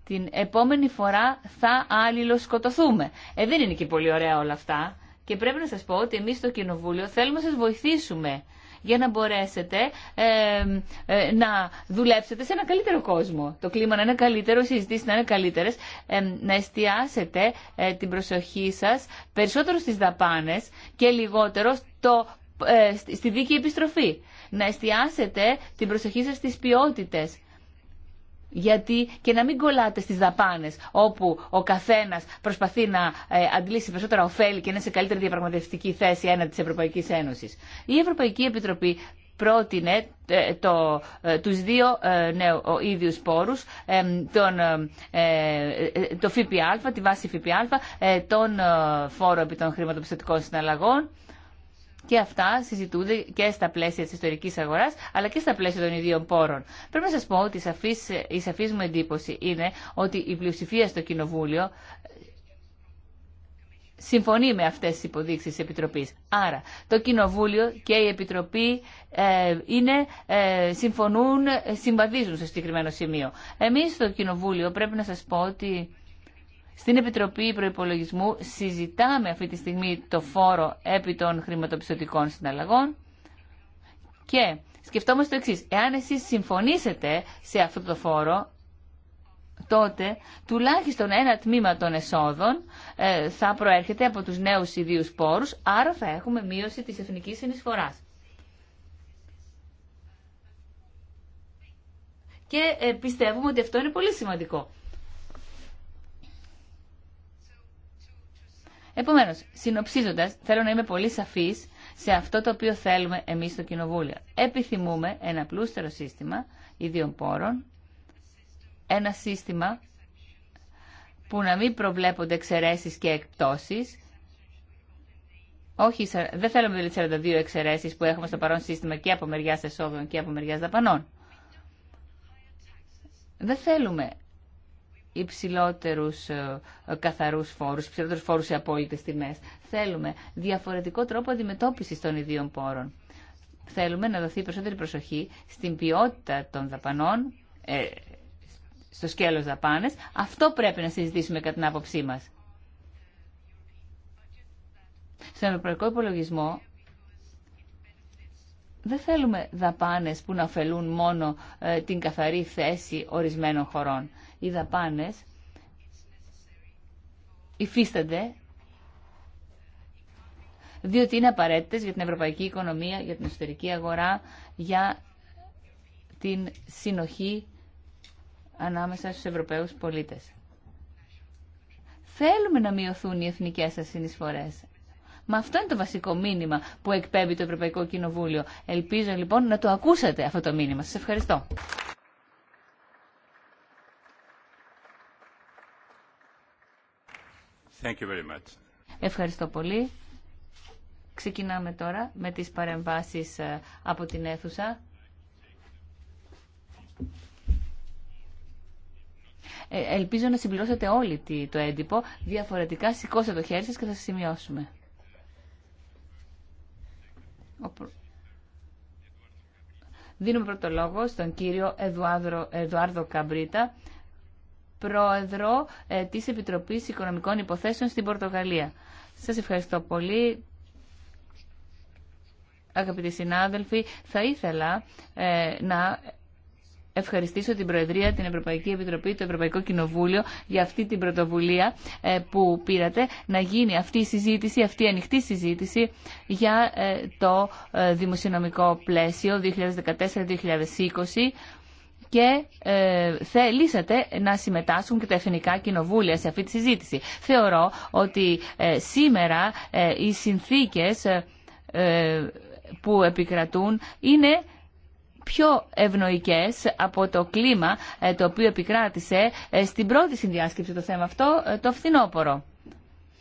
την επόμενη φορά θα αλληλοσκοτωθούμε. Ε, δεν είναι και πολύ ωραία όλα αυτά. Και πρέπει να σας πω ότι εμείς στο Κοινοβούλιο θέλουμε να σας βοηθήσουμε για να μπορέσετε ε, ε, να δουλέψετε σε ένα καλύτερο κόσμο. Το κλίμα να είναι καλύτερο, οι συζητήσει να είναι καλύτερες, να εστιάσετε την προσοχή σας περισσότερο στις δαπάνες και λιγότερο στη δίκαιη επιστροφή να εστιάσετε την προσοχή σας στις ποιότητες. Γιατί και να μην κολλάτε στις δαπάνες όπου ο καθένας προσπαθεί να ε, αντλήσει περισσότερα ωφέλη και να είναι σε καλύτερη διαπραγματευτική θέση ένα της Ευρωπαϊκής Ένωσης. Η Ευρωπαϊκή Επιτροπή πρότεινε ε, το, ε, τους δύο ε, νέου ίδιους πόρους, τον, το ΦΠΑ, τη βάση ΦΠΑ, τον φόρο επί των χρηματοπιστωτικών συναλλαγών και αυτά συζητούνται και στα πλαίσια τη ιστορική αγορά, αλλά και στα πλαίσια των ιδίων πόρων. Πρέπει να σα πω ότι η σαφή, μου εντύπωση είναι ότι η πλειοψηφία στο Κοινοβούλιο ε, συμφωνεί με αυτές τις υποδείξεις της Επιτροπής. Άρα, το Κοινοβούλιο και η Επιτροπή ε, είναι, ε, συμφωνούν, συμβαδίζουν σε συγκεκριμένο σημείο. Εμείς στο Κοινοβούλιο πρέπει να σας πω ότι στην Επιτροπή Προπολογισμού συζητάμε αυτή τη στιγμή το φόρο επί των χρηματοπιστωτικών συναλλαγών και σκεφτόμαστε το εξή. Εάν εσεί συμφωνήσετε σε αυτό το φόρο, τότε τουλάχιστον ένα τμήμα των εσόδων ε, θα προέρχεται από τους νέους ιδίους πόρους, άρα θα έχουμε μείωση της εθνικής συνεισφοράς. Και ε, πιστεύουμε ότι αυτό είναι πολύ σημαντικό. Επομένω, συνοψίζοντα, θέλω να είμαι πολύ σαφή σε αυτό το οποίο θέλουμε εμεί στο Κοινοβούλιο. Επιθυμούμε ένα πλούστερο σύστημα ιδίων πόρων, ένα σύστημα που να μην προβλέπονται εξαιρέσει και εκπτώσει. Όχι, δεν θέλουμε δηλαδή 42 εξαιρέσει που έχουμε στο παρόν σύστημα και από μεριά εσόδων και από μεριά δαπανών. Δεν θέλουμε υψηλότερους ε, ε, καθαρούς φόρους, υψηλότερους φόρους σε απόλυτες τιμές. Θέλουμε διαφορετικό τρόπο αντιμετώπισης των ιδίων πόρων. Θέλουμε να δοθεί περισσότερη προσοχή στην ποιότητα των δαπανών, ε, στο σκέλος δαπάνες. Αυτό πρέπει να συζητήσουμε κατά την άποψή μας. Στον ευρωπαϊκό υπολογισμό δεν θέλουμε δαπάνες που να ωφελούν μόνο την καθαρή θέση ορισμένων χωρών οι δαπάνες υφίστανται διότι είναι απαραίτητες για την ευρωπαϊκή οικονομία, για την εσωτερική αγορά, για την συνοχή ανάμεσα στους Ευρωπαίους πολίτες. Θέλουμε να μειωθούν οι εθνικές σας συνεισφορές. Μα αυτό είναι το βασικό μήνυμα που εκπέμπει το Ευρωπαϊκό Κοινοβούλιο. Ελπίζω λοιπόν να το ακούσατε αυτό το μήνυμα. Σας ευχαριστώ. Ευχαριστώ πολύ. Ξεκινάμε τώρα με τις παρεμβάσεις ε, από την αίθουσα. Ε, ελπίζω να συμπληρώσετε όλοι το έντυπο. Διαφορετικά σηκώστε το χέρι σας και θα σας σημειώσουμε. Δίνουμε πρώτο λόγο στον κύριο Εδουάρδο Καμπρίτα, πρόεδρο ε, της Επιτροπής Οικονομικών Υποθέσεων στην Πορτογαλία. Σας ευχαριστώ πολύ. Αγαπητοί συνάδελφοι, θα ήθελα ε, να ευχαριστήσω την Προεδρία, την Ευρωπαϊκή Επιτροπή, το Ευρωπαϊκό Κοινοβούλιο για αυτή την πρωτοβουλία ε, που πήρατε να γίνει αυτή η συζήτηση, αυτή η ανοιχτή συζήτηση για το δημοσιονομικό πλαίσιο 2014-2020 και ε, θελήσατε να συμμετάσχουν και τα εθνικά κοινοβούλια σε αυτή τη συζήτηση. Θεωρώ ότι ε, σήμερα ε, οι συνθήκες ε, που επικρατούν είναι πιο ευνοϊκές από το κλίμα το οποίο επικράτησε στην πρώτη συνδιάσκεψη το θέμα αυτό το φθινόπωρο.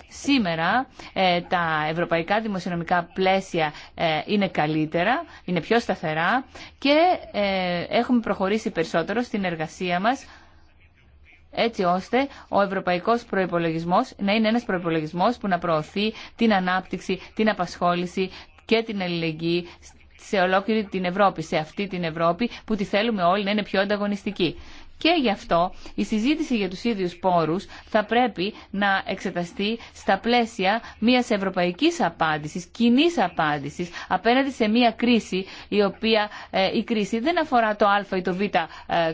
Σήμερα ε, τα ευρωπαϊκά δημοσιονομικά πλαίσια ε, είναι καλύτερα, είναι πιο σταθερά και ε, έχουμε προχωρήσει περισσότερο στην εργασία μας έτσι ώστε ο ευρωπαϊκός προϋπολογισμός να είναι ένας προϋπολογισμός που να προωθεί την ανάπτυξη, την απασχόληση και την αλληλεγγύη σε ολόκληρη την Ευρώπη, σε αυτή την Ευρώπη που τη θέλουμε όλοι να είναι πιο ανταγωνιστική. Και γι' αυτό η συζήτηση για τους ίδιους πόρους θα πρέπει να εξεταστεί στα πλαίσια μιας ευρωπαϊκής απάντησης, κοινή απάντησης, απέναντι σε μια κρίση η οποία ε, η κρίση δεν αφορά το α ή το β ε,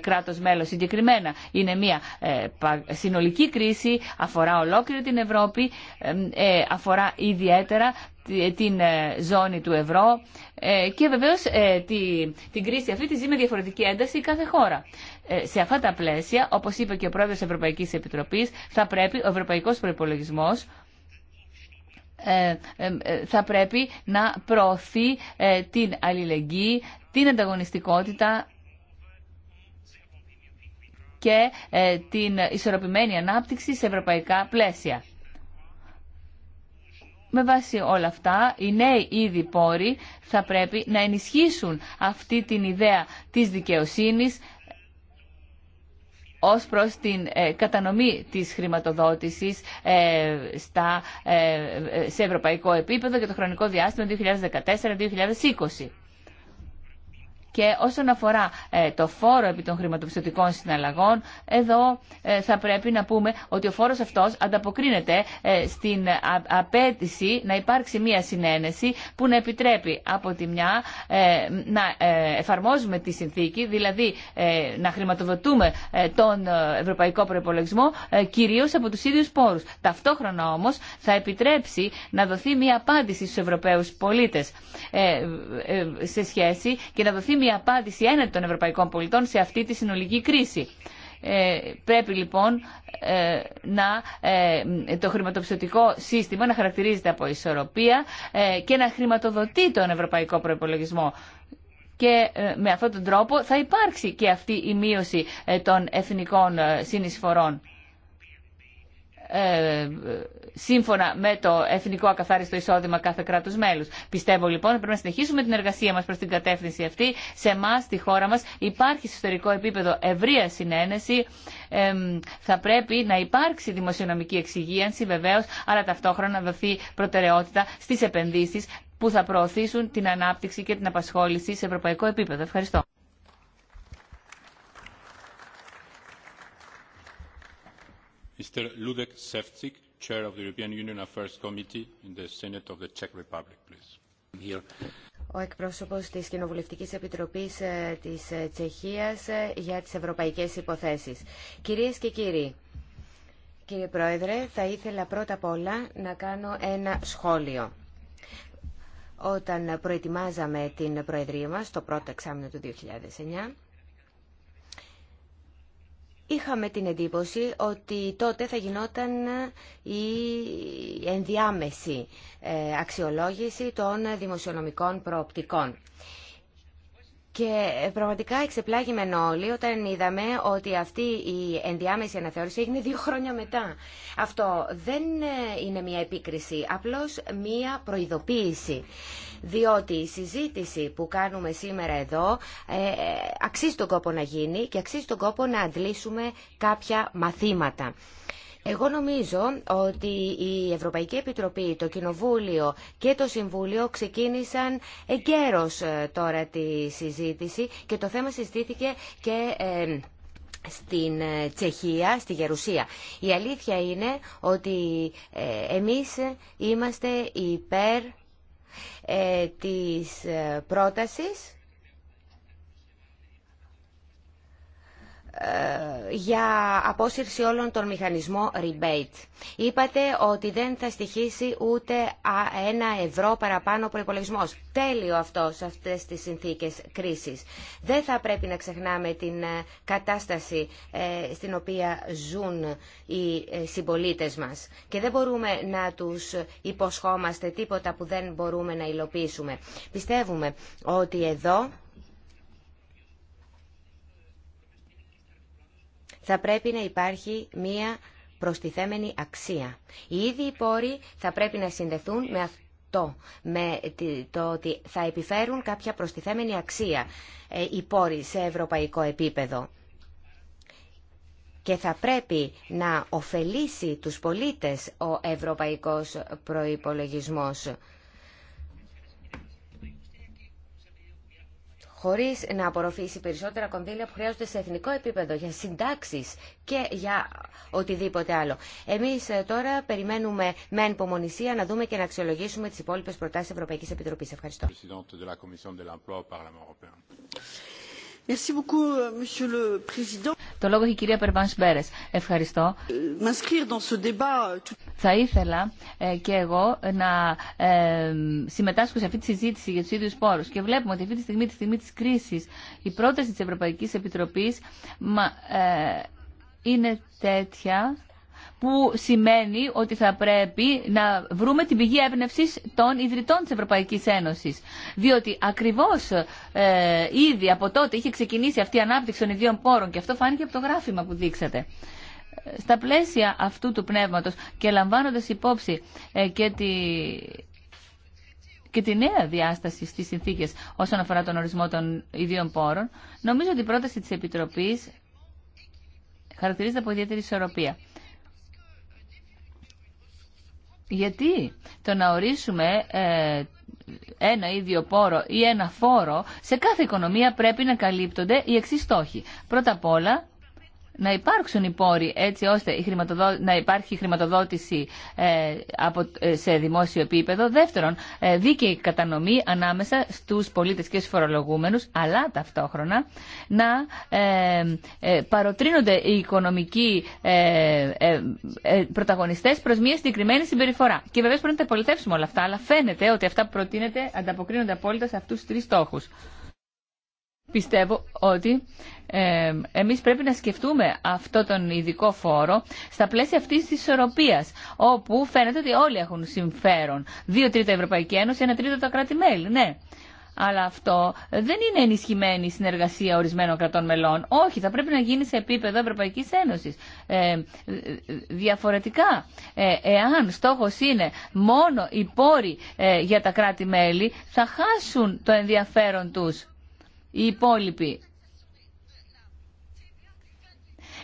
κράτος μέλος συγκεκριμένα. Είναι μια ε, συνολική κρίση, αφορά ολόκληρη την Ευρώπη, αφορά ιδιαίτερα ε, την ε, ζώνη του ευρώ ε, και βεβαίως την κρίση αυτή τη ζει με διαφορετική ένταση κάθε χώρα. Σε αυτά τα πλαίσια, όπως είπε και ο πρόεδρος της Ευρωπαϊκής Επιτροπής, θα πρέπει ο ευρωπαϊκός προϋπολογισμός θα πρέπει να προωθεί την αλληλεγγύη, την ανταγωνιστικότητα και την ισορροπημένη ανάπτυξη σε ευρωπαϊκά πλαίσια με βάση όλα αυτά, οι νέοι ήδη πόροι θα πρέπει να ενισχύσουν αυτή την ιδέα της δικαιοσύνης ως προς την ε, κατανομή της χρηματοδότησης ε, στα, ε, σε ευρωπαϊκό επίπεδο για το χρονικό διάστημα 2014-2020. Και όσον αφορά ε, το φόρο επί των χρηματοπιστωτικών συναλλαγών, εδώ ε, θα πρέπει να πούμε ότι ο φόρος αυτός ανταποκρίνεται ε, στην απέτηση να υπάρξει μια συνένεση που να επιτρέπει από τη μια να εφαρμόζουμε τη συνθήκη, δηλαδή να χρηματοδοτούμε τον ευρωπαϊκό προπολογισμό κυρίως από τους ίδιους πόρους. Ταυτόχρονα όμως θα επιτρέψει να δοθεί μια απάντηση στους Ευρωπαίους πολίτες σε σχέση και να δοθεί η απάντηση έναντι των Ευρωπαϊκών πολιτών σε αυτή τη συνολική κρίση. Ε, πρέπει λοιπόν ε, να ε, το χρηματοπιστωτικό σύστημα να χαρακτηρίζεται από ισορροπία ε, και να χρηματοδοτεί τον ευρωπαϊκό προϋπολογισμό. Και ε, με αυτόν τον τρόπο θα υπάρξει και αυτή η μείωση των εθνικών συνεισφορών. Ε, σύμφωνα με το εθνικό ακαθάριστο εισόδημα κάθε κράτου μέλου. Πιστεύω λοιπόν ότι πρέπει να συνεχίσουμε την εργασία μα προ την κατεύθυνση αυτή. Σε εμά, στη χώρα μα, υπάρχει σε ιστορικό επίπεδο ευρεία συνένεση. θα πρέπει να υπάρξει δημοσιονομική εξυγίανση βεβαίω, αλλά ταυτόχρονα να δοθεί προτεραιότητα στι επενδύσει που θα προωθήσουν την ανάπτυξη και την απασχόληση σε ευρωπαϊκό επίπεδο. Ευχαριστώ. Mr. Ludek Chair of the European Union Affairs Committee in the Senate of the Czech Republic, Ο εκπρόσωπος της Κοινοβουλευτικής Επιτροπής ε, της ε, Τσεχίας ε, για τις Ευρωπαϊκές Υποθέσεις. Κυρίες και κύριοι, κύριε Πρόεδρε, θα ήθελα πρώτα απ' όλα να κάνω ένα σχόλιο. Όταν προετοιμάζαμε την Προεδρία μας, το πρώτο εξάμεινο του 2009, είχαμε την εντύπωση ότι τότε θα γινόταν η ενδιάμεση ε, αξιολόγηση των δημοσιονομικών προοπτικών. Και ε, πραγματικά εξεπλάγημεν όλοι όταν είδαμε ότι αυτή η ενδιάμεση αναθεώρηση έγινε δύο χρόνια μετά. Αυτό δεν ε, είναι μια επίκριση, απλώς μια προειδοποίηση. Διότι η συζήτηση που κάνουμε σήμερα εδώ ε, αξίζει τον κόπο να γίνει και αξίζει τον κόπο να αντλήσουμε κάποια μαθήματα. Εγώ νομίζω ότι η Ευρωπαϊκή Επιτροπή, το Κοινοβούλιο και το Συμβούλιο ξεκίνησαν εγκαίρως ε, τώρα τη συζήτηση και το θέμα συζητήθηκε και ε, στην ε, Τσεχία, στη Γερουσία. Η αλήθεια είναι ότι εμείς είμαστε υπέρ της πρότασης Ε, για απόσυρση όλων των μηχανισμών rebate. Είπατε ότι δεν θα στοιχήσει ούτε ένα ευρώ παραπάνω προπολογισμό. Τέλειο αυτό σε αυτές τις συνθήκες κρίσης. Δεν θα πρέπει να ξεχνάμε την ε, κατάσταση ε, στην οποία ζουν οι συμπολίτες μας και δεν μπορούμε να τους υποσχόμαστε τίποτα που δεν μπορούμε να υλοποιήσουμε. Πιστεύουμε ότι εδώ θα πρέπει να υπάρχει μία προστιθέμενη αξία. Οι ίδιοι πόροι θα πρέπει να συνδεθούν με αυτό, με το ότι θα επιφέρουν κάποια προστιθέμενη αξία ε, οι πόροι σε ευρωπαϊκό επίπεδο και θα πρέπει να ωφελήσει τους πολίτες ο ευρωπαϊκός προϋπολογισμός. χωρίς να απορροφήσει περισσότερα κονδύλια που χρειάζονται σε εθνικό επίπεδο για συντάξει και για οτιδήποτε άλλο. Εμείς ε, τώρα περιμένουμε με ανυπομονησία να δούμε και να αξιολογήσουμε τις υπόλοιπες προτάσεις Ευρωπαϊκής Επιτροπής. Ευχαριστώ. Euh, Το λόγο έχει η κυρία Περβάν Μπέρες. Ευχαριστώ. Ε, euh, Θα ήθελα ε, και εγώ να ε, συμμετάσχω σε αυτή τη συζήτηση για του ίδιου πόρου. Και βλέπουμε ότι αυτή τη στιγμή, τη στιγμή τη κρίση, η πρόταση τη Ευρωπαϊκή Επιτροπή ε, είναι τέτοια που σημαίνει ότι θα πρέπει να βρούμε την πηγή έμπνευση των ιδρυτών της Ευρωπαϊκής Ένωσης. Διότι ακριβώς ε, ήδη από τότε είχε ξεκινήσει αυτή η ανάπτυξη των ιδίων πόρων και αυτό φάνηκε από το γράφημα που δείξατε στα πλαίσια αυτού του πνεύματος και λαμβάνοντας υπόψη ε, και, τη, και τη νέα διάσταση στις συνθήκες όσον αφορά τον ορισμό των ιδίων πόρων, νομίζω ότι η πρόταση της Επιτροπής χαρακτηρίζεται από ιδιαίτερη ισορροπία. Γιατί το να ορίσουμε ε, ένα ίδιο πόρο ή ένα φόρο, σε κάθε οικονομία πρέπει να καλύπτονται οι εξή στόχοι. Πρώτα απ' όλα, να υπάρξουν οι πόροι έτσι ώστε η να υπάρχει χρηματοδότηση ε, από... Ε, σε δημόσιο επίπεδο. Δεύτερον, ε, δίκαιη κατανομή ανάμεσα στους πολίτες και στους φορολογούμενους, αλλά ταυτόχρονα να παροτρύνονται οι οικονομικοί πρωταγωνιστές προς μια συγκεκριμένη συμπεριφορά. Και βεβαίως πρέπει να τα πολιτεύσουμε όλα αυτά, αλλά φαίνεται ότι αυτά που προτείνεται ανταποκρίνονται απόλυτα σε αυτούς του τρεις στόχους. Πιστεύω ότι ε, εμείς πρέπει να σκεφτούμε αυτό τον ειδικό φόρο στα πλαίσια αυτής της ισορροπίας, όπου φαίνεται ότι όλοι έχουν συμφέρον. Δύο τρίτα Ευρωπαϊκή Ένωση, ένα τρίτο τα κράτη-μέλη, ναι. Αλλά αυτό δεν είναι ενισχυμένη συνεργασία ορισμένων κρατών μελών. Όχι, θα πρέπει να γίνει σε επίπεδο Ευρωπαϊκής Ένωσης. Ε, διαφορετικά, ε, εάν στόχο είναι μόνο οι πόροι ε, για τα κράτη-μέλη, θα χάσουν το ενδιαφέρον τους οι υπόλοιποι.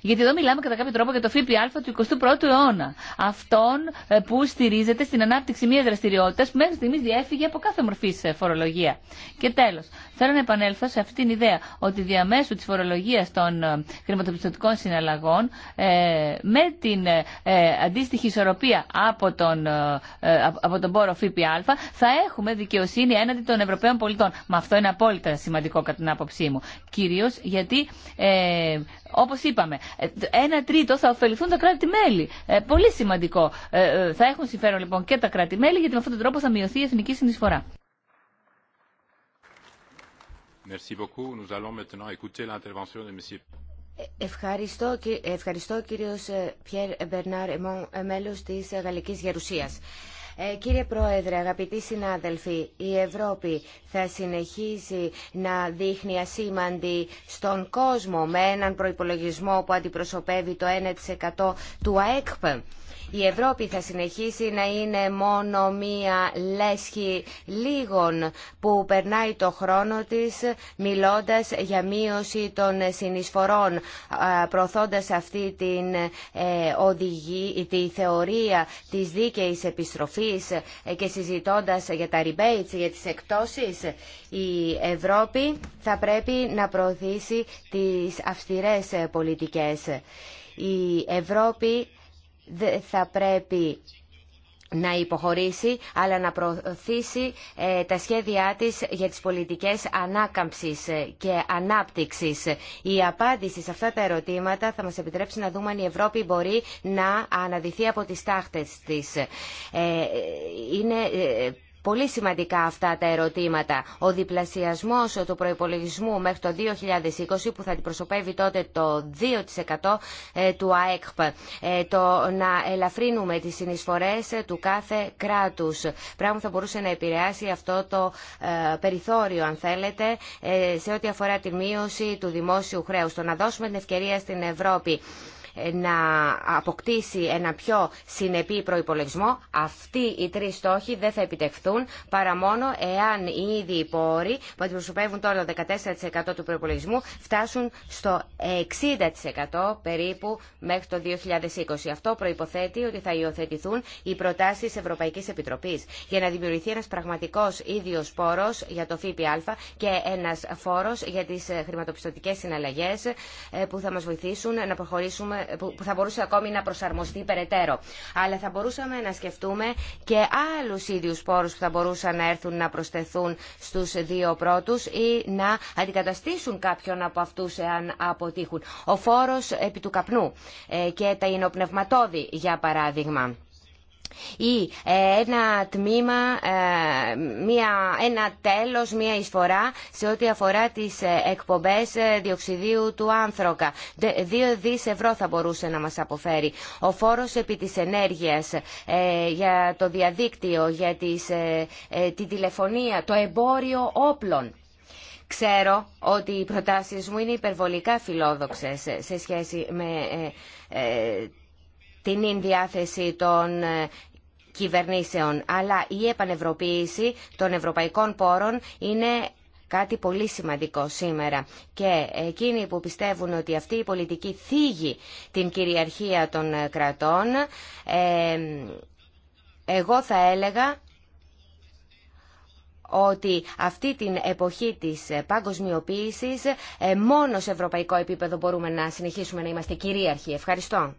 Γιατί εδώ μιλάμε κατά κάποιο τρόπο για το ΦΠΑ του 21ου αιώνα. Αυτόν ε, που στηρίζεται στην ανάπτυξη μια δραστηριότητα που μέχρι στιγμή διέφυγε από κάθε μορφή σε φορολογία. Και τέλο, Θέλω να επανέλθω σε αυτήν την ιδέα ότι διαμέσου τη φορολογία των ε, χρηματοπιστωτικών συναλλαγών ε, με την ε, αντίστοιχη ισορροπία από τον, από τον πόρο ΦΠΑ θα έχουμε δικαιοσύνη έναντι των Ευρωπαίων πολιτών. Μα αυτό είναι απόλυτα σημαντικό κατά την άποψή μου. Κυρίω γιατί, ε, όπω είπαμε, ένα τρίτο θα ωφεληθούν τα κράτη-μέλη. πολύ σημαντικό. θα έχουν συμφέρον λοιπόν και τα κράτη-μέλη γιατί με αυτόν τον τρόπο θα μειωθεί η εθνική συνεισφορά. Ευχαριστώ, ευχαριστώ κύριος Πιέρ ε, Μπερνάρ, μέλος της Γαλλικής Γερουσίας. Ε, κύριε Πρόεδρε, αγαπητοί συνάδελφοι, η Ευρώπη θα συνεχίσει να δείχνει ασήμαντη στον κόσμο με έναν προϋπολογισμό που αντιπροσωπεύει το 1% του ΑΕΚΠ. Η Ευρώπη θα συνεχίσει να είναι μόνο μία λέσχη λίγων που περνάει το χρόνο της μιλώντας για μείωση των συνεισφορών, προωθώντας αυτή την ε, οδηγή, τη θεωρία της δίκαιης επιστροφής ε, και συζητώντας για τα rebates, για τις εκτόσεις. Η Ευρώπη θα πρέπει να προωθήσει τις αυστηρές ε, πολιτικές. Η Ευρώπη δεν θα πρέπει να υποχωρήσει αλλά να προωθήσει ε, τα σχέδιά της για τις πολιτικές ανάκαμψης ε, και ανάπτυξης. Η απάντηση σε αυτά τα ερωτήματα θα μας επιτρέψει να δούμε αν η Ευρώπη μπορεί να αναδυθεί από τις τάχτες της. Ε, είναι Πολύ σημαντικά αυτά τα ερωτήματα. Ο διπλασιασμός του προϋπολογισμού μέχρι το 2020 που θα αντιπροσωπεύει τότε το 2% ε, του ΑΕΚΠ. Ε, το να ελαφρύνουμε τις συνεισφορές ε, του κάθε κράτους. Πράγμα που θα μπορούσε να επηρεάσει αυτό το περιθώριο αν θέλετε σε ό,τι αφορά τη μείωση του δημόσιου χρέους. Το να δώσουμε την ευκαιρία στην Ευρώπη να αποκτήσει ένα πιο συνεπή προϋπολογισμό. Αυτοί οι τρεις στόχοι δεν θα επιτευχθούν παρά μόνο εάν οι ίδιοι οι πόροι που αντιπροσωπεύουν τώρα το 14% του προϋπολογισμού φτάσουν στο 60% περίπου μέχρι το 2020. Αυτό προϋποθέτει ότι θα υιοθετηθούν οι προτάσεις Ευρωπαϊκής Επιτροπής για να δημιουργηθεί ένας πραγματικός ίδιος πόρος για το ΦΠΑ και ένας φόρος για τις χρηματοπιστωτικές συναλλαγές ε, που θα μας βοηθήσουν να προχωρήσουμε που θα μπορούσε ακόμη να προσαρμοστεί περαιτέρω. Αλλά θα μπορούσαμε να σκεφτούμε και άλλους ίδιους πόρους που θα μπορούσαν να έρθουν να προσθεθούν στους δύο πρώτους ή να αντικαταστήσουν κάποιον από αυτούς εάν αποτύχουν. Ο φόρος επί του καπνού ε, και τα ινοπνευματόδη για παράδειγμα ή ε, ένα τμήμα, ε, μια, ένα τέλος, μια εισφορά σε ό,τι αφορά τις ε, εκπομπές διοξιδίου του άνθρωκα. Δύο δις ευρώ θα μπορούσε να μας αποφέρει. Ο φόρος επί της ενέργειας για το διαδίκτυο, για τις, τη τηλεφωνία, το εμπόριο όπλων. Ξέρω ότι οι προτάσεις μου είναι υπερβολικά φιλόδοξες σε σχέση με την ενδιάθεση των ε, κυβερνήσεων. Αλλά η επανευρωποίηση των ευρωπαϊκών πόρων είναι κάτι πολύ σημαντικό σήμερα. Και εκείνοι που πιστεύουν ότι αυτή η πολιτική θίγει την κυριαρχία των κρατών, ε, εγώ θα έλεγα ότι αυτή την εποχή της παγκοσμιοποίησης ε, μόνο σε ευρωπαϊκό επίπεδο μπορούμε να συνεχίσουμε να είμαστε κυρίαρχοι. Ευχαριστώ.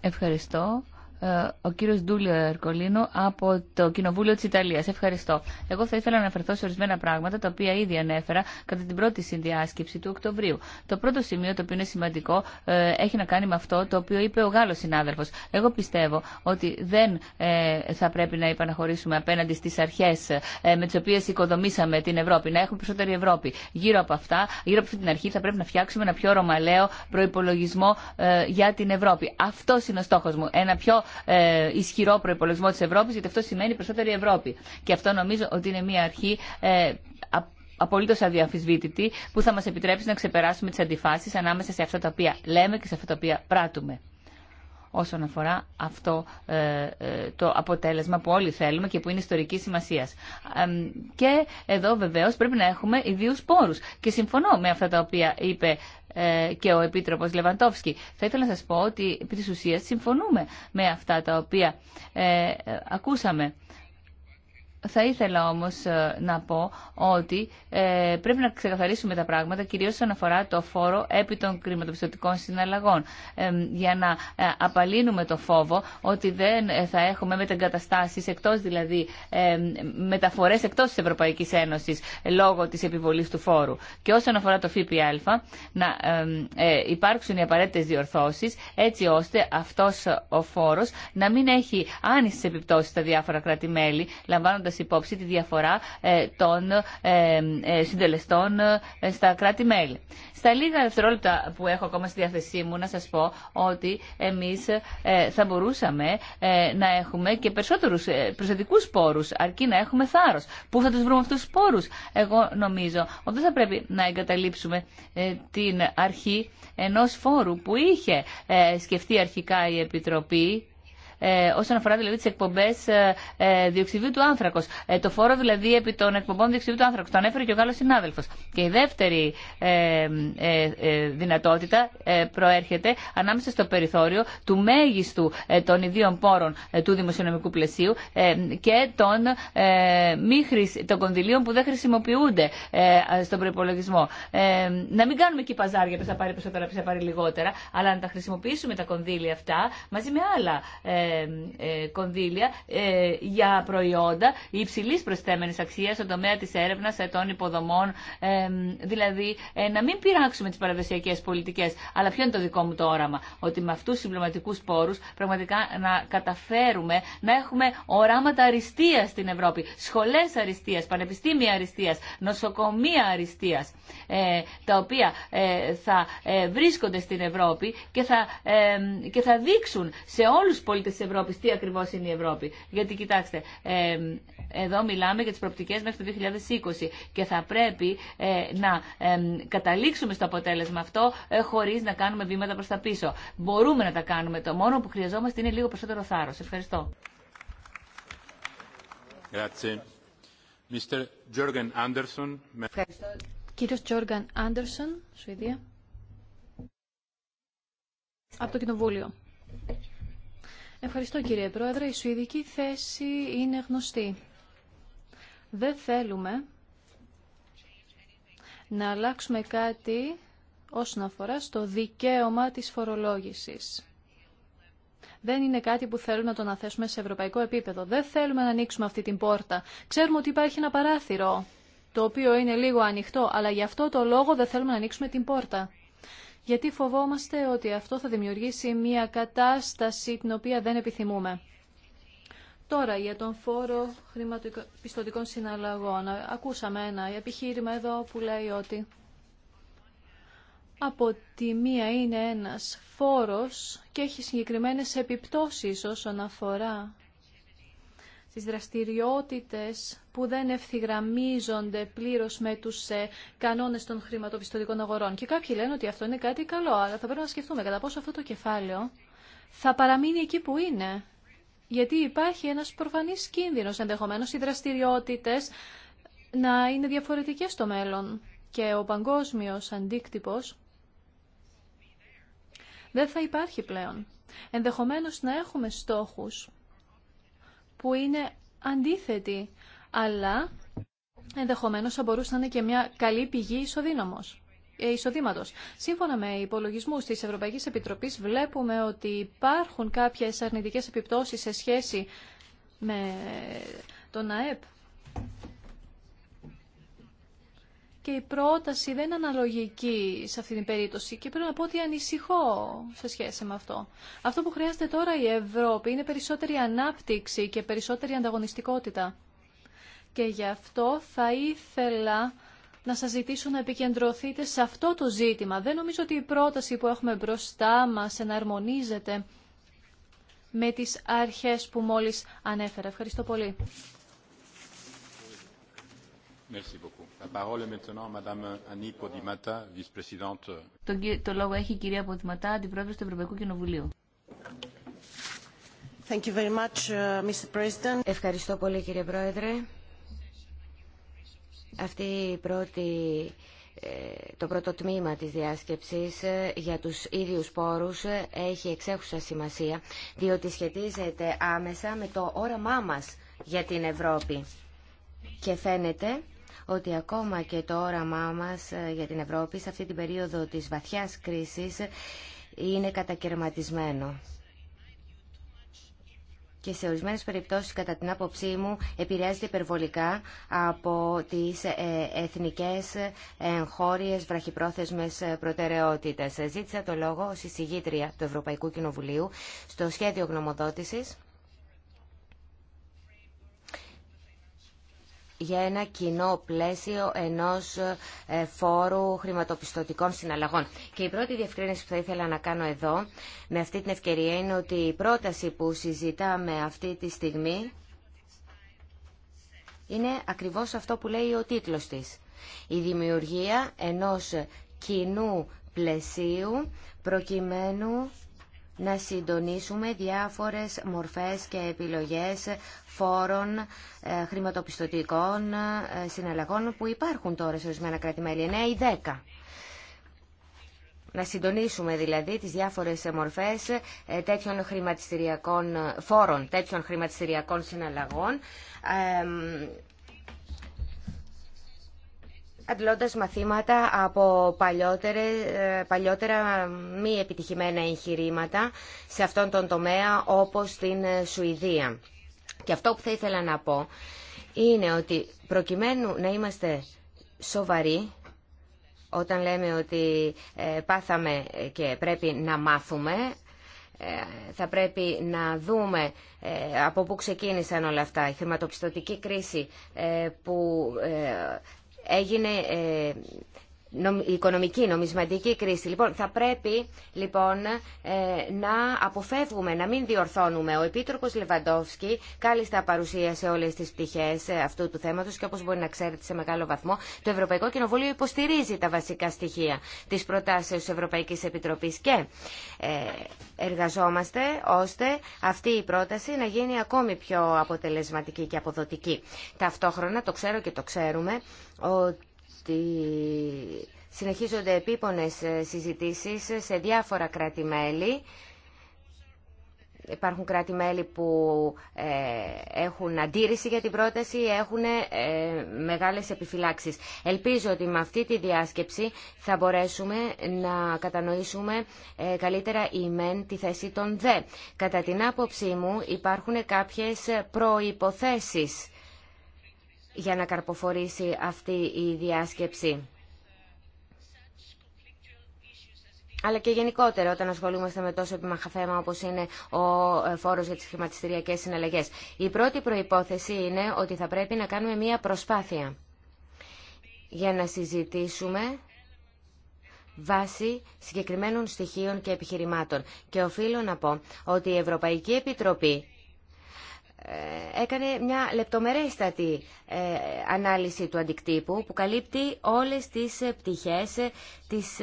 Ευχαριστώ. Ε, ο κύριο Ντούλιο Ερκολίνο από το Κοινοβούλιο τη Ιταλία. Ευχαριστώ. Εγώ θα ήθελα να αναφερθώ σε ορισμένα πράγματα τα οποία ήδη ανέφερα κατά την πρώτη συνδιάσκεψη του Οκτωβρίου. Το πρώτο σημείο το οποίο είναι σημαντικό ε, έχει να κάνει με αυτό το οποίο είπε ο Γάλλος συνάδελφος. Εγώ πιστεύω ότι δεν ε, θα πρέπει να υπαναχωρήσουμε απέναντι στις αρχές με τι οποίε οικοδομήσαμε την Ευρώπη, να έχουμε περισσότερη Ευρώπη. Γύρω από αυτά, γύρω από αυτή την αρχή θα πρέπει να φτιάξουμε ένα πιο ρωμαλαίο προϋπολογισμό για την Ευρώπη. Αυτό είναι ο στόχο μου. Ένα πιο ε, ισχυρό προπολογισμό τη Ευρώπη, γιατί αυτό σημαίνει περισσότερη Ευρώπη. Και αυτό νομίζω ότι είναι μια αρχή ε, απολύτω αδιαφυσβήτητη που θα μα επιτρέψει να ξεπεράσουμε τι αντιφάσει ανάμεσα σε αυτά τα οποία λέμε και σε αυτά τα οποία πράττουμε όσον αφορά αυτό ε, ε, το αποτέλεσμα που όλοι θέλουμε και που είναι ιστορική σημασία. και εδώ βεβαίω πρέπει να έχουμε ιδίου πόρου. Και συμφωνώ με αυτά τα οποία είπε ε, και ο Επίτροπος Λεβαντόφσκι. Θα ήθελα να σας πω ότι επί τη ουσία συμφωνούμε με αυτά τα οποία ε, ε, ακούσαμε. Θα ήθελα όμως ε, να πω ότι ε, πρέπει να ξεκαθαρίσουμε τα πράγματα, κυρίως όσον αφορά το φόρο επί των κρηματοπιστωτικών συναλλαγών, ε, για να απαλύνουμε το φόβο ότι δεν θα έχουμε μεταγκαταστάσεις, εκτός δηλαδή μεταφορές εκτός της Ευρωπαϊκής Ένωσης λόγω της επιβολής του φόρου. Και όσον αφορά το ΦΠΑ, να υπάρξουν οι απαραίτητες διορθώσεις, έτσι ώστε αυτός ο φόρος να μην έχει άνηση επιπτώσεις στα διάφορα κράτη-μέλη, λαμβάνοντας υπόψη τη διαφορά ε, των ε, ε, συντελεστών στα κράτη-μέλη. Στα λίγα δευτερόλεπτα που έχω ακόμα στη διάθεσή μου να σας πω ότι εμείς θα μπορούσαμε να έχουμε και περισσότερους προσωπικούς πόρους αρκεί να έχουμε θάρρος. Πού θα τους βρούμε αυτούς τους πόρους. Εγώ νομίζω ότι θα πρέπει να εγκαταλείψουμε την αρχή ενός φόρου που είχε σκεφτεί αρχικά η Επιτροπή ε, όσον αφορά δηλαδή τι εκπομπέ ε, ε, διοξιδίου του άνθρακο. Το φόρο δηλαδή επί των εκπομπών διοξιδίου του άνθρακο. Το ανέφερε και ο Γάλλο συνάδελφο. Και η δεύτερη δυνατότητα προέρχεται ανάμεσα στο περιθώριο του μέγιστου των ιδίων πόρων του δημοσιονομικού πλαισίου και των, μη χρησι... των κονδυλίων που δεν χρησιμοποιούνται στον προπολογισμό. Να μην κάνουμε εκεί παζάρια που θα πάρει περισσότερα, που θα πάρει λιγότερα, αλλά να τα χρησιμοποιήσουμε τα κονδύλια αυτά μαζί με άλλα ε, ε, κονδύλια ε, για προϊόντα υψηλή προστέμενη αξία στον τομέα τη έρευνα των υποδομών. δηλαδή, να μην πειράξουμε τι παραδοσιακέ πολιτικέ. Αλλά ποιο είναι το δικό μου το όραμα, ότι με αυτού του συμπληρωματικού πόρου πραγματικά να καταφέρουμε να έχουμε οράματα αριστεία στην Ευρώπη, σχολέ αριστεία, πανεπιστήμια αριστεία, νοσοκομεία αριστεία, τα οποία θα βρίσκονται στην Ευρώπη και θα, και θα δείξουν σε όλου του της Ευρώπης. Τι ακριβώς είναι η Ευρώπη. Γιατί κοιτάξτε, ε, εδώ μιλάμε για τις προοπτικές μέχρι το 2020 και θα πρέπει ε, να καταλήξουμε στο αποτέλεσμα αυτό ε, χωρίς να κάνουμε βήματα προς τα πίσω. Μπορούμε να τα κάνουμε. Το μόνο που χρειαζόμαστε είναι λίγο περισσότερο θάρρος. Ευχαριστώ. Ευχαριστώ. Κύριος Τζόργαν Άντερσον, Σουηδία. Από το Κοινοβούλιο. Ευχαριστώ κύριε Πρόεδρε. Η σουηδική θέση είναι γνωστή. Δεν θέλουμε να αλλάξουμε κάτι όσον αφορά στο δικαίωμα της φορολόγησης. Δεν είναι κάτι που θέλουμε να το αναθέσουμε σε ευρωπαϊκό επίπεδο. Δεν θέλουμε να ανοίξουμε αυτή την πόρτα. Ξέρουμε ότι υπάρχει ένα παράθυρο, το οποίο είναι λίγο ανοιχτό, αλλά γι' αυτό το λόγο δεν θέλουμε να ανοίξουμε την πόρτα γιατί φοβόμαστε ότι αυτό θα δημιουργήσει μια κατάσταση την οποία δεν επιθυμούμε. Τώρα για τον φόρο χρηματοπιστωτικών συναλλαγών. Ακούσαμε ένα επιχείρημα εδώ που λέει ότι από τη μία είναι ένας φόρος και έχει συγκεκριμένες επιπτώσεις όσον αφορά στις δραστηριότητες που δεν ευθυγραμμίζονται πλήρως με τους ε, κανόνες των χρηματοπιστωτικών αγορών. Και κάποιοι λένε ότι αυτό είναι κάτι καλό, αλλά θα πρέπει να σκεφτούμε κατά πόσο αυτό το κεφάλαιο θα παραμείνει εκεί που είναι. Γιατί υπάρχει ένας προφανής κίνδυνος, ενδεχομένως οι δραστηριότητες να είναι διαφορετικές στο μέλλον. Και ο παγκόσμιος αντίκτυπος δεν θα υπάρχει πλέον. Ενδεχομένως να έχουμε στόχους που είναι αντίθετη, αλλά ενδεχομένως θα μπορούσε να είναι και μια καλή πηγή ισοδύναμος. Ε, εισοδήματος. Σύμφωνα με υπολογισμούς της Ευρωπαϊκής Επιτροπής βλέπουμε ότι υπάρχουν κάποιες αρνητικές επιπτώσεις σε σχέση με τον ΑΕΠ και η πρόταση δεν είναι αναλογική σε αυτήν την περίπτωση και πρέπει να πω ότι ανησυχώ σε σχέση με αυτό. Αυτό που χρειάζεται τώρα η Ευρώπη είναι περισσότερη ανάπτυξη και περισσότερη ανταγωνιστικότητα. Και γι' αυτό θα ήθελα να σας ζητήσω να επικεντρωθείτε σε αυτό το ζήτημα. Δεν νομίζω ότι η πρόταση που έχουμε μπροστά μας εναρμονίζεται με τις αρχές που μόλις ανέφερα. Ευχαριστώ πολύ. Merci το λόγο έχει η κυρία Ποδηματά, αντιπρόεδρος του Ευρωπαϊκού Κοινοβουλίου. Uh, Ευχαριστώ πολύ κύριε Πρόεδρε. Αυτή η πρώτη ε, το πρώτο τμήμα της διάσκεψης ε, για τους ίδιους πόρους ε, έχει εξέχουσα σημασία, διότι σχετίζεται άμεσα με το όραμά μας για την Ευρώπη. Και φαίνεται ότι ακόμα και το όραμά μας ε, για την Ευρώπη σε αυτή την περίοδο της βαθιάς κρίσης είναι κατακαιρματισμένο. Και σε ορισμένες περιπτώσεις, κατά την άποψή μου, επηρεάζεται υπερβολικά από τις ε, εθνικές ε, χώριες βραχυπρόθεσμες προτεραιότητες. Ζήτησα το λόγο ως εισηγήτρια του Ευρωπαϊκού Κοινοβουλίου στο σχέδιο γνωμοδότησης για ένα κοινό πλαίσιο ενός ε, φόρου χρηματοπιστωτικών συναλλαγών. Και η πρώτη διευκρίνηση που θα ήθελα να κάνω εδώ, με αυτή την ευκαιρία, είναι ότι η πρόταση που συζητάμε αυτή τη στιγμή είναι ακριβώς αυτό που λέει ο τίτλος της. Η δημιουργία ενός κοινού πλαισίου προκειμένου να συντονίσουμε διάφορες μορφές και επιλογές φόρων, ε, χρηματοπιστωτικών ε, συναλλαγών που υπάρχουν τώρα σε ορισμένα κράτη-μέλη, 9 ή 10. Να συντονίσουμε δηλαδή τις διάφορες μορφές ε, τέτοιων χρηματιστηριακών φόρων, τέτοιων χρηματιστηριακών συναλλαγών αντλώντας μαθήματα από ε, παλιότερα μη επιτυχημένα εγχειρήματα σε αυτόν τον τομέα όπως στην ε, Σουηδία. Και αυτό που θα ήθελα να πω είναι ότι προκειμένου να είμαστε σοβαροί όταν λέμε ότι ε, πάθαμε και πρέπει να μάθουμε, θα πρέπει να δούμε από πού ξεκίνησαν όλα αυτά. Η χρηματοπιστωτική κρίση που έγινε ε, η οικονομική, νομισματική κρίση. Λοιπόν, θα πρέπει λοιπόν ε, να αποφεύγουμε, να μην διορθώνουμε. Ο Επίτροπος Λεβαντόφσκι κάλλιστα παρουσίασε όλες τις πτυχές ε, αυτού του θέματος και όπως μπορεί να ξέρετε σε μεγάλο βαθμό, το Ευρωπαϊκό Κοινοβούλιο υποστηρίζει τα βασικά στοιχεία της προτάσεως της Ευρωπαϊκής Επιτροπής και ε, εργαζόμαστε ώστε αυτή η πρόταση να γίνει ακόμη πιο αποτελεσματική και αποδοτική. Ταυτόχρονα, το ξέρω και το ξέρουμε, ότι ότι συνεχίζονται επίπονες συζητήσεις σε διάφορα κράτη-μέλη. Υπάρχουν κράτη-μέλη που ε, έχουν αντίρρηση για την πρόταση, έχουν ε, μεγάλες επιφυλάξεις. Ελπίζω ότι με αυτή τη διάσκεψη θα μπορέσουμε να κατανοήσουμε ε, καλύτερα η μεν τη θέση των δε. Κατά την άποψή μου υπάρχουν κάποιες προϋποθέσεις για να καρποφορήσει αυτή η διάσκεψη. αλλά και γενικότερα όταν ασχολούμαστε με τόσο επιμαχα θέμα όπως είναι ο ε, φόρος για τις χρηματιστηριακές συναλλαγές. Η πρώτη προϋπόθεση είναι ότι θα πρέπει να κάνουμε μία προσπάθεια για να συζητήσουμε βάσει συγκεκριμένων στοιχείων και επιχειρημάτων. Και οφείλω να πω ότι η Ευρωπαϊκή Επιτροπή ε, έκανε μια λεπτομερέστατη ε, ανάλυση του αντικτύπου που καλύπτει όλες τις ε, πτυχές της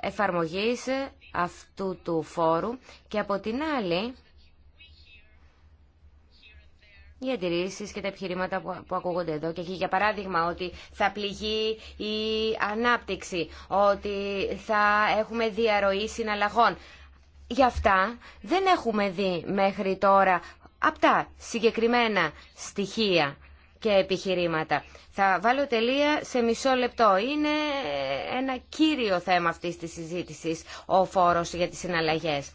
εφαρμογής αυτού του φόρου και από την άλλη οι αντιρρήσει και τα επιχειρήματα που ακούγονται εδώ και εκεί. Για παράδειγμα, ότι θα πληγεί η ανάπτυξη, ότι θα έχουμε διαρροή συναλλαγών. Γι' αυτά δεν έχουμε δει μέχρι τώρα απτά συγκεκριμένα στοιχεία και επιχειρήματα. Θα βάλω τελεία σε μισό λεπτό. Είναι ένα κύριο θέμα αυτής της συζήτησης ο φόρος για τις συναλλαγές.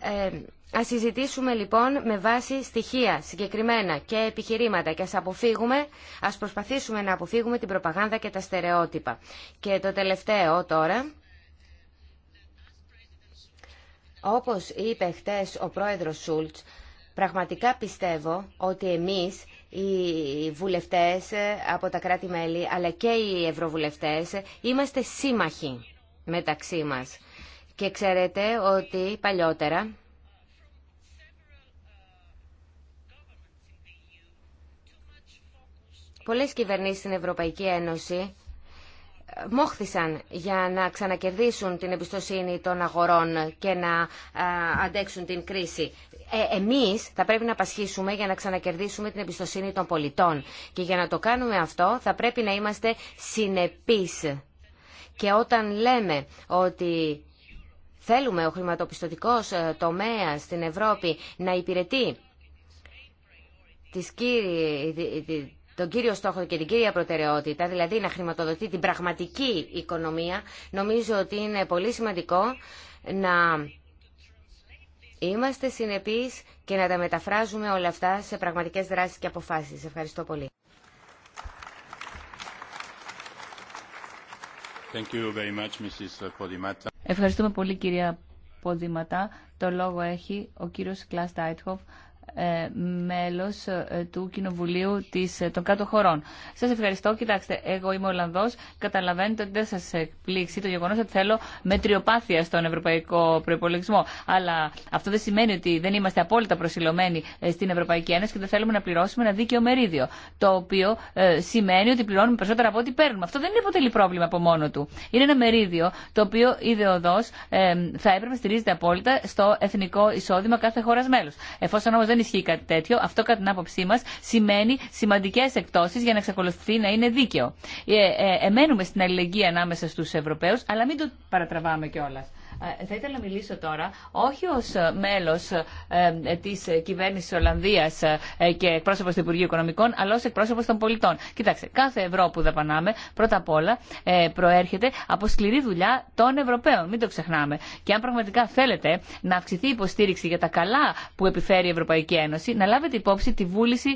Ε, ας συζητήσουμε λοιπόν με βάση στοιχεία συγκεκριμένα και επιχειρήματα και ας, αποφύγουμε, ας προσπαθήσουμε να αποφύγουμε την προπαγάνδα και τα στερεότυπα. Και το τελευταίο τώρα όπως είπε χτες ο πρόεδρος Σούλτς, πραγματικά πιστεύω ότι εμείς οι βουλευτές από τα κράτη-μέλη αλλά και οι ευρωβουλευτές είμαστε σύμμαχοι μεταξύ μας. Και ξέρετε ότι παλιότερα πολλές κυβερνήσεις στην Ευρωπαϊκή Ένωση μόχθησαν για να ξανακερδίσουν την εμπιστοσύνη των αγορών και να αντέξουν την κρίση. Ε, εμείς θα πρέπει να πασχίσουμε για να ξανακερδίσουμε την εμπιστοσύνη των πολιτών και για να το κάνουμε αυτό θα πρέπει να είμαστε συνεπείς. Και όταν λέμε ότι θέλουμε ο χρηματοπιστωτικός ε, τομέας στην Ευρώπη να υπηρετεί τις κύριες τον κύριο στόχο και την κύρια προτεραιότητα, δηλαδή να χρηματοδοτεί την πραγματική οικονομία, νομίζω ότι είναι πολύ σημαντικό να είμαστε συνεπείς και να τα μεταφράζουμε όλα αυτά σε πραγματικές δράσεις και αποφάσεις. Ευχαριστώ πολύ. Thank you very much, Mrs. Ευχαριστούμε πολύ κυρία Ποδηματά. Το λόγο έχει ο κύριος Κλάστα Άιτχοφ, ε, μέλος ε, του Κοινοβουλίου της, ε, των Κάτω Χωρών. Σας ευχαριστώ. Κοιτάξτε, εγώ είμαι Ολλανδός. Καταλαβαίνετε ότι δεν σας εκπλήξει το γεγονός ότι θέλω μετριοπάθεια στον ευρωπαϊκό προπολογισμό. Αλλά αυτό δεν σημαίνει ότι δεν είμαστε απόλυτα προσιλωμένοι στην Ευρωπαϊκή Ένωση και δεν θέλουμε να πληρώσουμε ένα δίκαιο μερίδιο. Το οποίο σημαίνει ότι πληρώνουμε περισσότερα από ό,τι παίρνουμε. Αυτό δεν είναι αποτελεί πρόβλημα από μόνο του. Είναι ένα μερίδιο το οποίο ιδεοδός θα έπρεπε να στηρίζεται απόλυτα στο εθνικό εισόδημα κάθε χώρας μέλους. Εφόσον δεν ισχύει κάτι τέτοιο, αυτό κατά την άποψή μα σημαίνει σημαντικέ εκτόσει για να εξακολουθεί να είναι δίκαιο. Ε, ε εμένουμε στην αλληλεγγύη ανάμεσα στου Ευρωπαίου, αλλά μην το παρατραβάμε κιόλα. Ε, θα ήθελα να μιλήσω τώρα όχι ω ε, μέλο ε, τη κυβέρνηση τη Ολλανδία και εκπρόσωπο του Υπουργείου Οικονομικών, αλλά ω εκπρόσωπο των πολιτών. Κοιτάξτε, κάθε ευρώ που δαπανάμε, πρώτα απ' όλα προέρχεται από σκληρή δουλειά των Ευρωπαίων. Μην το ξεχνάμε. Και αν πραγματικά θέλετε να αυξηθεί η υποστήριξη για τα καλά που επιφέρει η Ευρωπαϊκή Ένωση, να λάβετε υπόψη τη βούληση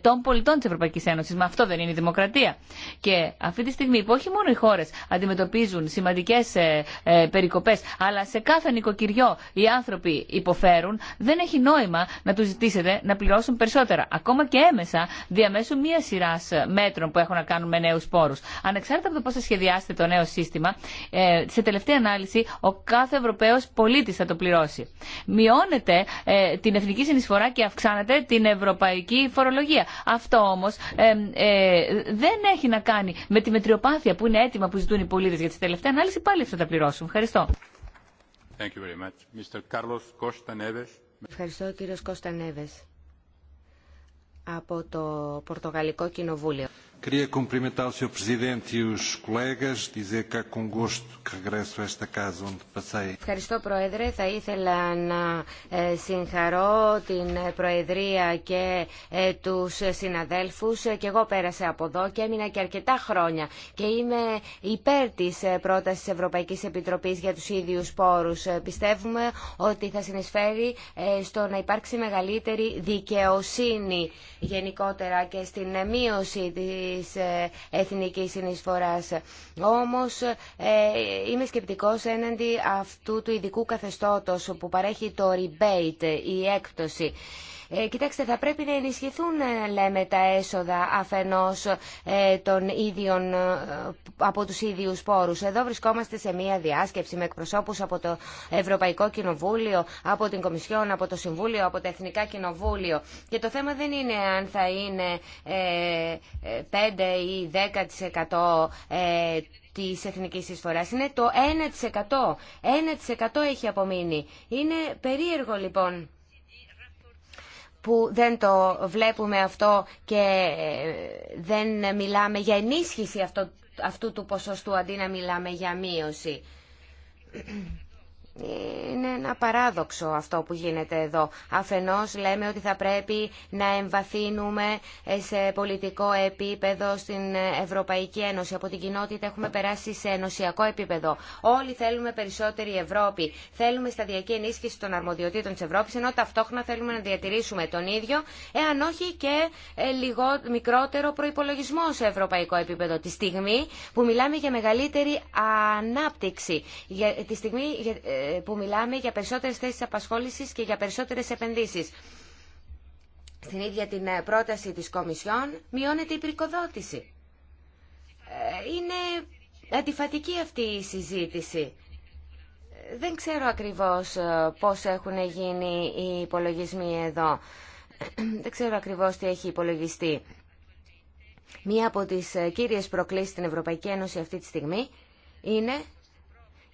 των πολιτών τη Ευρωπαϊκή Ένωση. Μα αυτό δεν είναι η δημοκρατία. Και αυτή τη στιγμή που όχι μόνο οι χώρε αντιμετωπίζουν σημαντικέ περικοπέ, αλλά σε κάθε νοικοκυριό οι άνθρωποι υποφέρουν, δεν έχει νόημα να του ζητήσετε να πληρώσουν περισσότερα. Ακόμα και έμεσα, διαμέσου μία σειρά ε, μέτρων που έχουν να κάνουν με νέου πόρου. Ανεξάρτητα από το πώ θα σχεδιάσετε το νέο σύστημα, ε, σε τελευταία ανάλυση ο κάθε Ευρωπαίο πολίτη θα το πληρώσει. Μειώνεται ε, την εθνική συνεισφορά και αυξάνεται την ευρωπαϊκή φορολογία. Αυτό όμω δεν έχει να κάνει με τη μετριοπάθεια που είναι έτοιμα που ζητούν οι πολίτε για τη τελευταία ανάλυση. Πάλι θα τα πληρώσουν. Ευχαριστώ. Ευχαριστώ κύριος Κώστα Νέβες από το Πορτογαλικό Κοινοβούλιο. Ευχαριστώ Πρόεδρε. Θα ήθελα να ε, συγχαρώ την ε, Προεδρία και ε, τους συναδέλφους. Και εγώ πέρασα από εδώ και έμεινα και αρκετά χρόνια. Και είμαι υπέρ της πρότασης της Ευρωπαϊκής Επιτροπής για τους ίδιους πόρους. Πιστεύουμε ότι θα συνεισφέρει στο να υπάρξει μεγαλύτερη δικαιοσύνη γενικότερα και στην μείωση της της ε, εθνικής συνεισφοράς. Όμως ε, είμαι σκεπτικός έναντι αυτού του ειδικού καθεστώτος που παρέχει το rebate, η έκπτωση. Ε, κοιτάξτε, θα πρέπει να ενισχυθούν, ε, λέμε, τα έσοδα αφενός ε, των ίδιων, από τους ίδιους πόρους. Εδώ βρισκόμαστε σε μία διάσκεψη με εκπροσώπους από το Ευρωπαϊκό Κοινοβούλιο, από την Κομισιόν, από το Συμβούλιο, από το Εθνικά Κοινοβούλιο. Και το θέμα δεν είναι αν θα είναι 5 ή 10% τη εθνική εισφορά. Είναι το 1%. 1% έχει απομείνει. Είναι περίεργο λοιπόν που δεν το βλέπουμε αυτό και δεν μιλάμε για ενίσχυση αυτού του ποσοστού αντί να μιλάμε για μείωση είναι ένα παράδοξο αυτό που γίνεται εδώ. Αφενός λέμε ότι θα πρέπει να εμβαθύνουμε σε πολιτικό επίπεδο στην Ευρωπαϊκή Ένωση. Από την κοινότητα έχουμε περάσει σε ενωσιακό επίπεδο. Όλοι θέλουμε περισσότερη Ευρώπη. Θέλουμε σταδιακή ενίσχυση των αρμοδιοτήτων της Ευρώπης, ενώ ταυτόχρονα θέλουμε να διατηρήσουμε τον ίδιο, εάν όχι και ε, μικρότερο προϋπολογισμό σε ευρωπαϊκό επίπεδο. Τη στιγμή που μιλάμε για μεγαλύτερη ανάπτυξη. Για, τη στιγμή, ε, που μιλάμε για περισσότερες θέσεις απασχόλησης και για περισσότερες επενδύσεις. Στην ίδια την ε, πρόταση της Κομισιόν μειώνεται η πρικοδότηση. Ε, είναι αντιφατική αυτή η συζήτηση. Δεν ξέρω ακριβώς ε, πώς έχουν γίνει οι υπολογισμοί εδώ. Δεν ξέρω ακριβώς τι έχει υπολογιστεί. Μία από τις κύριες προκλήσεις στην Ευρωπαϊκή Ένωση αυτή τη στιγμή είναι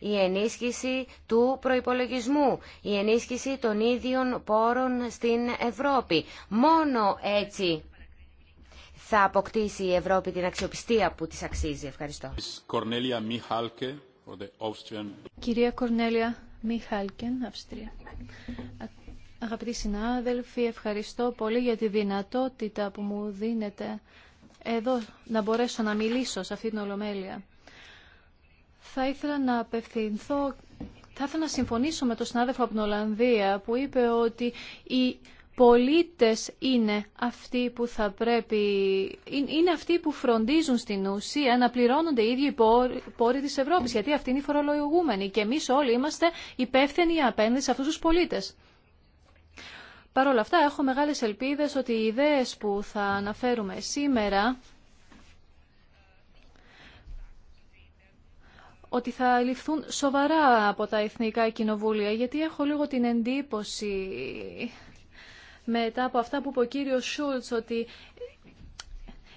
η ενίσχυση του προϋπολογισμού, η ενίσχυση των ίδιων πόρων στην Ευρώπη. Μόνο έτσι θα αποκτήσει η Ευρώπη την αξιοπιστία που της αξίζει. Ευχαριστώ. Κυρία Κορνέλια Μιχάλκεν, Αυστρία. Αγαπητοί συνάδελφοι, ευχαριστώ πολύ για τη δυνατότητα που μου δίνετε εδώ να μπορέσω να μιλήσω σε αυτή την Ολομέλεια. Θα ήθελα να απευθυνθώ, θα ήθελα να συμφωνήσω με τον συνάδελφο από την Ολλανδία που είπε ότι οι πολίτες είναι αυτοί που θα πρέπει, είναι αυτοί που φροντίζουν στην ουσία να πληρώνονται οι ίδιοι πόροι της Ευρώπης, γιατί αυτοί είναι οι φορολογούμενοι και εμείς όλοι είμαστε υπεύθυνοι απέναντι σε αυτούς τους πολίτες. Παρ' όλα αυτά έχω μεγάλες ελπίδες ότι οι ιδέες που θα αναφέρουμε σήμερα ότι θα ληφθούν σοβαρά από τα εθνικά κοινοβούλια, γιατί έχω λίγο την εντύπωση μετά από αυτά που είπε ο κύριος Σούλτς, ότι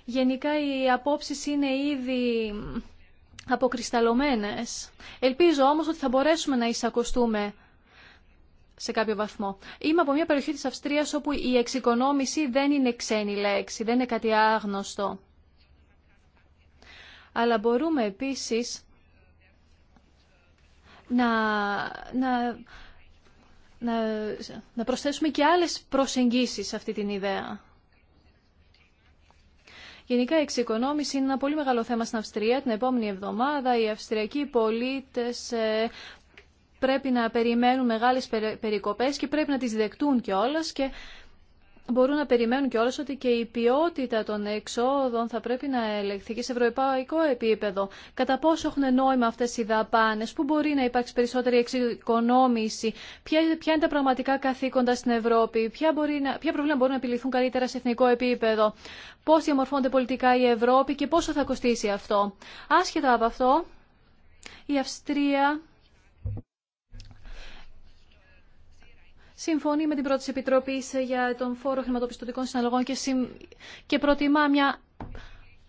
γενικά οι απόψεις είναι ήδη αποκρισταλωμένες. Ελπίζω όμως ότι θα μπορέσουμε να εισακωστούμε σε κάποιο βαθμό. Είμαι από μια περιοχή της Αυστρίας όπου η εξοικονόμηση δεν είναι ξένη λέξη, δεν είναι κάτι άγνωστο. Αλλά μπορούμε επίσης να, να, να, προσθέσουμε και άλλες προσεγγίσεις σε αυτή την ιδέα. Γενικά η εξοικονόμηση είναι ένα πολύ μεγάλο θέμα στην Αυστρία. Την επόμενη εβδομάδα οι αυστριακοί πολίτες ε, πρέπει να περιμένουν μεγάλες περικοπές και πρέπει να τις δεκτούν κιόλας και μπορούν να περιμένουν και ότι και η ποιότητα των εξόδων θα πρέπει να ελεγχθεί και σε ευρωπαϊκό επίπεδο. Κατά πόσο έχουν νόημα αυτές οι δαπάνες, πού μπορεί να υπάρξει περισσότερη εξοικονόμηση, ποια, είναι τα πραγματικά καθήκοντα στην Ευρώπη, ποια, μπορεί να, ποια προβλήματα μπορούν να επιληθούν καλύτερα σε εθνικό επίπεδο, πώς διαμορφώνεται πολιτικά η Ευρώπη και πόσο θα κοστίσει αυτό. Άσχετα από αυτό, η Αυστρία συμφωνεί με την πρώτη επιτροπή για τον φόρο χρηματοπιστωτικών συναλλαγών και, και προτιμά μια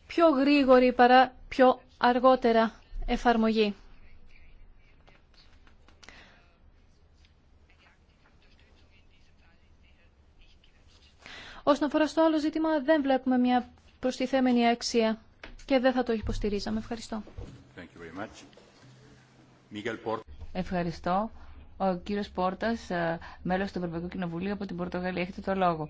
πιο γρήγορη παρά πιο αργότερα εφαρμογή. Όσον αφορά στο άλλο ζήτημα, δεν βλέπουμε μια προστιθέμενη αξία και δεν θα το υποστηρίζαμε. Ευχαριστώ. Ευχαριστώ. Ο κύριος Πόρτας, ε, μέλος του Ευρωπαϊκού Κοινοβουλίου από την Πορτογαλία, έχετε το λόγο.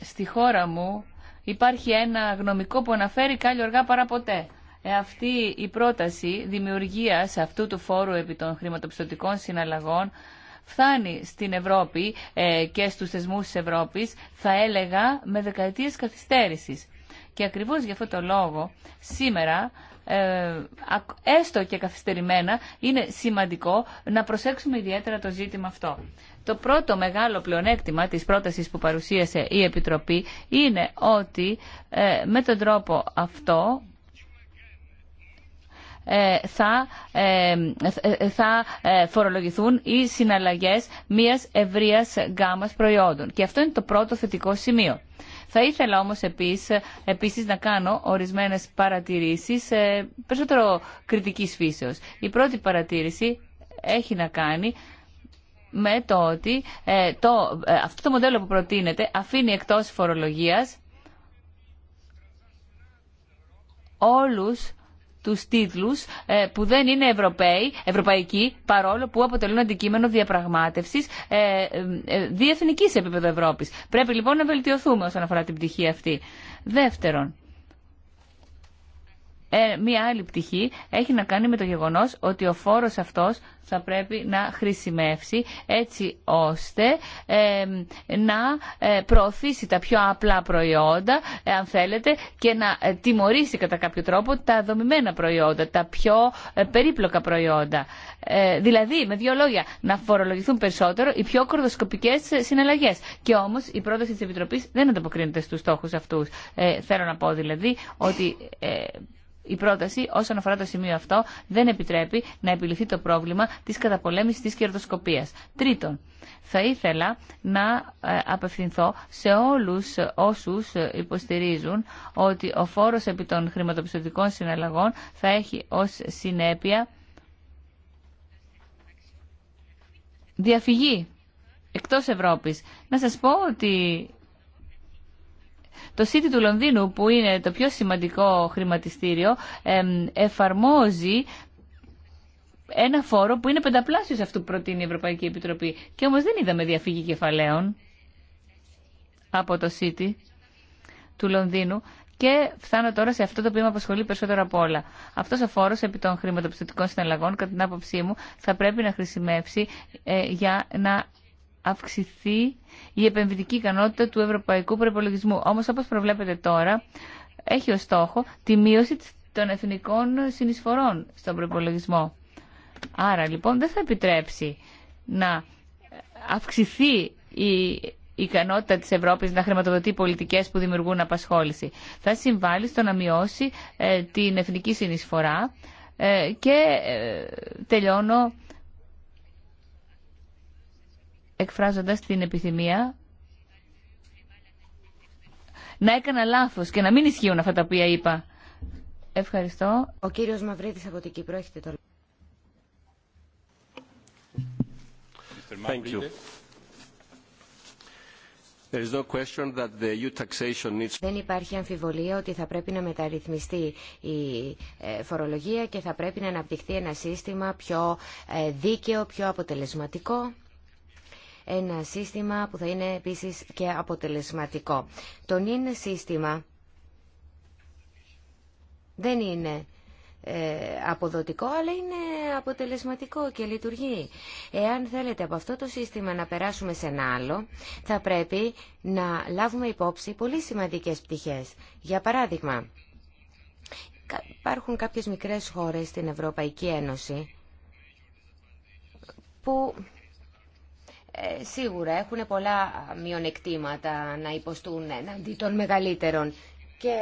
Στη χώρα μου υπάρχει ένα γνωμικό που αναφέρει κάλλιο αργά παρά ποτέ. Ε, αυτή η πρόταση δημιουργίας αυτού του φόρου επί των χρηματοπιστωτικών συναλλαγών φτάνει στην Ευρώπη ε, και στους θεσμούς της Ευρώπης, θα έλεγα, με δεκαετίες καθυστέρησης. Και ακριβώς για αυτό το λόγο, σήμερα ε, έστω και καθυστερημένα, είναι σημαντικό να προσέξουμε ιδιαίτερα το ζήτημα αυτό. Το πρώτο μεγάλο πλεονέκτημα της πρότασης που παρουσίασε η Επιτροπή είναι ότι ε, με τον τρόπο αυτό ε, θα, θα φορολογηθούν οι συναλλαγές μιας ευρείας γκάμας προϊόντων. Και αυτό είναι το πρώτο θετικό σημείο. Θα ήθελα όμως επίσης, να κάνω ορισμένες παρατηρήσεις ε, περισσότερο κριτική φύσεως. Η πρώτη παρατήρηση έχει να κάνει με το ότι ε, το, ε, αυτό το μοντέλο που προτείνεται αφήνει εκτός φορολογίας όλους τους τίτλους ε, που δεν είναι Ευρωπαίοι, ευρωπαϊκοί, παρόλο που αποτελούν αντικείμενο διαπραγμάτευσης ε, ε, διεθνικής επίπεδο Ευρώπης. Πρέπει λοιπόν να βελτιωθούμε όσον αφορά την πτυχή αυτή. Δεύτερον, ε, μία άλλη πτυχή έχει να κάνει με το γεγονός ότι ο φόρος αυτός θα πρέπει να χρησιμεύσει έτσι ώστε ε, να ε, προωθήσει τα πιο απλά προϊόντα, αν θέλετε, και να τιμωρήσει κατά κάποιο τρόπο τα δομημένα προϊόντα, τα πιο περίπλοκα προϊόντα. Δηλαδή, με δύο λόγια, να φορολογηθούν περισσότερο οι πιο κορδοσκοπικέ συναλλαγέ. Και όμω η πρόταση τη επιτροπή δεν ανταποκρίνεται στους στόχους αυτούς. Θέλω να πω δηλαδή ότι η πρόταση όσον αφορά το σημείο αυτό δεν επιτρέπει να επιληθεί το πρόβλημα της καταπολέμησης της κερδοσκοπίας. Τρίτον, θα ήθελα να ε, απευθυνθώ σε όλους όσους υποστηρίζουν ότι ο φόρος επί των χρηματοπιστωτικών συναλλαγών θα έχει ως συνέπεια διαφυγή εκτός Ευρώπης. Να σας πω ότι το City του Λονδίνου, που είναι το πιο σημαντικό χρηματιστήριο, εφαρμόζει ένα φόρο που είναι σε αυτού που προτείνει η Ευρωπαϊκή Επιτροπή. Και όμως δεν είδαμε διαφύγη κεφαλαίων από το City του Λονδίνου. Και φτάνω τώρα σε αυτό το οποίο με απασχολεί περισσότερο από όλα. Αυτό ο φόρο επί των χρηματοπιστωτικών συναλλαγών, κατά την άποψή μου, θα πρέπει να χρησιμεύσει ε, για να αυξηθεί η επενδυτική ικανότητα του ευρωπαϊκού προπολογισμού. Όμως, όπως προβλέπετε τώρα, έχει ως στόχο τη μείωση των εθνικών συνεισφορών στον προπολογισμό. Άρα, λοιπόν, δεν θα επιτρέψει να αυξηθεί η ικανότητα της Ευρώπης να χρηματοδοτεί πολιτικές που δημιουργούν απασχόληση. Θα συμβάλλει στο να μειώσει ε, την εθνική συνεισφορά ε, και ε, τελειώνω εκφράζοντας την επιθυμία να έκανα λάθος και να μην ισχύουν αυτά τα οποία είπα. Ευχαριστώ. Ο κύριος Μαυρίδης από την Κύπρο, έχετε το λόγο. Δεν υπάρχει αμφιβολία ότι θα πρέπει να μεταρρυθμιστεί η ε, φορολογία και θα πρέπει να αναπτυχθεί ένα σύστημα πιο ε, δίκαιο, πιο αποτελεσματικό ένα σύστημα που θα είναι επίσης και αποτελεσματικό. Το νυν σύστημα δεν είναι ε, αποδοτικό αλλά είναι αποτελεσματικό και λειτουργεί. Εάν θέλετε από αυτό το σύστημα να περάσουμε σε ένα άλλο θα πρέπει να λάβουμε υπόψη πολύ σημαντικές πτυχές. Για παράδειγμα, υπάρχουν κάποιες μικρές χώρες στην Ευρωπαϊκή Ένωση που ε, σίγουρα έχουν πολλά μειονεκτήματα να υποστούν εναντί των μεγαλύτερων και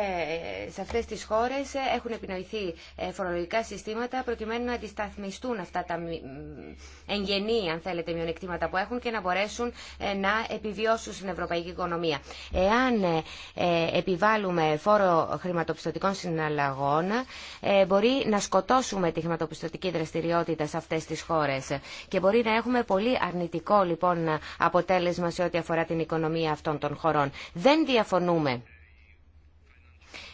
σε αυτές τις χώρες έχουν επινοηθεί ε, φορολογικά συστήματα προκειμένου να αντισταθμιστούν αυτά τα εγγενή, αν θέλετε, μειονεκτήματα που έχουν και να μπορέσουν ε, να επιβιώσουν στην ευρωπαϊκή οικονομία. Εάν ε, επιβάλλουμε φόρο χρηματοπιστωτικών συναλλαγών, μπορεί να σκοτώσουμε τη χρηματοπιστωτική δραστηριότητα σε αυτές τις χώρες και μπορεί να έχουμε πολύ αρνητικό λοιπόν αποτέλεσμα σε ό,τι αφορά την οικονομία αυτών των χωρών. Δεν διαφωνούμε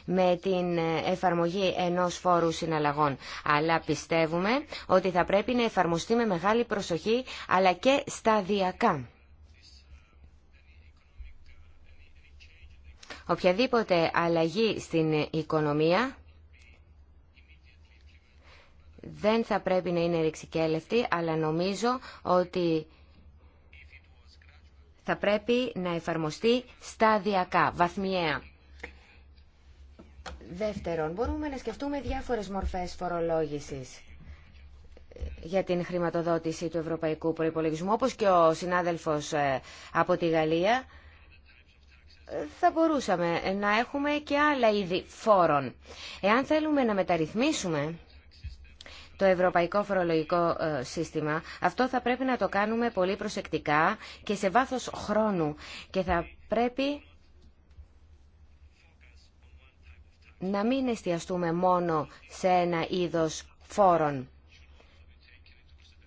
με την εφαρμογή ενός φόρου συναλλαγών. Αλλά πιστεύουμε ότι θα πρέπει να εφαρμοστεί με μεγάλη προσοχή αλλά και σταδιακά. Οποιαδήποτε αλλαγή στην οικονομία δεν θα πρέπει να είναι ρηξικέλευτη, αλλά νομίζω ότι θα πρέπει να εφαρμοστεί σταδιακά, βαθμιαία. Δεύτερον, μπορούμε να σκεφτούμε διάφορες μορφές φορολόγησης για την χρηματοδότηση του ευρωπαϊκού προϋπολογισμού, όπως και ο συνάδελφος ε, από τη Γαλλία, ε, θα μπορούσαμε να έχουμε και άλλα είδη φόρων. Εάν θέλουμε να μεταρρυθμίσουμε το ευρωπαϊκό φορολογικό ε, σύστημα, αυτό θα πρέπει να το κάνουμε πολύ προσεκτικά και σε βάθος χρόνου και θα πρέπει να μην εστιαστούμε μόνο σε ένα είδος φόρων.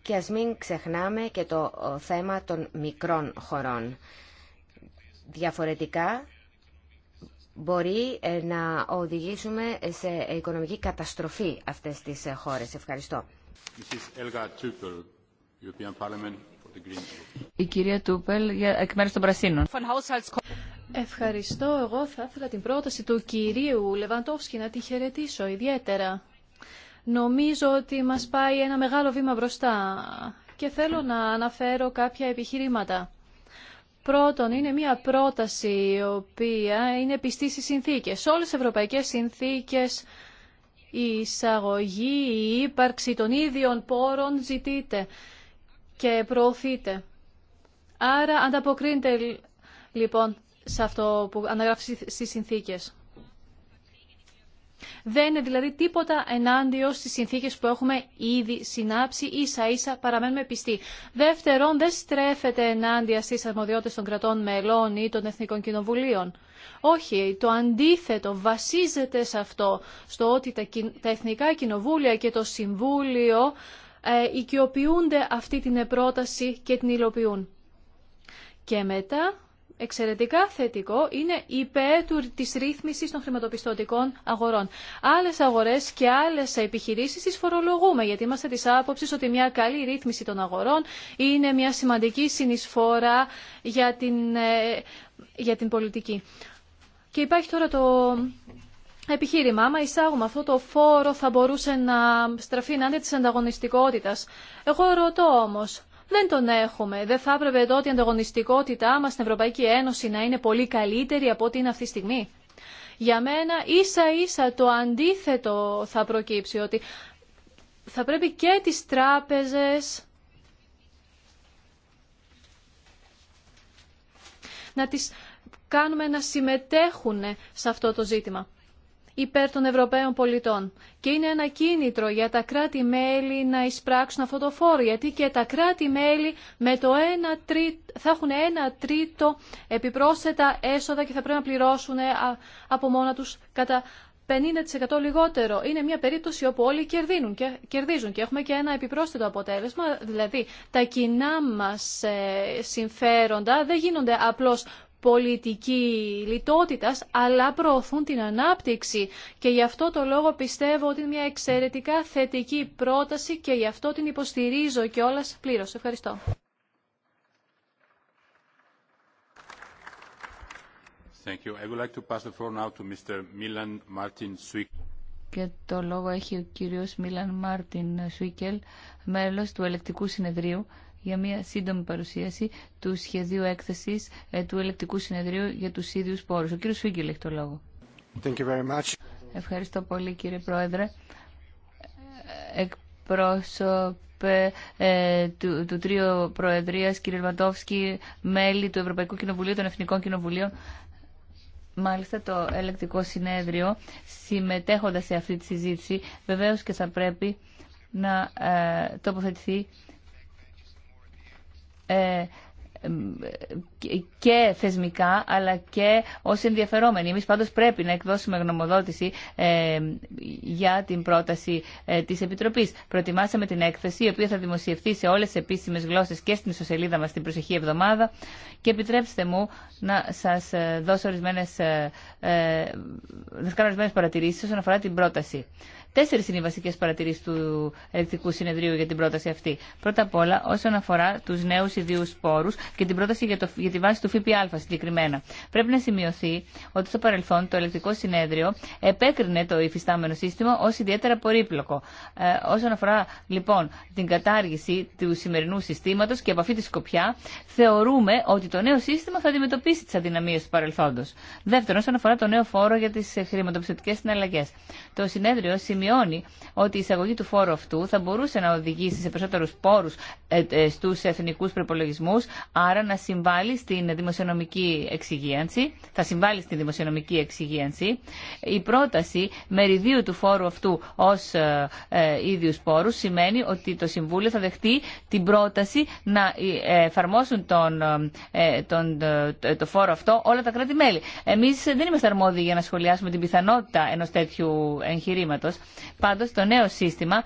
Και ας μην ξεχνάμε και το θέμα των μικρών χωρών. Διαφορετικά μπορεί ε, να οδηγήσουμε σε οικονομική καταστροφή αυτές τις ε, χώρες. Ευχαριστώ. Η κυρία Τούπελ εκ μέρους των Πρασίνων. Ευχαριστώ. Εγώ θα ήθελα την πρόταση του κυρίου Λεβαντόφσκι να τη χαιρετήσω ιδιαίτερα. Νομίζω ότι μας πάει ένα μεγάλο βήμα μπροστά και θέλω να αναφέρω κάποια επιχειρήματα. Πρώτον, είναι μια πρόταση η οποία είναι πιστή στις συνθήκες. Σε όλες τις ευρωπαϊκές συνθήκες η εισαγωγή, η ύπαρξη των ίδιων πόρων ζητείται και προωθείται. Άρα ανταποκρίνεται λοιπόν σε αυτό που αναγράφει στις συνθήκες. Δεν είναι δηλαδή τίποτα ενάντια στις συνθήκες που έχουμε ήδη συνάψει, ίσα ίσα παραμένουμε πιστοί. Δεύτερον, δεν στρέφεται ενάντια στις αρμοδιότητες των κρατών μελών ή των εθνικών κοινοβουλίων. Όχι, το αντίθετο βασίζεται σε αυτό, στο ότι τα εθνικά κοινοβούλια και το Συμβούλιο ε, οικειοποιούνται αυτή την πρόταση και την υλοποιούν. Και μετά εξαιρετικά θετικό είναι υπέρ του, της ρύθμισης των χρηματοπιστωτικών αγορών. Άλλες αγορές και άλλες επιχειρήσεις τις φορολογούμε, γιατί είμαστε της άποψης ότι μια καλή ρύθμιση των αγορών είναι μια σημαντική συνεισφόρα για την, ε, για την πολιτική. Και υπάρχει τώρα το επιχείρημα, άμα εισάγουμε αυτό το φόρο θα μπορούσε να στραφεί ενάντια της ανταγωνιστικότητας. Εγώ ρωτώ όμως, δεν τον έχουμε. Δεν θα έπρεπε τότε η ανταγωνιστικότητά μα στην Ευρωπαϊκή Ένωση να είναι πολύ καλύτερη από ό,τι είναι αυτή τη στιγμή. Για μένα ίσα ίσα το αντίθετο θα προκύψει ότι θα πρέπει και τις τράπεζες να τις κάνουμε να συμμετέχουν σε αυτό το ζήτημα υπέρ των Ευρωπαίων πολιτών. Και είναι ένα κίνητρο για τα κράτη-μέλη να εισπράξουν αυτό το φόρο, γιατί και τα κράτη-μέλη με το ένα θα έχουν ένα τρίτο επιπρόσθετα έσοδα και θα πρέπει να πληρώσουν ε, από μόνα τους κατά 50% λιγότερο. Είναι μια περίπτωση όπου όλοι κερδίζουν και, κερδίζουν και έχουμε και ένα επιπρόσθετο αποτέλεσμα, δηλαδή τα κοινά μας ε, συμφέροντα δεν γίνονται απλώς πολιτική λιτότητας, αλλά προωθούν την ανάπτυξη. Και γι' αυτό το λόγο πιστεύω ότι είναι μια εξαιρετικά θετική πρόταση και γι' αυτό την υποστηρίζω και όλας πλήρως. Ευχαριστώ. και το λόγο έχει ο κύριος Μίλαν Μάρτιν Σουίκελ, μέλος του Ελεκτικού Συνεδρίου για μια σύντομη παρουσίαση του σχεδίου έκθεσης ε, του Ελεκτικού Συνεδρίου για τους ίδιους πόρου. Ο κύριος Φίγκελ έχει το λόγο. Thank you very much. Ευχαριστώ πολύ κύριε Πρόεδρε. Ε, εκπρόσωπε ε, του, του Τρίου Προεδρίας, κύριε Λβαντόφσκι, μέλη του Ευρωπαϊκού Κοινοβουλίου, των Εθνικών Κοινοβουλίων, Μάλιστα το ελεκτικό συνέδριο συμμετέχοντας σε αυτή τη συζήτηση βεβαίως και θα πρέπει να τοποθετηθεί ε, και θεσμικά αλλά και ως ενδιαφερόμενοι. Εμείς πάντως πρέπει να εκδώσουμε γνωμοδότηση ε, για την πρόταση ε, της Επιτροπής. Προετοιμάσαμε την έκθεση η οποία θα δημοσιευθεί σε όλες τις επίσημες γλώσσες και στην ισοσελίδα μας την προσεχή εβδομάδα και επιτρέψτε μου να σας δώσω ορισμένες, να σας κάνω ορισμένες παρατηρήσεις όσον αφορά την πρόταση. Τέσσερι είναι οι βασικέ παρατηρήσει του Ελεκτικού Συνεδρίου για την πρόταση αυτή. Πρώτα απ' όλα, όσον αφορά του νέου ιδίου σπόρου και την πρόταση για, το, για τη βάση του ΦΠΑ συγκεκριμένα. Πρέπει να σημειωθεί ότι στο παρελθόν το Ελεκτικό Συνέδριο επέκρινε το υφιστάμενο σύστημα ω ιδιαίτερα πορύπλοκο. Ε, όσον αφορά λοιπόν την κατάργηση του σημερινού συστήματο και από αυτή τη σκοπιά, θεωρούμε ότι το νέο σύστημα θα αντιμετωπίσει τι αδυναμίε του παρελθόντο. Δεύτερον, όσον αφορά το νέο φόρο για τι χρηματοπιστωτικέ συναλλαγέ. Το συνέδριο σημειώνει ότι η εισαγωγή του φόρου αυτού θα μπορούσε να οδηγήσει σε περισσότερου πόρου ε, ε, στου εθνικού προπολογισμού, άρα να συμβάλλει στην δημοσιονομική εξυγίανση. Θα συμβάλλει στην δημοσιονομική εξυγίανση. Η πρόταση μεριδίου του φόρου αυτού ω ε, ίδιου πόρου σημαίνει ότι το Συμβούλιο θα δεχτεί την πρόταση να εφαρμόσουν τον, τον, το φόρο αυτό όλα τα κράτη-μέλη. Εμεί δεν είμαστε αρμόδιοι για να σχολιάσουμε την πιθανότητα ενό τέτοιου εγχειρήματο. Πάντως το νέο σύστημα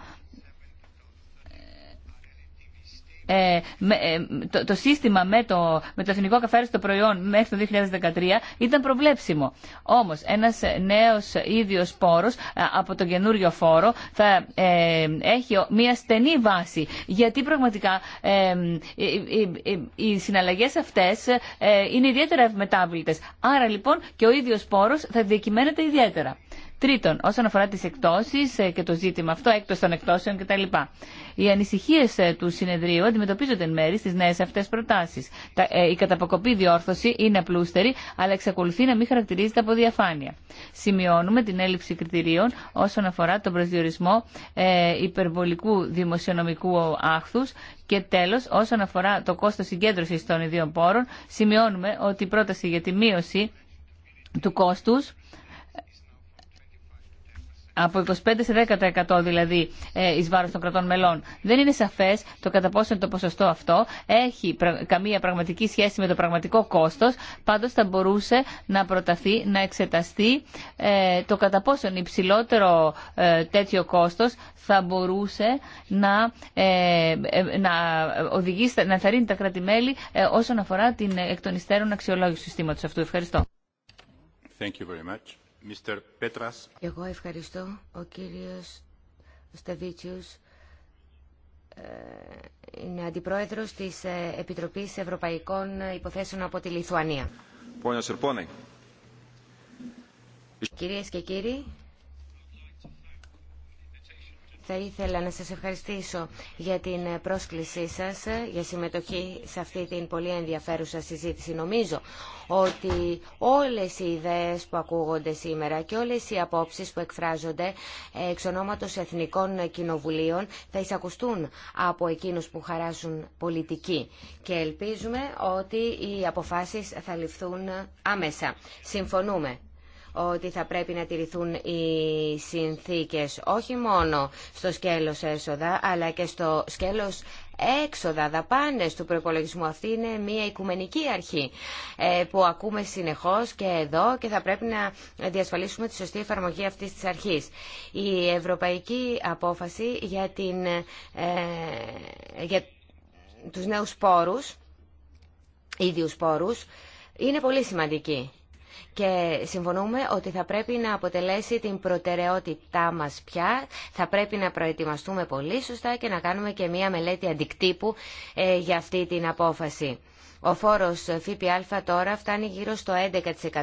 ε, με, ε, το, το, σύστημα με το, με το εθνικό καφέ προϊόν μέχρι το 2013 ήταν προβλέψιμο. Όμω, ένα νέο ίδιο πόρο ε, από τον καινούριο φόρο θα ε, έχει μια στενή βάση. Γιατί πραγματικά οι, συναλλαγές οι συναλλαγέ αυτέ είναι ιδιαίτερα ευμετάβλητε. Άρα λοιπόν και ο ίδιο πόρο θα διακυμαίνεται ιδιαίτερα. Τρίτον, όσον αφορά τι εκτόσει ε, και το ζήτημα αυτό, έκτος των εκτόσεων κτλ. Οι ανησυχίε ε, του συνεδρίου αντιμετωπίζονται μέρη στι νέε αυτέ προτάσει. Ε, η καταποκοπή διόρθωση είναι απλούστερη, αλλά εξακολουθεί να μην χαρακτηρίζεται από διαφάνεια. Σημειώνουμε την έλλειψη κριτηρίων όσον αφορά τον προσδιορισμό υπερβολικού δημοσιονομικού άχθου και τέλο, όσον αφορά το κόστο συγκέντρωση των ιδίων πόρων, σημειώνουμε ότι η πρόταση για τη μείωση του κόστου από 25% σε 10% δηλαδή ε, εις βάρος των κρατών μελών. Δεν είναι σαφές το κατά πόσο το ποσοστό αυτό έχει καμία πραγματική σχέση με το πραγματικό κόστος, πάντως θα μπορούσε να προταθεί, να εξεταστεί ε, το κατά πόσο υψηλότερο ε, τέτοιο κόστος θα μπορούσε να, να οδηγήσει, να θαρρύνει τα κράτη-μέλη όσον αφορά την εκ των υστέρων αξιολόγηση του συστήματος αυτού. Ευχαριστώ. Thank you very much. Εγώ ευχαριστώ. Ο κύριος Σταβίτσιος ε, είναι αντιπρόεδρος της ε, Επιτροπής Ευρωπαϊκών Υποθέσεων από τη Λιθουανία. Κυρίες και κύριοι, θα ήθελα να σας ευχαριστήσω για την πρόσκλησή σας για συμμετοχή σε αυτή την πολύ ενδιαφέρουσα συζήτηση. Νομίζω ότι όλες οι ιδέες που ακούγονται σήμερα και όλες οι απόψεις που εκφράζονται εξ ονόματος εθνικών κοινοβουλίων θα εισακουστούν από εκείνους που χαράσουν πολιτική και ελπίζουμε ότι οι αποφάσεις θα ληφθούν άμεσα. Συμφωνούμε ότι θα πρέπει να τηρηθούν οι συνθήκες όχι μόνο στο σκέλος έσοδα αλλά και στο σκέλος έξοδα, δαπάνες του προπολογισμού. Αυτή είναι μια οικουμενική αρχή ε, που ακούμε συνεχώς και εδώ και θα πρέπει να διασφαλίσουμε τη σωστή εφαρμογή αυτής της αρχής. Η ευρωπαϊκή απόφαση για, την, ε, για τους νέους πόρους, ίδιους πόρους, είναι πολύ σημαντική και συμφωνούμε ότι θα πρέπει να αποτελέσει την προτεραιότητά μας πια, θα πρέπει να προετοιμαστούμε πολύ σωστά και να κάνουμε και μία μελέτη αντικτύπου ε, για αυτή την απόφαση. Ο φόρος ΦΠΑ τώρα φτάνει γύρω στο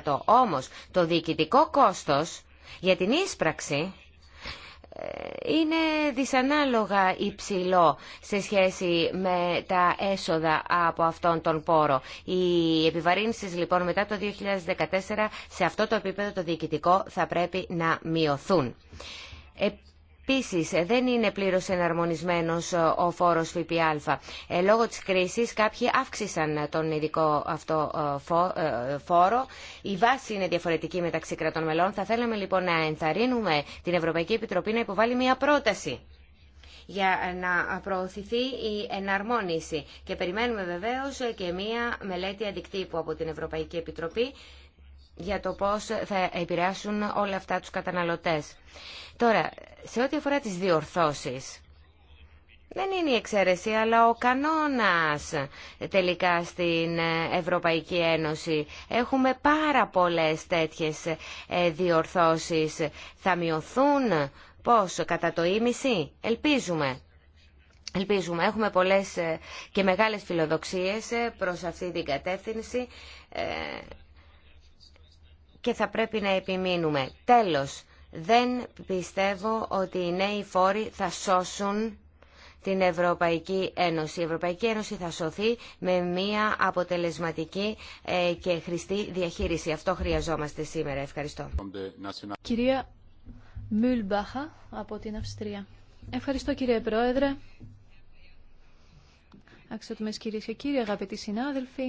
11%. Όμως το διοικητικό κόστος για την ίσπραξη είναι δυσανάλογα υψηλό σε σχέση με τα έσοδα από αυτόν τον πόρο. Οι επιβαρύνσεις λοιπόν μετά το 2014 σε αυτό το επίπεδο το διοικητικό θα πρέπει να μειωθούν. Ε, Επίση, ε, δεν είναι πλήρω εναρμονισμένος ε, ο φόρος ΦΠΑ. Ε, λόγω τη κρίσης, κάποιοι αύξησαν τον ειδικό αυτό φόρο. Η βάση είναι διαφορετική μεταξύ κρατών μελών. Θα θέλαμε λοιπόν να ενθαρρύνουμε την Ευρωπαϊκή Επιτροπή να υποβάλει μια πρόταση για να προωθηθεί η εναρμόνιση. Και περιμένουμε βεβαίως και μία μελέτη αντικτύπου από την Ευρωπαϊκή Επιτροπή για το πώς θα επηρεάσουν όλα αυτά τους καταναλωτές. Τώρα, σε ό,τι αφορά τις διορθώσεις, δεν είναι η εξαίρεση, αλλά ο κανόνας τελικά στην Ευρωπαϊκή Ένωση. Έχουμε πάρα πολλές τέτοιες ε, διορθώσεις. Θα μειωθούν πώς, κατά το ίμιση, ελπίζουμε. Ελπίζουμε, έχουμε πολλές ε, και μεγάλες φιλοδοξίες ε, προς αυτή την κατεύθυνση και θα πρέπει να επιμείνουμε. Τέλος, δεν πιστεύω ότι οι νέοι φόροι θα σώσουν την Ευρωπαϊκή Ένωση. Η Ευρωπαϊκή Ένωση θα σωθεί με μια αποτελεσματική ε, και χρηστή διαχείριση. Αυτό χρειαζόμαστε σήμερα. Ευχαριστώ. Κυρία Μουλμπάχα από την Αυστρία. Ευχαριστώ κύριε Πρόεδρε. Αξιότιμες κυρίες και κύριοι, αγαπητοί συνάδελφοι.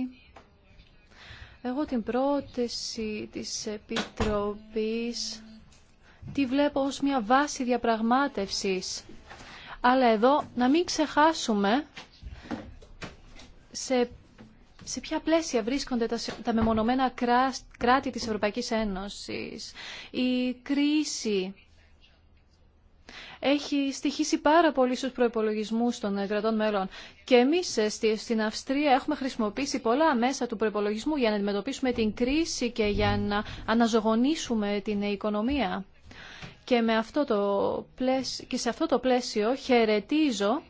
Εγώ την πρόταση της Επιτροπής τη βλέπω ως μια βάση διαπραγμάτευσης. Αλλά εδώ να μην ξεχάσουμε σε, σε ποια πλαίσια βρίσκονται τα, τα μεμονωμένα κράτη της Ευρωπαϊκής Ένωσης. Η κρίση έχει στοιχήσει πάρα πολύ στους προϋπολογισμούς των κρατών μελών. Και εμείς ε, στην Αυστρία έχουμε χρησιμοποιήσει πολλά μέσα του προϋπολογισμού για να αντιμετωπίσουμε την κρίση και για να αναζωογονήσουμε την οικονομία. Και, με αυτό το πλαίσιο, και σε αυτό το πλαίσιο χαιρετίζω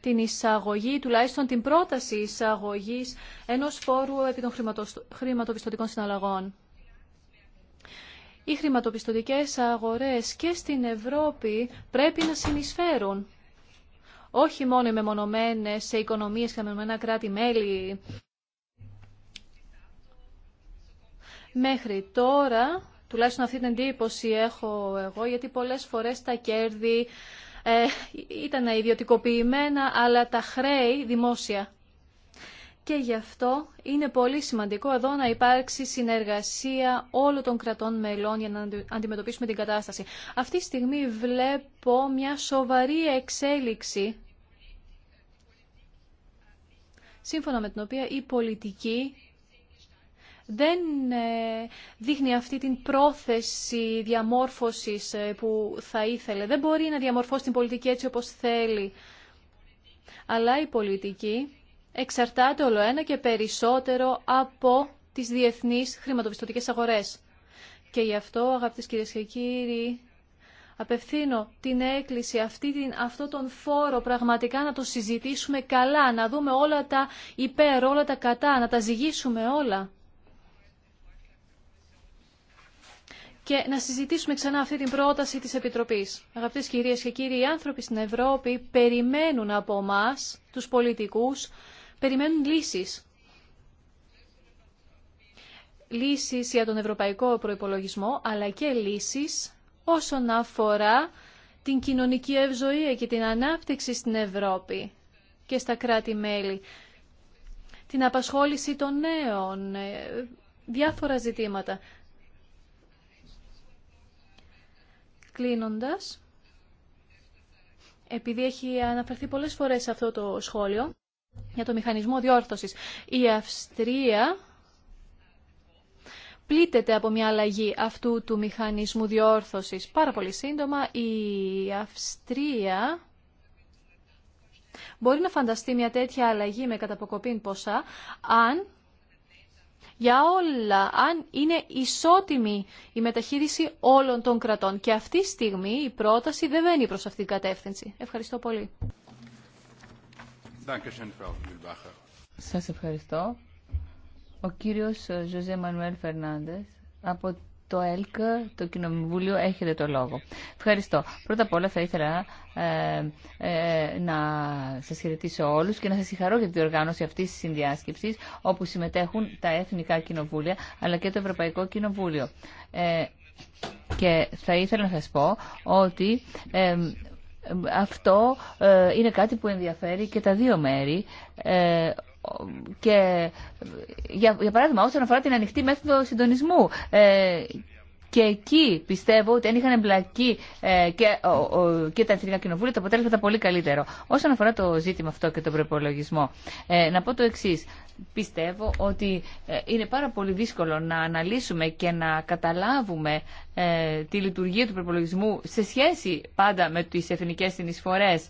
την εισαγωγή, τουλάχιστον την πρόταση εισαγωγής ενός φόρου επί των χρηματοπιστωτικών συναλλαγών οι χρηματοπιστωτικές αγορές και στην Ευρώπη πρέπει να συνεισφέρουν. Όχι μόνο οι μεμονωμένες σε οικονομίες και μεμονωμένα κράτη-μέλη. Μέχρι τώρα, τουλάχιστον αυτή την εντύπωση έχω εγώ, γιατί πολλές φορές τα κέρδη ε, ήταν ιδιωτικοποιημένα, αλλά τα χρέη δημόσια και γι' αυτό είναι πολύ σημαντικό εδώ να υπάρξει συνεργασία όλων των κρατών μελών για να αντιμετωπίσουμε την κατάσταση. Αυτή τη στιγμή βλέπω μια σοβαρή εξέλιξη σύμφωνα με την οποία η πολιτική δεν ε, δείχνει αυτή την πρόθεση διαμόρφωσης ε, που θα ήθελε. Δεν μπορεί να διαμορφώσει την πολιτική έτσι όπως θέλει. Αλλά η πολιτική εξαρτάται όλο ένα και περισσότερο από τις διεθνείς χρηματοπιστωτικές αγορές. Και γι' αυτό, αγαπητές κυρίες και κύριοι, απευθύνω την έκκληση, αυτή την, αυτό τον φόρο πραγματικά να το συζητήσουμε καλά, να δούμε όλα τα υπέρ, όλα τα κατά, να τα ζυγίσουμε όλα. και να συζητήσουμε ξανά αυτή την πρόταση της Επιτροπής. Αγαπητές κυρίες και κύριοι, οι άνθρωποι στην Ευρώπη περιμένουν από εμά τους πολιτικούς, περιμένουν λύσεις. Λύσεις για τον ευρωπαϊκό προϋπολογισμό, αλλά και λύσεις όσον αφορά την κοινωνική ευζοία και την ανάπτυξη στην Ευρώπη και στα κράτη-μέλη, την απασχόληση των νέων, ε, διάφορα ζητήματα. Κλείνοντας, επειδή έχει αναφερθεί πολλές φορές αυτό το σχόλιο, για το μηχανισμό διόρθωσης. Η Αυστρία πλήττεται από μια αλλαγή αυτού του μηχανισμού διόρθωσης. Πάρα πολύ σύντομα η Αυστρία μπορεί να φανταστεί μια τέτοια αλλαγή με καταποκοπήν ποσά αν για όλα, αν είναι ισότιμη η μεταχείριση όλων των κρατών. Και αυτή τη στιγμή η πρόταση δεν βαίνει προς αυτήν την κατεύθυνση. Ευχαριστώ πολύ. Σας ευχαριστώ. Ο κύριος Ζωζέ Μανουέλ Φερνάντες από το ΕΛΚ, το Κοινοβούλιο, έχετε το λόγο. Ευχαριστώ. Πρώτα απ' όλα θα ήθελα ε, ε, να σας χαιρετήσω όλους και να σας συγχαρώ για την διοργάνωση αυτής της συνδιάσκεψης όπου συμμετέχουν τα Εθνικά Κοινοβούλια αλλά και το Ευρωπαϊκό Κοινοβούλιο. Ε, και θα ήθελα να σας πω ότι αυτό ε, είναι κάτι που ενδιαφέρει και τα δύο μέρη. Ε, και για, για παράδειγμα όσον αφορά την ανοιχτή μέθοδο συντονισμού ε, και εκεί πιστεύω ότι αν είχαν εμπλακεί ε, και, και τα εθνικά κοινοβούλια, το αποτέλεσμα ήταν πολύ καλύτερο. Όσον αφορά το ζήτημα αυτό και τον προπολογισμό, ε, να πω το εξή. Πιστεύω ότι ε, είναι πάρα πολύ δύσκολο να αναλύσουμε και να καταλάβουμε τη λειτουργία του προπολογισμού σε σχέση πάντα με τις εθνικές συνεισφορές.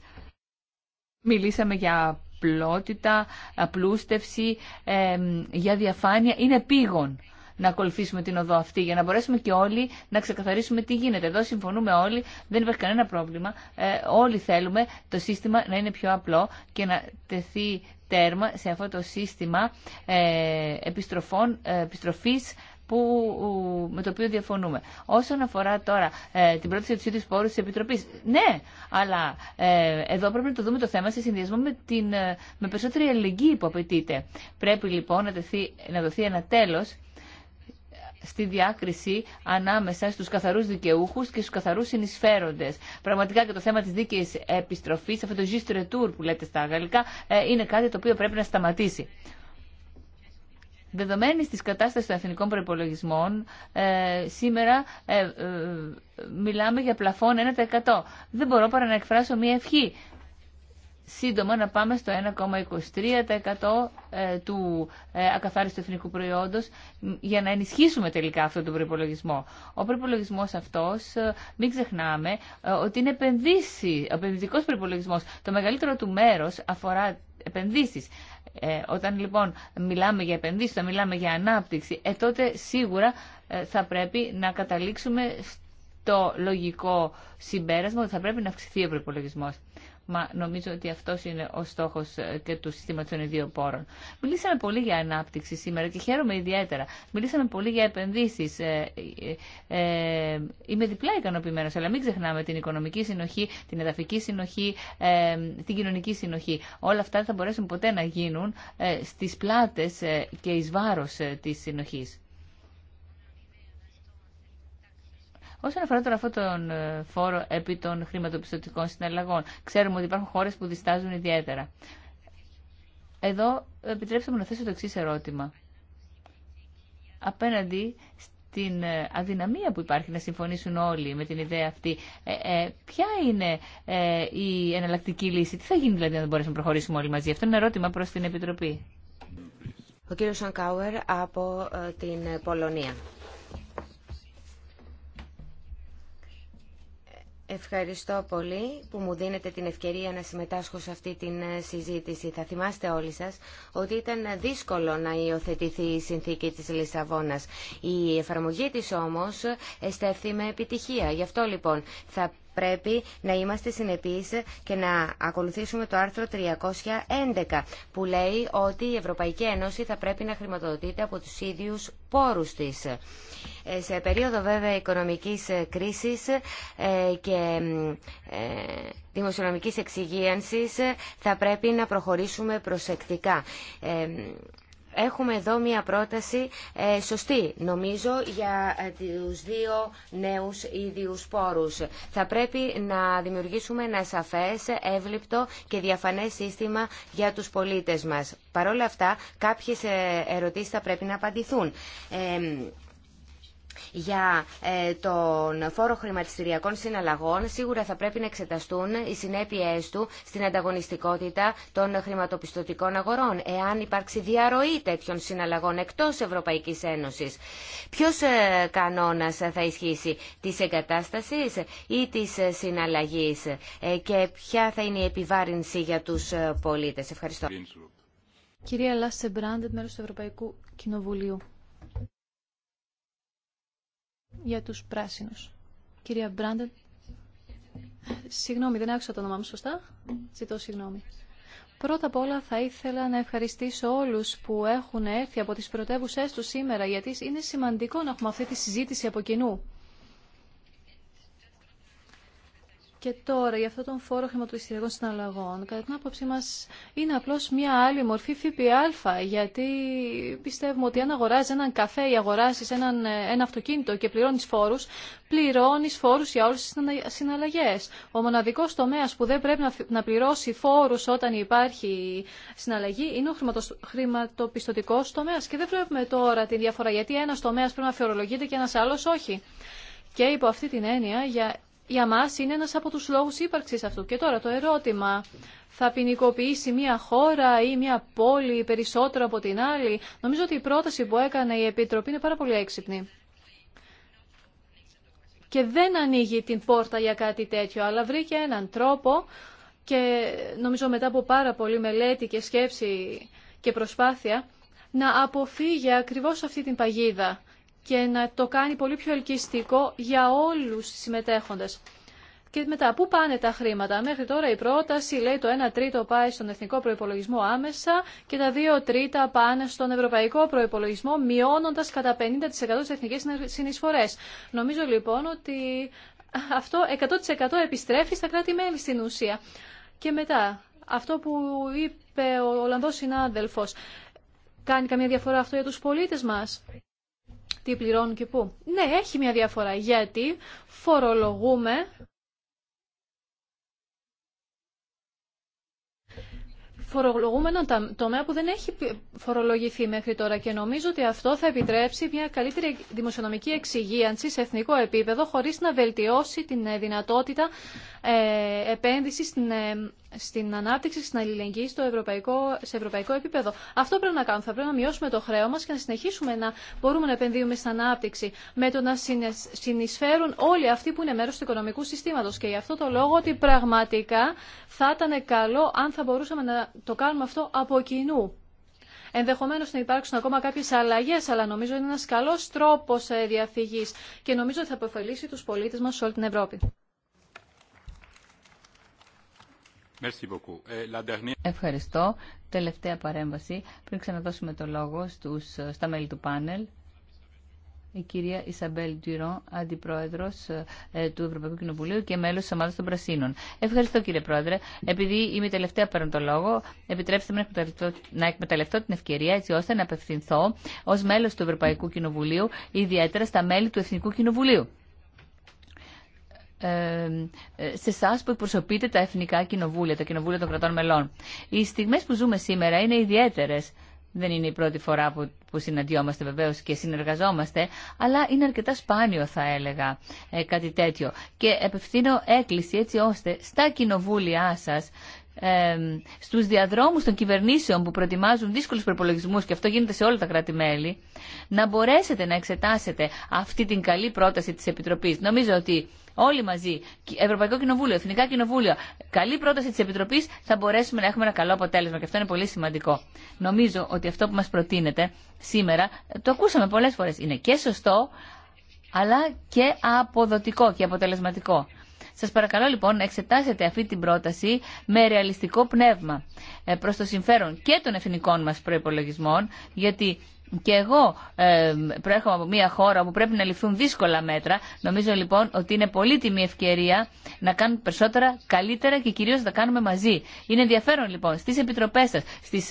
Μιλήσαμε για απλότητα, απλούστευση, για διαφάνεια. Είναι πήγον να ακολουθήσουμε την οδό αυτή για να μπορέσουμε και όλοι να ξεκαθαρίσουμε τι γίνεται. Εδώ συμφωνούμε όλοι, δεν υπάρχει κανένα πρόβλημα. Ε, όλοι θέλουμε το σύστημα να είναι πιο απλό και να τεθεί τέρμα σε αυτό το σύστημα ε, επιστροφών, ε, επιστροφής που, με το οποίο διαφωνούμε. Όσον αφορά τώρα την πρόταση του ίδιου πόρου τη Επιτροπή, ναι, αλλά ε, εδώ πρέπει να το δούμε το θέμα σε συνδυασμό με, την, με περισσότερη αλληλεγγύη που απαιτείται. Πρέπει λοιπόν να, τεθεί, να δοθεί ένα τέλο στη διάκριση ανάμεσα στους καθαρούς δικαιούχους και στους καθαρούς συνεισφέροντες. Πραγματικά και το θέμα της δίκαιης επιστροφής, αυτό το «gist retour» που λέτε στα γαλλικά, ε, είναι κάτι το οποίο πρέπει να σταματήσει. Δεδομένη της κατάστασης των εθνικών προϋπολογισμών, ε, σήμερα ε, μιλάμε για πλαφόν 1%. Δεν μπορώ παρά να εκφράσω μία ευχή σύντομα να πάμε στο 1,23% ε, του ε, ακαθάριστου εθνικού προϊόντος για να ενισχύσουμε τελικά αυτόν τον προϋπολογισμό. Ο προϋπολογισμός αυτός, ε, μην ξεχνάμε, ότι είναι επενδύσει, ο επενδυτικός προϋπολογισμός, Το μεγαλύτερο του μέρος αφορά επενδύσεις. όταν λοιπόν μιλάμε για επενδύσεις, όταν μιλάμε για ανάπτυξη, τότε σίγουρα θα πρέπει να καταλήξουμε στο λογικό συμπέρασμα ότι θα πρέπει να αυξηθεί ο προπολογισμό. Μα νομίζω ότι αυτό είναι ο στόχο ε, και του συστήματο των ιδίων πόρων. Μιλήσαμε πολύ για ανάπτυξη σήμερα και χαίρομαι ιδιαίτερα. Μιλήσαμε πολύ για επενδύσει. Ε, ε, ε, είμαι διπλά ικανοποιημένο, αλλά μην ξεχνάμε την οικονομική συνοχή, την εδαφική συνοχή, την κοινωνική συνοχή. Όλα αυτά δεν θα μπορέσουν ποτέ να γίνουν στι πλάτε και ει βάρο τη συνοχή. Όσον αφορά τώρα αυτόν τον ε, φόρο επί των χρηματοπιστωτικών συναλλαγών, ξέρουμε ότι υπάρχουν χώρε που διστάζουν ιδιαίτερα. Εδώ επιτρέψτε μου να θέσω το εξή ερώτημα. Απέναντι στην ε, αδυναμία που υπάρχει να συμφωνήσουν όλοι με την ιδέα αυτή. Ε, ποια είναι η εναλλακτική λύση, τι θα γίνει δηλαδή αν δεν μπορέσουμε να προχωρήσουμε όλοι μαζί. Αυτό είναι ένα ερώτημα προς την Επιτροπή. Ο κύριο Σανκάουερ από την Πολωνία. Ευχαριστώ πολύ που μου δίνετε την ευκαιρία να συμμετάσχω σε αυτή την ε, συζήτηση. Θα θυμάστε όλοι σας ότι ήταν δύσκολο να υιοθετηθεί η συνθήκη της Λισαβόνας. Η εφαρμογή της όμως εστεύθη με επιτυχία. Γι' αυτό λοιπόν θα πρέπει να είμαστε συνεπείς και να ακολουθήσουμε το άρθρο 311 που λέει ότι η Ευρωπαϊκή Ένωση θα πρέπει να χρηματοδοτείται από τους ίδιους πόρους της. Ε, σε περίοδο βέβαια οικονομικής ε, κρίσης ε, και δημοσιονομικής εξυγίανσης θα πρέπει να προχωρήσουμε προσεκτικά. Έχουμε εδώ μία πρόταση ε, σωστή, νομίζω, για ε, τους δύο νέους ίδιους πόρους. Θα πρέπει να δημιουργήσουμε ένα σαφές, εύληπτο και διαφανές σύστημα για τους πολίτες μας. Παρ' όλα αυτά, κάποιες ε, ερωτήσεις θα πρέπει να απαντηθούν για ε, τον φόρο χρηματιστηριακών συναλλαγών σίγουρα θα πρέπει να εξεταστούν οι συνέπειές του στην ανταγωνιστικότητα των χρηματοπιστωτικών αγορών εάν υπάρξει διαρροή τέτοιων συναλλαγών εκτός Ευρωπαϊκής Ένωσης. Ποιος ε, κανόνας θα ισχύσει της εγκατάστασης ή της συναλλαγής ε, και ποια θα είναι η επιβάρυνση για τους πολίτες. Ευχαριστώ. Κυρία Λάσσε Μπράντετ, του Ευρωπαϊκού Κοινοβουλίου για τους πράσινους. Κυρία Μπράντεν, συγγνώμη, δεν άκουσα το όνομά μου σωστά. Ζητώ συγγνώμη. Πρώτα απ' όλα θα ήθελα να ευχαριστήσω όλους που έχουν έρθει από τις πρωτεύουσές τους σήμερα, γιατί είναι σημαντικό να έχουμε αυτή τη συζήτηση από κοινού. Και τώρα, για αυτόν τον φόρο χρηματοπιστωτικών συναλλαγών, κατά την άποψή μα, είναι απλώ μια άλλη μορφή ΦΠΑ. Γιατί πιστεύουμε ότι αν αγοράζει έναν καφέ ή αγοράσει ε, ένα αυτοκίνητο και πληρώνει φόρου, πληρώνει φόρου για όλε τι συναλλαγέ. Ο μοναδικό τομέα που δεν πρέπει να πληρώσει φόρου όταν υπάρχει συναλλαγή είναι ο χρηματοπιστωτικό τομέα. Και δεν βλέπουμε τώρα τη διαφορά γιατί ένα τομέα πρέπει να φορολογείται και ένα άλλο όχι. Και υπό αυτή την έννοια, για για μας είναι ένας από τους λόγους ύπαρξης αυτού. Και τώρα το ερώτημα, θα ποινικοποιήσει μια χώρα ή μια πόλη περισσότερο από την άλλη. Νομίζω ότι η πρόταση που έκανε η Επιτροπή είναι πάρα πολύ έξυπνη. Και δεν ανοίγει την πόρτα για κάτι τέτοιο, αλλά βρήκε έναν τρόπο και νομίζω μετά από πάρα πολύ μελέτη και σκέψη και προσπάθεια να αποφύγει ακριβώς αυτή την παγίδα και να το κάνει πολύ πιο ελκυστικό για όλους τους συμμετέχοντες. Και μετά, πού πάνε τα χρήματα. Μέχρι τώρα η πρόταση λέει το 1 τρίτο πάει στον εθνικό Προϋπολογισμό άμεσα και τα 2 τρίτα πάνε στον ευρωπαϊκό Προϋπολογισμό μειώνοντας κατά 50% τις Εθνικές Συνεισφορές. Νομίζω λοιπόν ότι αυτό 100% επιστρέφει στα κράτη-μέλη στην ουσία. Και μετά, αυτό που είπε ο Ολλανδός συνάδελφος, κάνει καμία διαφορά αυτό για τους πολίτες μας τι πληρώνουν και πού. Ναι, έχει μια διαφορά γιατί φορολογούμε φορολογούμε ένα τομέα που δεν έχει φορολογηθεί μέχρι τώρα και νομίζω ότι αυτό θα επιτρέψει μια καλύτερη δημοσιονομική εξυγίανση σε εθνικό επίπεδο χωρίς να βελτιώσει την ε, δυνατότητα ε, επένδυση στην, ε, στην ανάπτυξη, στην αλληλεγγύη στο ευρωπαϊκό, σε ευρωπαϊκό επίπεδο. Αυτό πρέπει να κάνουμε. Θα πρέπει να μειώσουμε το χρέο μα και να συνεχίσουμε να μπορούμε να επενδύουμε στην ανάπτυξη με το να συνεισφέρουν όλοι αυτοί που είναι μέρο του οικονομικού συστήματο. Και γι' αυτό το λόγο ότι πραγματικά θα ήταν καλό αν θα μπορούσαμε να το κάνουμε αυτό από κοινού. Ενδεχομένως να υπάρξουν ακόμα κάποιες αλλαγές, αλλά νομίζω είναι ένας καλός τρόπος ε, διαφυγής και νομίζω ότι θα αποφελήσει τους πολίτες μας σε όλη την Ευρώπη. Ευχαριστώ. Τελευταία παρέμβαση. Πριν ξαναδώσουμε το λόγο στους, στα μέλη του πάνελ, η κυρία Ισαμπέλ Τουιρόν, αντιπρόεδρο ε, του Ευρωπαϊκού Κοινοβουλίου και μέλο τη Ομάδα των Πρασίνων. Ευχαριστώ κύριε Πρόεδρε. Επειδή είμαι τελευταία παίρνω το λόγο, επιτρέψτε μου να εκμεταλλευτώ την ευκαιρία έτσι ώστε να απευθυνθώ ω μέλο του Ευρωπαϊκού Κοινοβουλίου, ιδιαίτερα στα μέλη του Εθνικού Κοινοβουλίου. Ε, σε εσά που εκπροσωπείτε τα εθνικά κοινοβούλια, τα κοινοβούλια των κρατών μελών. Οι στιγμέ που ζούμε σήμερα είναι ιδιαίτερε Δεν είναι η πρώτη φορά που, που συναντιόμαστε βεβαίω και συνεργαζόμαστε, αλλά είναι αρκετά σπάνιο θα έλεγα ε, κάτι τέτοιο. Και επευθύνω έκκληση έτσι ώστε στα κοινοβούλια σα, ε, στους διαδρόμους των κυβερνήσεων που προετοιμάζουν δύσκολους προπολογισμού και αυτό γίνεται σε όλα τα κράτη-μέλη, να μπορέσετε να εξετάσετε αυτή την καλή πρόταση της Επιτροπής. Νομίζω ότι Όλοι μαζί, Ευρωπαϊκό Κοινοβούλιο, Εθνικά Κοινοβούλια, καλή πρόταση τη Επιτροπή, θα μπορέσουμε να έχουμε ένα καλό αποτέλεσμα. Και αυτό είναι πολύ σημαντικό. Νομίζω ότι αυτό που μα προτείνεται σήμερα, το ακούσαμε πολλέ φορέ, είναι και σωστό, αλλά και αποδοτικό και αποτελεσματικό. Σας παρακαλώ λοιπόν να εξετάσετε αυτή την πρόταση με ρεαλιστικό πνεύμα ε, προ το συμφέρον και των εθνικών μα προπολογισμών, γιατί και εγώ ε, προέρχομαι από μια χώρα που πρέπει να ληφθούν δύσκολα μέτρα. Νομίζω λοιπόν ότι είναι πολύτιμη ευκαιρία να κάνουν περισσότερα, καλύτερα και κυρίω να τα κάνουμε μαζί. Είναι ενδιαφέρον λοιπόν στι επιτροπέ σα,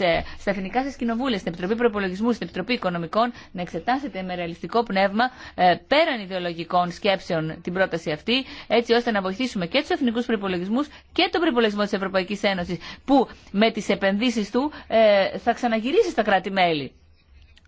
ε, στα εθνικά σα κοινοβούλια, στην Επιτροπή Προπολογισμού, στην Επιτροπή Οικονομικών να εξετάσετε με ρεαλιστικό πνεύμα ε, πέραν ιδεολογικών σκέψεων την πρόταση αυτή, έτσι ώστε να βοηθήσουμε και του εθνικού προπολογισμού και τον προπολογισμό τη Ευρωπαϊκή Ένωση που με τι επενδύσει του ε, θα ξαναγυρίσει στα κράτη-μέλη.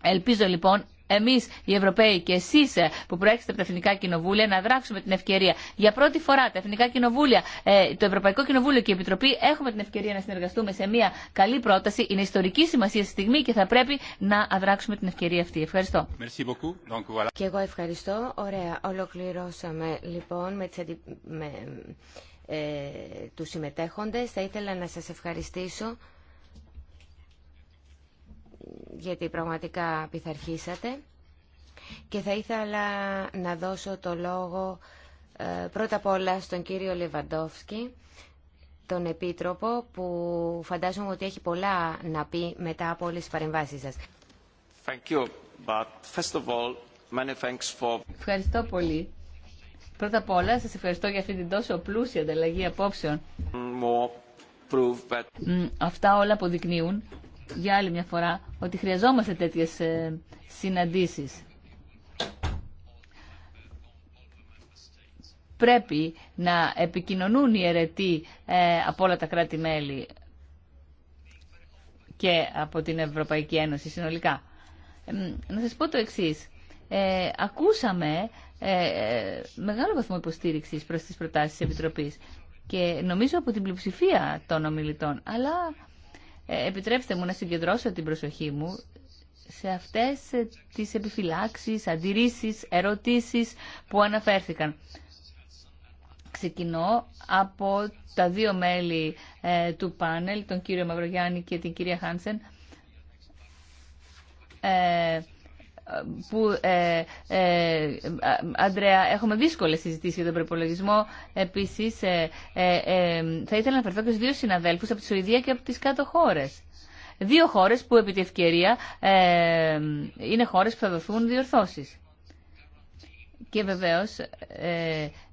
Ελπίζω λοιπόν εμεί οι Ευρωπαίοι και εσεί ε, που προέρχεστε από τα Εθνικά Κοινοβούλια να δράξουμε την ευκαιρία. Για πρώτη φορά τα Εθνικά Κοινοβούλια, ε, το Ευρωπαϊκό Κοινοβούλιο και η Επιτροπή έχουμε την ευκαιρία να συνεργαστούμε σε μια καλή πρόταση. Είναι ιστορική σημασία στη στιγμή και θα πρέπει να αδράξουμε την ευκαιρία αυτή. Ευχαριστώ. Και εγώ ευχαριστώ. Ωραία. Ολοκληρώσαμε λοιπόν με με, ε, τους συμμετέχοντες. Θα ήθελα να σας ευχαριστήσω γιατί πραγματικά πειθαρχήσατε και θα ήθελα να δώσω το λόγο ε, πρώτα απ' όλα στον κύριο Λεβαντόφσκι, τον Επίτροπο, που φαντάζομαι ότι έχει πολλά να πει μετά από όλες τις παρεμβάσεις σας. Ευχαριστώ πολύ. Πρώτα απ' όλα, σας ευχαριστώ για αυτή την τόσο πλούσια ανταλλαγή απόψεων. Αυτά όλα αποδεικνύουν για άλλη μια φορά ότι χρειαζόμαστε τέτοιες ε, συναντήσεις. Πρέπει να επικοινωνούν οι αιρετοί ε, από όλα τα κράτη-μέλη και από την Ευρωπαϊκή Ένωση συνολικά. Να σας πω το εξής. Ε, ακούσαμε μεγάλο βαθμό υποστήριξης προς τις προτάσεις της Επιτροπής και νομίζω από την πλειοψηφία των ομιλητών. Αλλά ε, επιτρέψτε μου να συγκεντρώσω την προσοχή μου σε αυτές ε, τις επιφυλάξεις, αντιρρήσεις, ερωτήσεις που αναφέρθηκαν. Ξεκινώ από τα δύο μέλη ε, του πάνελ, τον κύριο Μαυρογιάννη και την κυρία Χάνσεν που, ε, ε, Αντρέα, έχουμε δύσκολες συζητήσεις για τον προπολογισμό. Επίσης, ε, ε, ε, θα ήθελα να αναφερθώ και στους δύο συναδέλφους από τη Σουηδία και από τις κάτω χώρες. Δύο χώρες που επί τη ευκαιρία ε, είναι χώρες που θα δοθούν διορθώσεις. Και βεβαίως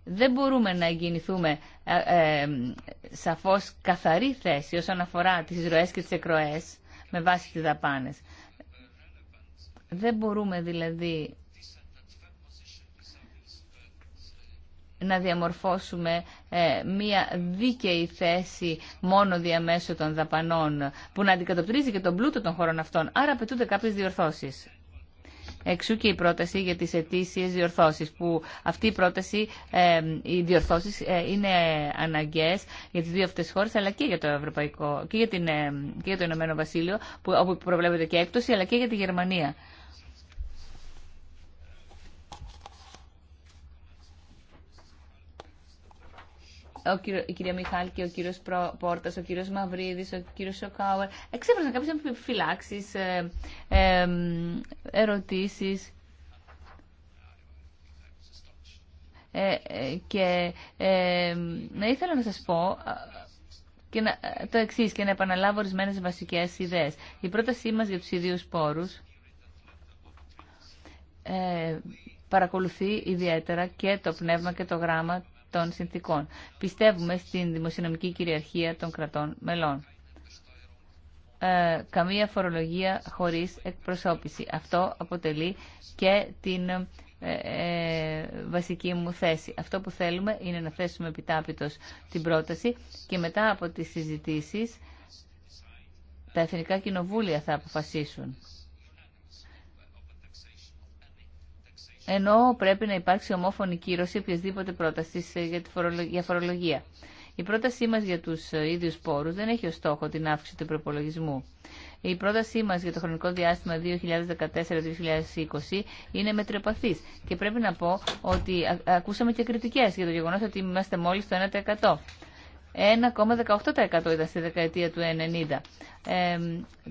δεν μπορούμε να εγκινηθούμε σαφώς καθαρή θέση όσον αφορά τις ροές και τις εκροές με βάση τις δαπάνες. Δεν μπορούμε δηλαδή να διαμορφώσουμε ε, μία δίκαιη θέση μόνο διαμέσου των δαπανών που να αντικατοπτρίζει και τον πλούτο των χωρών αυτών. Άρα απαιτούνται κάποιες διορθώσεις. Εξού και η πρόταση για τις αιτήσει διορθώσεις, που αυτή η πρόταση, ε, οι διορθώσεις ε, είναι αναγκαίες για τις δύο αυτές χώρες, αλλά και για το Ευρωπαϊκό, και για, την, και για το Ηνωμένο Βασίλειο, που, όπου προβλέπεται και έκπτωση, αλλά και για τη Γερμανία. ο κύριο, η κυρία και ο κύριο Πόρτα, ο κύριο Μαυρίδης, ο κύριο Σοκάουερ εξέφρασαν κάποιε επιφυλάξει, ε, ε, ε, ερωτήσεις και να ήθελα να σας πω και να, το εξή και να επαναλάβω ορισμένε βασικές ιδέες. Η πρότασή μας για τους ιδίους πόρους ε, παρακολουθεί ιδιαίτερα και το πνεύμα και το γράμμα των Πιστεύουμε στην δημοσιονομική κυριαρχία των κρατών μελών. Ε, καμία φορολογία χωρίς εκπροσώπηση. Αυτό αποτελεί και την ε, ε, βασική μου θέση. Αυτό που θέλουμε είναι να θέσουμε επιτάπητος την πρόταση και μετά από τις συζητήσεις τα εθνικά κοινοβούλια θα αποφασίσουν. ενώ πρέπει να υπάρξει ομόφωνη κύρωση οποιασδήποτε πρόταση για φορολογία. Η πρότασή μα για του ε, ίδιου πόρου δεν έχει ω στόχο την αύξηση του προπολογισμού. Η πρότασή μα για το χρονικό διάστημα 2014-2020 είναι μετριοπαθή και πρέπει να πω ότι ακούσαμε και κριτικέ για το γεγονό ότι είμαστε μόλι το 1%. 1,18% ήταν στη δεκαετία του 1990. Ε,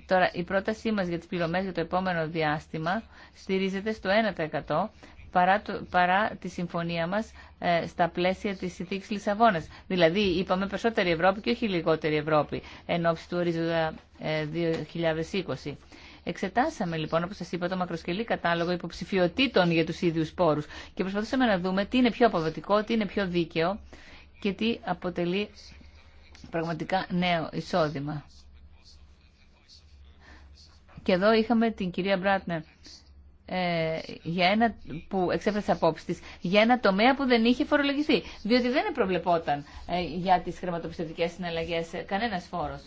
τώρα, η πρότασή μας για τις πληρωμές για το επόμενο διάστημα στηρίζεται στο 1% παρά, το, παρά τη συμφωνία μας ε, στα πλαίσια της συνθήκης Λισαβόνας. Δηλαδή, είπαμε περισσότερη Ευρώπη και όχι λιγότερη Ευρώπη εν ώψη του ορίζοντα 2020. Ε, Εξετάσαμε λοιπόν, όπω σα είπα, το μακροσκελή κατάλογο υποψηφιωτήτων για του ίδιου πόρου και προσπαθούσαμε να δούμε τι είναι πιο αποδοτικό, τι είναι πιο δίκαιο και τι αποτελεί πραγματικά νέο εισόδημα. Και εδώ είχαμε την κυρία Μπράτνερ ε, για ένα, που εξέφρασε απόψη για ένα τομέα που δεν είχε φορολογηθεί. Διότι δεν προβλεπόταν ε, για τις χρηματοπιστωτικές συναλλαγές ε, κανένας φόρος.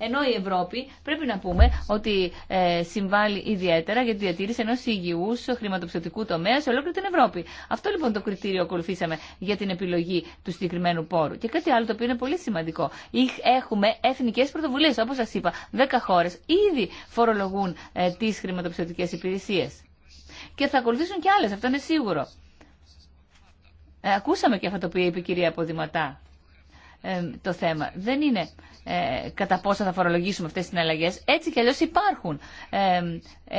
Ενώ η Ευρώπη πρέπει να πούμε ότι ε, συμβάλλει ιδιαίτερα για τη διατήρηση ενό υγιού χρηματοπιστωτικού τομέα σε ολόκληρη την Ευρώπη. Αυτό λοιπόν το κριτήριο ακολουθήσαμε για την επιλογή του συγκεκριμένου πόρου. Και κάτι άλλο το οποίο είναι πολύ σημαντικό. Έχουμε εθνικέ πρωτοβουλίε. Όπω σα είπα, 10 χώρε ήδη φορολογούν ε, τι χρηματοπιστωτικέ υπηρεσίε. Και θα ακολουθήσουν και άλλε, αυτό είναι σίγουρο. Ε, ακούσαμε και αυτό το οποίο είπε η κυρία Ποδηματά. Ε, το θέμα. Δεν είναι ε, κατά πόσα θα φορολογήσουμε αυτές τις συναλλαγές. Έτσι κι αλλιώς υπάρχουν. Ε,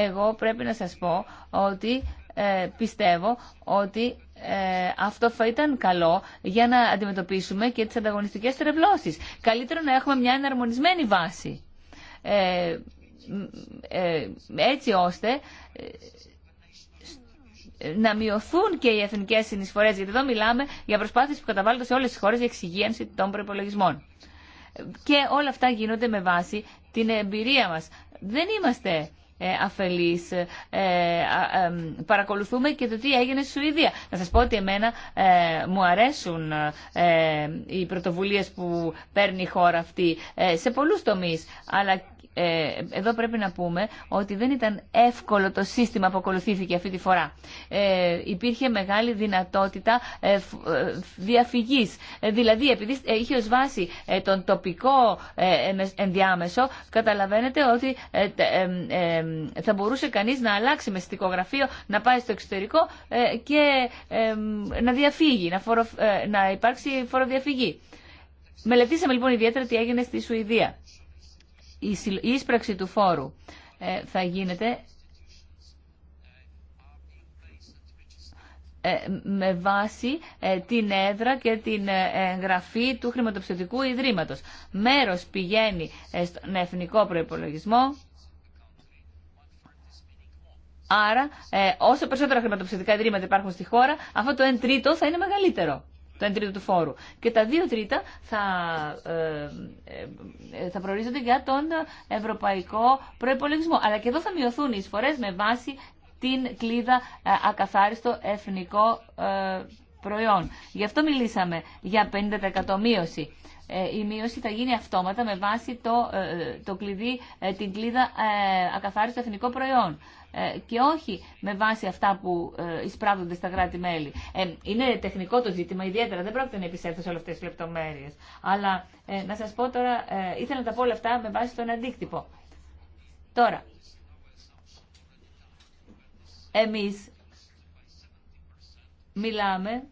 εγώ πρέπει να σας πω ότι πιστεύω ότι αυτό θα ήταν καλό για να αντιμετωπίσουμε και τις ανταγωνιστικές τρευλώσεις. Καλύτερο να έχουμε μια εναρμονισμένη βάση. Έτσι ώστε να μειωθούν και οι εθνικέ συνεισφορέ, γιατί εδώ μιλάμε για προσπάθειε που καταβάλλονται σε όλε τι χώρε για εξυγίανση των προπολογισμών. Και όλα αυτά γίνονται με βάση την εμπειρία μα. Δεν είμαστε ε, αφελείς. Ε, ε, παρακολουθούμε και το τι έγινε στη Σουηδία. Να σα πω ότι εμένα μου αρέσουν οι πρωτοβουλίε που παίρνει η χώρα αυτή σε πολλού τομεί. αλλά ε, εδώ πρέπει να πούμε ότι δεν ήταν εύκολο το σύστημα που ακολουθήθηκε αυτή τη φορά. Ε, υπήρχε μεγάλη δυνατότητα ε, ε διαφυγής. Ε, δηλαδή, επειδή είχε ως βάση τον τοπικό ενδιάμεσο, καταλαβαίνετε ότι θα μπορούσε κανείς να αλλάξει με γραφείο, να πάει στο εξωτερικό και να διαφύγει, να, φορο, να υπάρξει φοροδιαφυγή. Μελετήσαμε λοιπόν ιδιαίτερα τι έγινε στη Σουηδία η ίσπραξη του φόρου ε, θα γίνεται ε, με βάση ε, την έδρα και την εγγραφή του χρηματοπιστωτικού ιδρύματος. Μέρος πηγαίνει στον εθνικό προϋπολογισμό, άρα όσο περισσότερα χρηματοπιστωτικά ιδρύματα υπάρχουν στη χώρα, αυτό το 1 τρίτο θα είναι μεγαλύτερο το 1 τρίτο του φόρου. Και τα 2 τρίτα θα, ε, ε, θα προορίζονται για τον ευρωπαϊκό προπολογισμό. Αλλά και εδώ θα μειωθούν οι εισφορές με βάση την κλίδα ε, ακαθάριστο εθνικό προϊόν. Γι' αυτό μιλήσαμε για 50% μείωση. Ε, η μείωση θα γίνει αυτόματα με βάση το, ε, το κλειδί, ε, την κλίδα ακαθάριστο εθνικό προϊόν και όχι με βάση αυτά που εισπράττονται στα κράτη-μέλη. είναι τεχνικό το ζήτημα, ιδιαίτερα δεν πρόκειται να επισέλθω σε όλε αυτέ τι λεπτομέρειε. Αλλά να σα πω τώρα, ήθελα να τα πω όλα αυτά με βάση τον αντίκτυπο. Τώρα, εμείς μιλάμε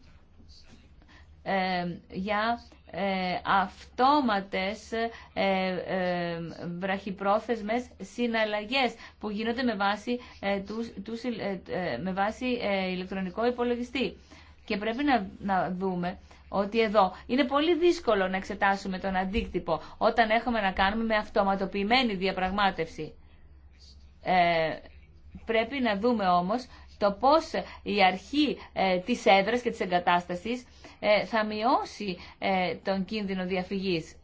ε, για ε, αυτόματες ε, ε, βραχυπρόθεσμες συναλλαγές που γίνονται με βάση, ε, τους, ε, ε, με βάση ηλεκτρονικό υπολογιστή. Και πρέπει να, να δούμε ότι εδώ είναι πολύ δύσκολο να εξετάσουμε τον αντίκτυπο όταν έχουμε να κάνουμε με αυτοματοποιημένη διαπραγμάτευση. Πρέπει να δούμε όμως το πώς η αρχή της έδρας και της εγκατάστασης ε, θα μειώσει ε, τον κίνδυνο διαφυγής.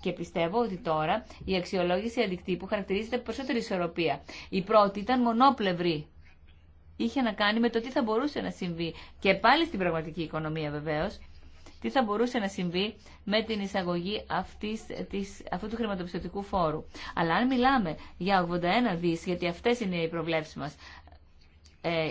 Και πιστεύω ότι τώρα η αξιολόγηση αντικτύπου χαρακτηρίζεται από περισσότερη ισορροπία. Η πρώτη ήταν μονόπλευρη. Είχε να κάνει με το τι θα μπορούσε να συμβεί και πάλι στην πραγματική οικονομία βεβαίω. Τι θα μπορούσε να συμβεί με την εισαγωγή αυτής, της, αυτού του χρηματοπιστωτικού φόρου. Αλλά αν μιλάμε για 81 δις, γιατί αυτές είναι οι προβλέψεις μας, ε,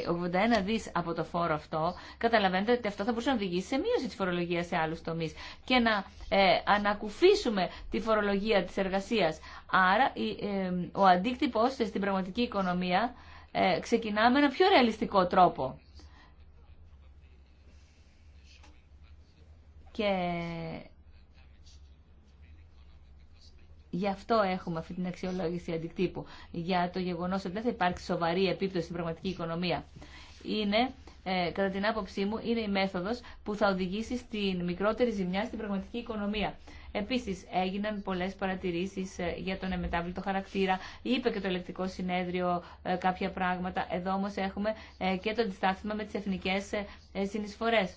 81 δις από το φόρο αυτό, καταλαβαίνετε ότι αυτό θα μπορούσε να οδηγήσει σε μείωση της φορολογίας σε άλλους τομείς και να ε, ανακουφίσουμε τη φορολογία της εργασίας. Άρα η, ε, ο αντίκτυπος στην πραγματική οικονομία ε, ξεκινά με ένα πιο ρεαλιστικό τρόπο. Και Γι' αυτό έχουμε αυτή την αξιολόγηση αντικτύπου, για το γεγονό ότι δεν θα υπάρξει σοβαρή επίπτωση στην πραγματική οικονομία. Είναι, ε, κατά την άποψή μου, είναι η μέθοδο που θα οδηγήσει στην μικρότερη ζημιά στην πραγματική οικονομία. Επίση, έγιναν πολλές παρατηρήσεις ε, για τον εμετάβλητο χαρακτήρα. Είπε και το ελεκτικό συνέδριο ε, κάποια πράγματα. Εδώ όμω έχουμε και το αντιστάθμιμα με τις εθνικές συνεισφορέ.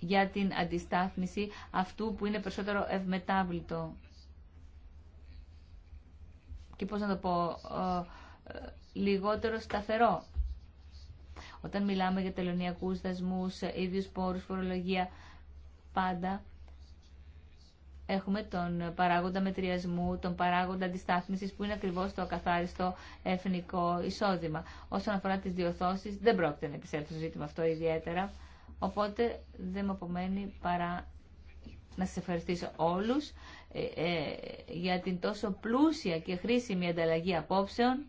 για την αντιστάθμιση αυτού που είναι περισσότερο ευμετάβλητο και πώς να το πω, ε, λιγότερο σταθερό. Όταν μιλάμε για τελωνιακούς δασμούς, ε, ίδιους πόρους, φορολογία, πάντα έχουμε τον παράγοντα μετριασμού, τον παράγοντα αντιστάθμισης που είναι ακριβώς το ακαθάριστο εθνικό εισόδημα. Όσον αφορά τις διορθώσεις, δεν πρόκειται να επισέλθω στο ζήτημα αυτό ιδιαίτερα, οπότε δεν μου απομένει παρά να σας ευχαριστήσω όλους ε, ε, για την τόσο πλούσια και χρήσιμη ανταλλαγή απόψεων.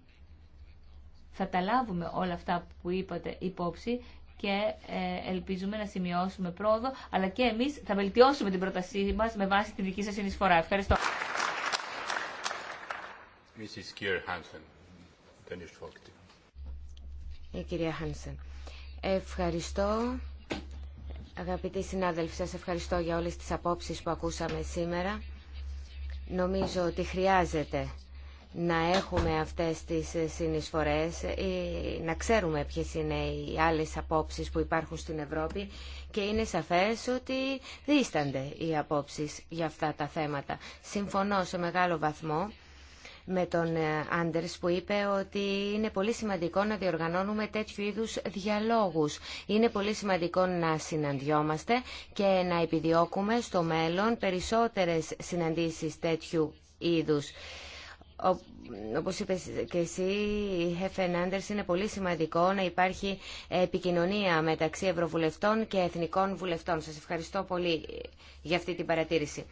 Θα τα λάβουμε όλα αυτά που είπατε υπόψη και ε, ελπίζουμε να σημειώσουμε πρόοδο, αλλά και εμείς θα βελτιώσουμε την πρότασή μας με βάση τη δική σας συνεισφορά. Ευχαριστώ. κυρία Ευχαριστώ. Αγαπητοί συνάδελφοι, σας ευχαριστώ για όλες τις απόψεις που ακούσαμε σήμερα. Νομίζω ότι χρειάζεται να έχουμε αυτές τις συνεισφορές ή ε, να ξέρουμε ποιες είναι οι άλλες απόψεις που υπάρχουν στην Ευρώπη και είναι σαφές ότι δίστανται οι απόψεις για αυτά τα θέματα. Συμφωνώ σε μεγάλο βαθμό με τον ε, Άντερς που είπε ότι είναι πολύ σημαντικό να διοργανώνουμε τέτοιου είδους διαλόγους. Είναι πολύ σημαντικό να συναντιόμαστε και να επιδιώκουμε στο μέλλον περισσότερες συναντήσεις τέτοιου είδους όπως είπε και εσύ, η είναι πολύ σημαντικό να υπάρχει επικοινωνία μεταξύ Ευρωβουλευτών και Εθνικών Βουλευτών. Σας ευχαριστώ πολύ για αυτή την παρατήρηση.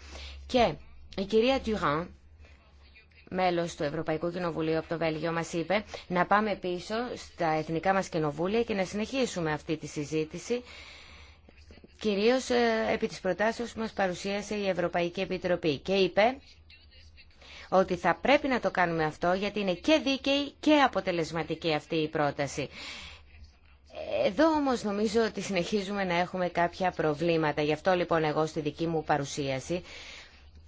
Και η κυρία μέλος του Ευρωπαϊκού Κοινοβουλίου από το Βέλγιο μας είπε να πάμε πίσω στα εθνικά μας κοινοβούλια και να συνεχίσουμε αυτή τη συζήτηση κυρίως ε, επί της προτάσεως που μας παρουσίασε η Ευρωπαϊκή Επιτροπή και είπε ότι θα πρέπει να το κάνουμε αυτό γιατί είναι και δίκαιη και αποτελεσματική αυτή η πρόταση. Εδώ όμως νομίζω ότι συνεχίζουμε να έχουμε κάποια προβλήματα. Γι' αυτό λοιπόν εγώ στη δική μου παρουσίαση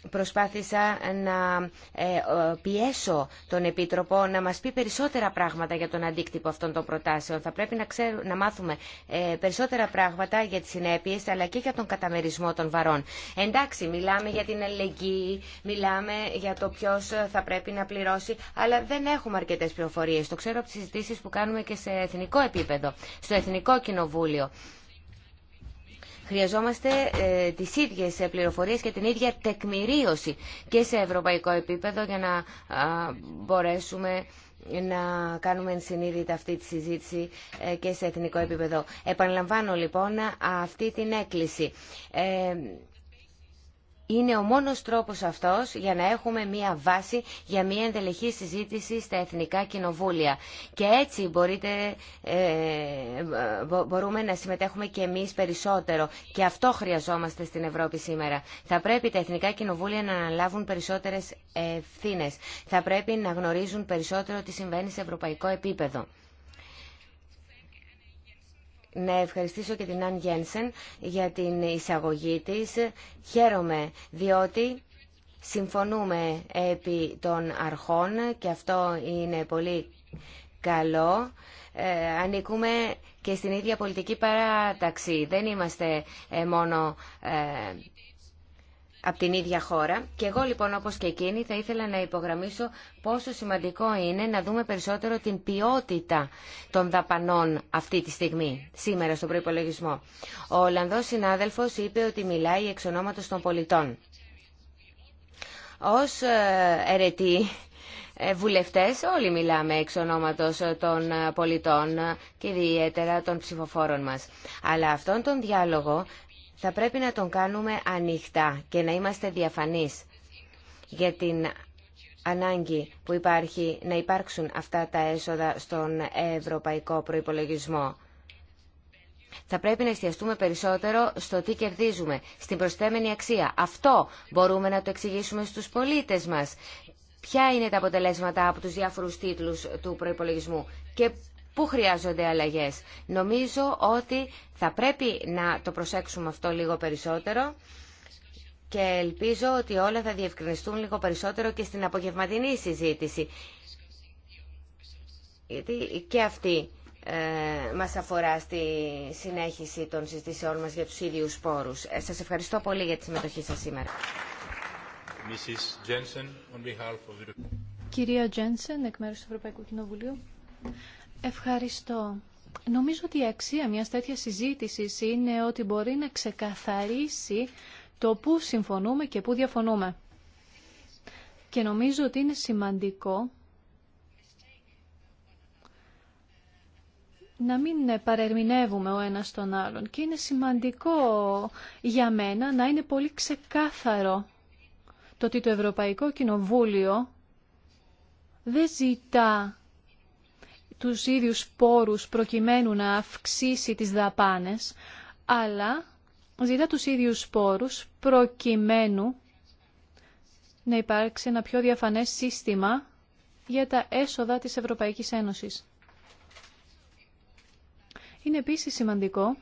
προσπάθησα να ε, πιέσω τον Επίτροπο να μας πει περισσότερα πράγματα για τον αντίκτυπο αυτών των προτάσεων. Θα πρέπει να, να μάθουμε ε, περισσότερα πράγματα για τις συνέπειες αλλά και για τον καταμερισμό των βαρών. Εντάξει, μιλάμε για την αλληλεγγύη, μιλάμε για το ποιο θα πρέπει να πληρώσει, αλλά δεν έχουμε αρκετέ πληροφορίε. Το ξέρω από τι συζητήσει που κάνουμε και σε εθνικό επίπεδο, στο Εθνικό Κοινοβούλιο. Χρειαζόμαστε ε, τις ίδιες ε, πληροφορίες και την ίδια τεκμηρίωση και σε ευρωπαϊκό επίπεδο για να μπορέσουμε να κάνουμε συνείδητα αυτή τη συζήτηση ε, και σε εθνικό επίπεδο. Επαναλαμβάνω λοιπόν αυτή την έκκληση είναι ο μόνος τρόπος αυτός για να έχουμε μία βάση για μία εντελεχή συζήτηση στα εθνικά κοινοβούλια. Και έτσι μπορείτε, ε, μπορούμε να συμμετέχουμε και εμείς περισσότερο. Και αυτό χρειαζόμαστε στην Ευρώπη σήμερα. Θα πρέπει τα εθνικά κοινοβούλια να αναλάβουν περισσότερες ευθύνες. Θα πρέπει να γνωρίζουν περισσότερο τι συμβαίνει σε ευρωπαϊκό επίπεδο να ευχαριστήσω και την Αν Γένσεν για την εισαγωγή της. Χαίρομαι διότι συμφωνούμε επί των αρχών και αυτό είναι πολύ καλό. Ε, ανήκουμε και στην ίδια πολιτική παράταξη. Δεν είμαστε ε, μόνο ε, από την ίδια χώρα. Και εγώ λοιπόν όπως και εκείνη θα ήθελα να υπογραμμίσω πόσο σημαντικό είναι να δούμε περισσότερο την ποιότητα των δαπανών αυτή τη στιγμή, σήμερα στον προϋπολογισμό. Ο Ολλανδός συνάδελφος είπε ότι μιλάει εξ ονόματος των πολιτών. Ως ερετή ε, βουλευτές όλοι μιλάμε εξ ε, των ε, πολιτών και ιδιαίτερα των ψηφοφόρων μας. Αλλά αυτόν τον διάλογο θα πρέπει να τον κάνουμε ανοιχτά και να είμαστε διαφανείς για την ανάγκη που υπάρχει να υπάρξουν αυτά τα έσοδα στον ευρωπαϊκό προϋπολογισμό. Θα πρέπει να εστιαστούμε περισσότερο στο τι κερδίζουμε, στην προσθέμενη αξία. Αυτό μπορούμε να το εξηγήσουμε στους πολίτες μας. Ποια είναι τα αποτελέσματα από τους διάφορους τίτλους του προϋπολογισμού και Πού χρειάζονται αλλαγές. Νομίζω ότι θα πρέπει να το προσέξουμε αυτό λίγο περισσότερο και ελπίζω ότι όλα θα διευκρινιστούν λίγο περισσότερο και στην απογευματινή συζήτηση. Γιατί και αυτή ε, μας αφορά στη συνέχιση των συζητήσεών μας για τους ίδιους πόρους. Ε, σας ευχαριστώ πολύ για τη συμμετοχή σας σήμερα. Κυρία Τζένσεν, εκ μέρους του Ευρωπαϊκού Κοινοβουλίου. Ευχαριστώ. Νομίζω ότι η αξία μιας τέτοιας συζήτησης είναι ότι μπορεί να ξεκαθαρίσει το πού συμφωνούμε και πού διαφωνούμε. Και νομίζω ότι είναι σημαντικό να μην παρερμηνεύουμε ο ένας τον άλλον. Και είναι σημαντικό για μένα να είναι πολύ ξεκάθαρο το ότι το Ευρωπαϊκό Κοινοβούλιο δεν ζητά τους ίδιους πόρους προκειμένου να αυξήσει τις δαπάνες, αλλά ζητά τους ίδιους πόρους προκειμένου να υπάρξει ένα πιο διαφανές σύστημα για τα έσοδα της Ευρωπαϊκής Ένωσης. Είναι επίσης σημαντικό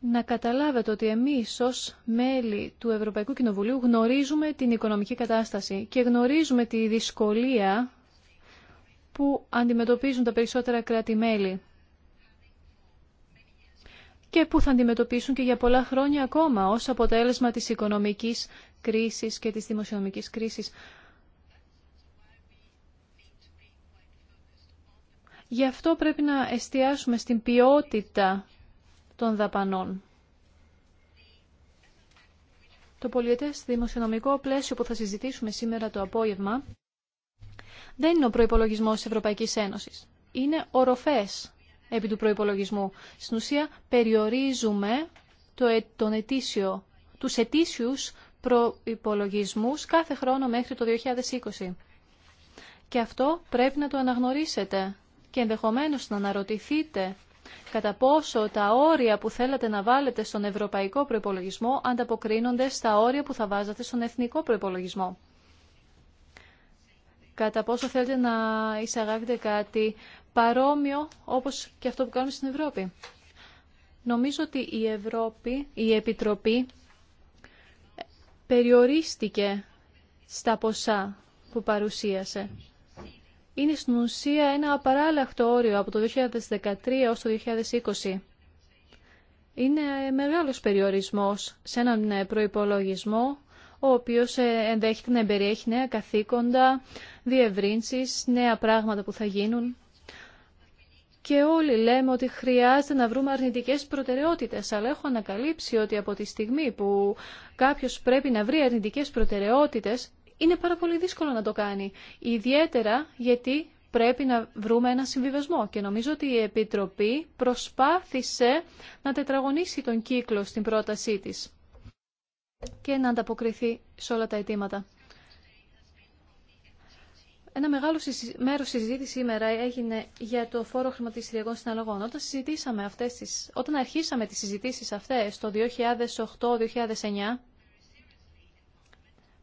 να καταλάβετε ότι εμείς ως μέλη του Ευρωπαϊκού Κοινοβουλίου γνωρίζουμε την οικονομική κατάσταση και γνωρίζουμε τη δυσκολία που αντιμετωπίζουν τα περισσότερα κράτη-μέλη και που θα αντιμετωπίσουν και για πολλά χρόνια ακόμα ως αποτέλεσμα της οικονομικής κρίσης και της δημοσιονομικής κρίσης. Γι' αυτό πρέπει να εστιάσουμε στην ποιότητα των δαπανών. Το πολιετές δημοσιονομικό πλαίσιο που θα συζητήσουμε σήμερα το απόγευμα δεν είναι ο προπολογισμό τη Ευρωπαϊκής Ένωσης. Είναι οροφές επί του προπολογισμού. Στην ουσία περιορίζουμε το, ε, τον ετήσιο, τους ετήσιους προϋπολογισμούς κάθε χρόνο μέχρι το 2020. Και αυτό πρέπει να το αναγνωρίσετε και ενδεχομένω να αναρωτηθείτε κατά πόσο τα όρια που θέλατε να βάλετε στον ευρωπαϊκό προϋπολογισμό ανταποκρίνονται στα όρια που θα βάζατε στον εθνικό προϋπολογισμό κατά πόσο θέλετε να εισαγάγετε κάτι παρόμοιο όπως και αυτό που κάνουμε στην Ευρώπη. Νομίζω ότι η Ευρώπη, η Επιτροπή περιορίστηκε στα ποσά που παρουσίασε. Είναι στην ουσία ένα απαράλλαχτο όριο από το 2013 έως το 2020. Είναι μεγάλος περιορισμός σε έναν ε, προϋπολογισμό ο οποίος ε, ενδέχεται να εμπεριέχει νέα καθήκοντα, διευρύνσεις, νέα πράγματα που θα γίνουν. Και όλοι λέμε ότι χρειάζεται να βρούμε αρνητικές προτεραιότητες, αλλά έχω ανακαλύψει ότι από τη στιγμή που κάποιος πρέπει να βρει αρνητικές προτεραιότητες, είναι πάρα πολύ δύσκολο να το κάνει. Ιδιαίτερα γιατί πρέπει να βρούμε ένα συμβιβασμό. Και νομίζω ότι η Επιτροπή προσπάθησε να τετραγωνίσει τον κύκλο στην πρότασή της και να ανταποκριθεί σε όλα τα αιτήματα. Ένα μεγάλο μέρος συζήτηση σήμερα έγινε για το φόρο χρηματιστηριακών συναλλαγών. Όταν, συζητήσαμε αυτές τις, όταν αρχίσαμε τις συζητήσεις αυτές το 2008-2009,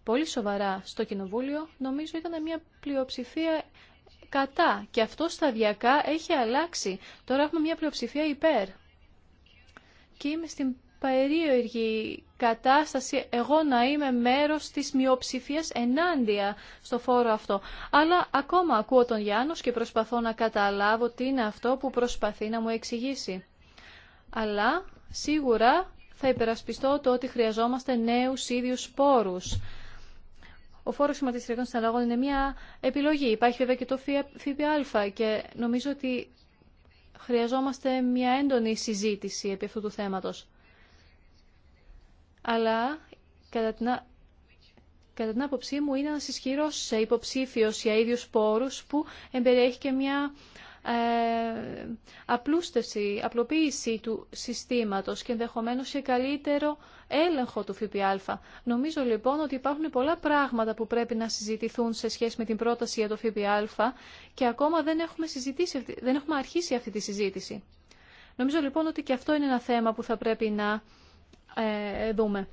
πολύ σοβαρά στο Κοινοβούλιο, νομίζω ήταν μια πλειοψηφία κατά. Και αυτό σταδιακά έχει αλλάξει. Τώρα έχουμε μια πλειοψηφία υπέρ. Και είμαι στην περίεργη κατάσταση εγώ να είμαι μέρος της μειοψηφίας ενάντια στο φόρο αυτό. Αλλά ακόμα ακούω τον Γιάννος και προσπαθώ να καταλάβω τι είναι αυτό που προσπαθεί να μου εξηγήσει. Αλλά σίγουρα θα υπερασπιστώ το ότι χρειαζόμαστε νέους ίδιους πόρους. Ο φόρος χρηματιστηριακών συναλλαγών είναι μια επιλογή. Υπάρχει βέβαια και το ΦΠΑ και νομίζω ότι χρειαζόμαστε μια έντονη συζήτηση επί αυτού του θέματος αλλά κατά την, κατά την άποψή μου είναι ένας ισχυρός υποψήφιος για ίδιους πόρους που εμπεριέχει και μια ε, απλούστευση, απλοποίηση του συστήματος και ενδεχομένως και καλύτερο έλεγχο του ΦΠΑ. Νομίζω λοιπόν ότι υπάρχουν πολλά πράγματα που πρέπει να συζητηθούν σε σχέση με την πρόταση για το ΦΠΑ και ακόμα δεν έχουμε, συζητήσει, δεν έχουμε αρχίσει αυτή τη συζήτηση. Νομίζω λοιπόν ότι και αυτό είναι ένα θέμα που θα πρέπει να ε, ε, δούμε.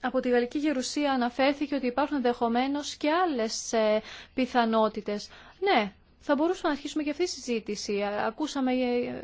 Από τη Γαλλική Γερουσία αναφέρθηκε ότι υπάρχουν ενδεχομένω και άλλες ε, πιθανότητες. Ναι, θα μπορούσαμε να αρχίσουμε και αυτή τη συζήτηση. Ακούσαμε ε,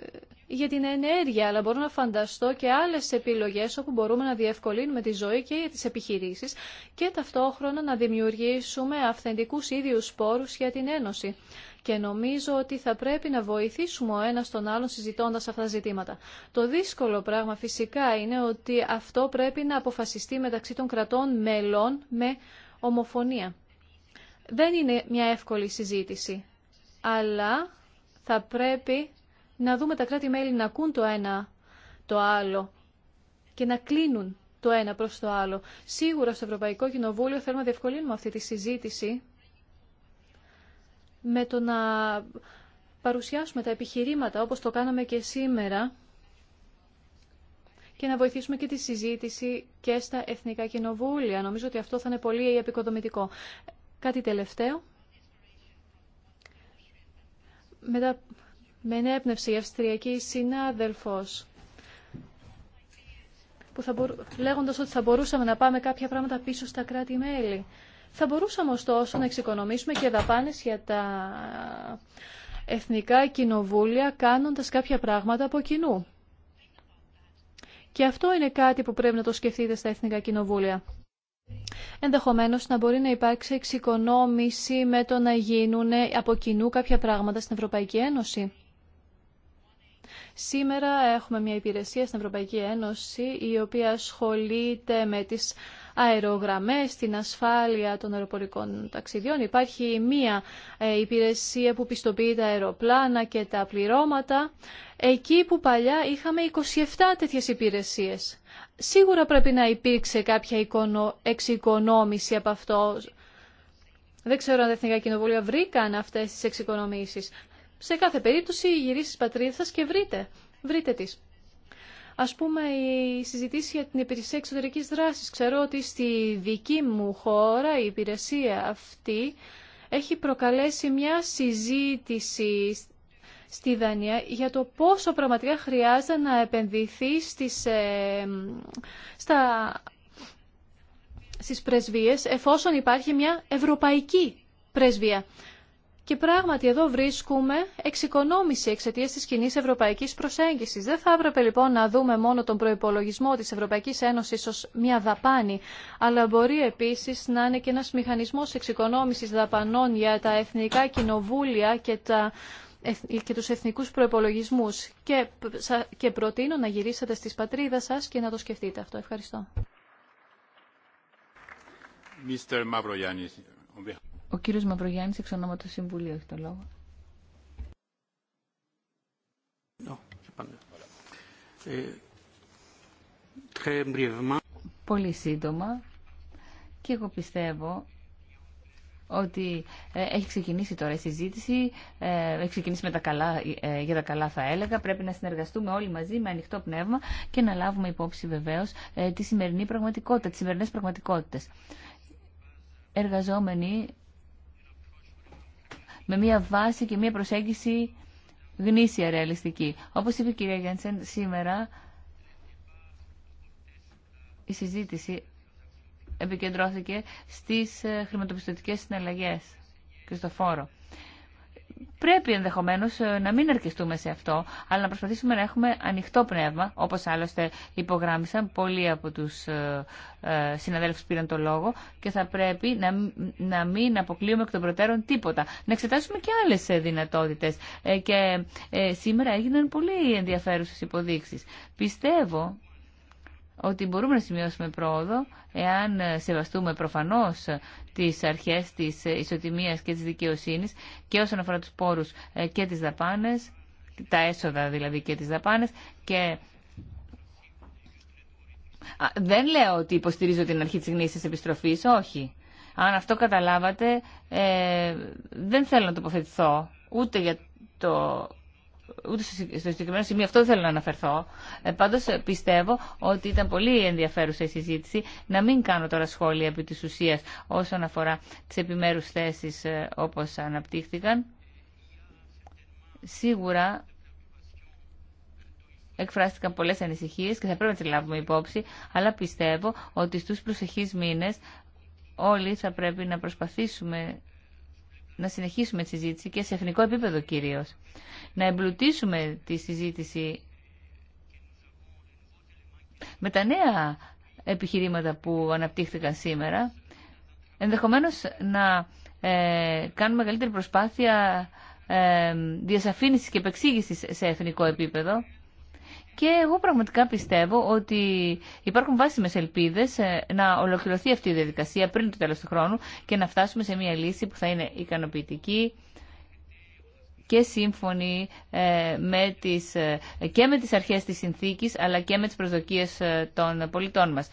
για την ενέργεια, αλλά μπορώ να φανταστώ και άλλες επιλογές όπου μπορούμε να διευκολύνουμε τη ζωή και για τις επιχειρήσεις και ταυτόχρονα να δημιουργήσουμε αυθεντικούς ίδιους σπόρους για την Ένωση και νομίζω ότι θα πρέπει να βοηθήσουμε ο ένας τον άλλον συζητώντας αυτά τα ζητήματα. Το δύσκολο πράγμα φυσικά είναι ότι αυτό πρέπει να αποφασιστεί μεταξύ των κρατών μελών με ομοφωνία. Δεν είναι μια εύκολη συζήτηση, αλλά θα πρέπει να δούμε τα κράτη-μέλη να ακούν το ένα το άλλο και να κλείνουν το ένα προς το άλλο. Σίγουρα στο Ευρωπαϊκό Κοινοβούλιο θέλουμε να διευκολύνουμε αυτή τη συζήτηση με το να παρουσιάσουμε τα επιχειρήματα όπως το κάναμε και σήμερα και να βοηθήσουμε και τη συζήτηση και στα Εθνικά Κοινοβούλια. Νομίζω ότι αυτό θα είναι πολύ επικοδομητικό. Κάτι τελευταίο. Μετά με ενέπνευση η Αυστριακή συνάδελφος που θα λέγοντας ότι θα μπορούσαμε να πάμε κάποια πράγματα πίσω στα κράτη-μέλη. Θα μπορούσαμε ωστόσο να εξοικονομήσουμε και δαπάνες για τα εθνικά κοινοβούλια κάνοντας κάποια πράγματα από κοινού. Και αυτό είναι κάτι που πρέπει να το σκεφτείτε στα εθνικά κοινοβούλια. Ενδεχομένως να μπορεί να υπάρξει εξοικονόμηση με το να γίνουν από κοινού κάποια πράγματα στην Ευρωπαϊκή Ένωση. Σήμερα έχουμε μια υπηρεσία στην Ευρωπαϊκή Ένωση η οποία ασχολείται με τις αερογραμμές, την ασφάλεια των αεροπορικών ταξιδιών. Υπάρχει μία ε, υπηρεσία που πιστοποιεί τα αεροπλάνα και τα πληρώματα. Εκεί που παλιά είχαμε 27 τέτοιες υπηρεσίες. Σίγουρα πρέπει να υπήρξε κάποια εξοικονόμηση από αυτό. Δεν ξέρω αν τα Εθνικά Κοινοβούλια βρήκαν αυτές τις εξοικονομήσεις. Σε κάθε περίπτωση γυρίσεις πατρίδες σας και βρείτε. Βρείτε τις. Ας πούμε, οι συζητήσει για την υπηρεσία εξωτερική δράσης. Ξέρω ότι στη δική μου χώρα η υπηρεσία αυτή έχει προκαλέσει μια συζήτηση στη Δανία για το πόσο πραγματικά χρειάζεται να επενδυθεί στις, ε, στα, στις πρεσβείες εφόσον υπάρχει μια ευρωπαϊκή πρεσβεία. Και πράγματι εδώ βρίσκουμε εξοικονόμηση εξαιτία τη κοινή ευρωπαϊκή προσέγγιση. Δεν θα έπρεπε λοιπόν να δούμε μόνο τον προπολογισμό τη Ευρωπαϊκή Ένωση ω μια δαπάνη, αλλά μπορεί επίση να είναι και ένα μηχανισμό εξοικονόμηση δαπανών για τα εθνικά κοινοβούλια και τα και τους εθνικούς προϋπολογισμούς και, και προτείνω να γυρίσετε στις πατρίδες σας και να το σκεφτείτε αυτό. Ευχαριστώ. Ο κύριος Μαυρογιάννης εξ ονόματος Συμβουλίου έχει το λόγο. Ε, Πολύ σύντομα και εγώ πιστεύω ότι ε, έχει ξεκινήσει τώρα η συζήτηση, ε, έχει ξεκινήσει με τα καλά, για τα καλά θα έλεγα. Πρέπει να συνεργαστούμε όλοι μαζί με ανοιχτό πνεύμα και να λάβουμε υπόψη βεβαίως τη σημερινή πραγματικότητα, τις σημερινές πραγματικότητες. Εργαζόμενοι με μια βάση και μια προσέγγιση γνήσια ρεαλιστική. Όπως είπε η κυρία Γιάντσεν, σήμερα η συζήτηση επικεντρώθηκε στις ε, χρηματοπιστωτικές συναλλαγές και στο φόρο πρέπει ενδεχομένω ε, να μην αρκεστούμε σε αυτό, αλλά να προσπαθήσουμε να έχουμε ανοιχτό πνεύμα, όπω άλλωστε υπογράμμισαν πολλοί από του ε, ε, συναδέλφου που πήραν το λόγο, και θα πρέπει να μην αποκλείουμε εκ των προτέρων τίποτα. Να εξετάσουμε και άλλε δυνατότητε. Και σήμερα έγιναν πολύ ενδιαφέρουσε υποδείξει. Πιστεύω ότι μπορούμε να σημειώσουμε πρόοδο εάν σεβαστούμε προφανώς τις αρχές της ισοτιμίας και της δικαιοσύνης και όσον αφορά τους πόρους ε, και τις δαπάνες, τα έσοδα δηλαδή και τις δαπάνες και δεν λέω ότι υποστηρίζω την αρχή της γνήσιας επιστροφής, όχι. Αν αυτό καταλάβατε, ε, δεν θέλω να τοποθετηθώ ούτε για το ούτε στο συγκεκριμένο σημείο αυτό δεν θέλω να αναφερθώ. Ε, Πάντω ε, πιστεύω ότι ήταν πολύ ενδιαφέρουσα η συζήτηση. Να μην κάνω τώρα σχόλια επί τη ουσία όσον αφορά τι επιμέρου θέσει ε, όπω αναπτύχθηκαν. Σίγουρα εκφράστηκαν πολλές ανησυχίες και θα πρέπει να τις λάβουμε υπόψη, αλλά πιστεύω ότι στους προσεχείς μήνες όλοι θα πρέπει να προσπαθήσουμε να συνεχίσουμε τη συζήτηση και σε εθνικό επίπεδο κυρίως να εμπλουτίσουμε τη συζήτηση με τα νέα επιχειρήματα που αναπτύχθηκαν σήμερα, ενδεχομένως να ε, κάνουμε μεγαλύτερη προσπάθεια ε, και επεξήγησης σε εθνικό επίπεδο. Και εγώ πραγματικά πιστεύω ότι υπάρχουν βάσιμε ελπίδες ε, να ολοκληρωθεί αυτή η διαδικασία πριν το τέλος του χρόνου και να φτάσουμε σε μια λύση που θα είναι ικανοποιητική και σύμφωνοι ε, με τις, ε, και με τις αρχές της συνθήκης αλλά και με τις προσδοκίες ε, των πολιτών μας.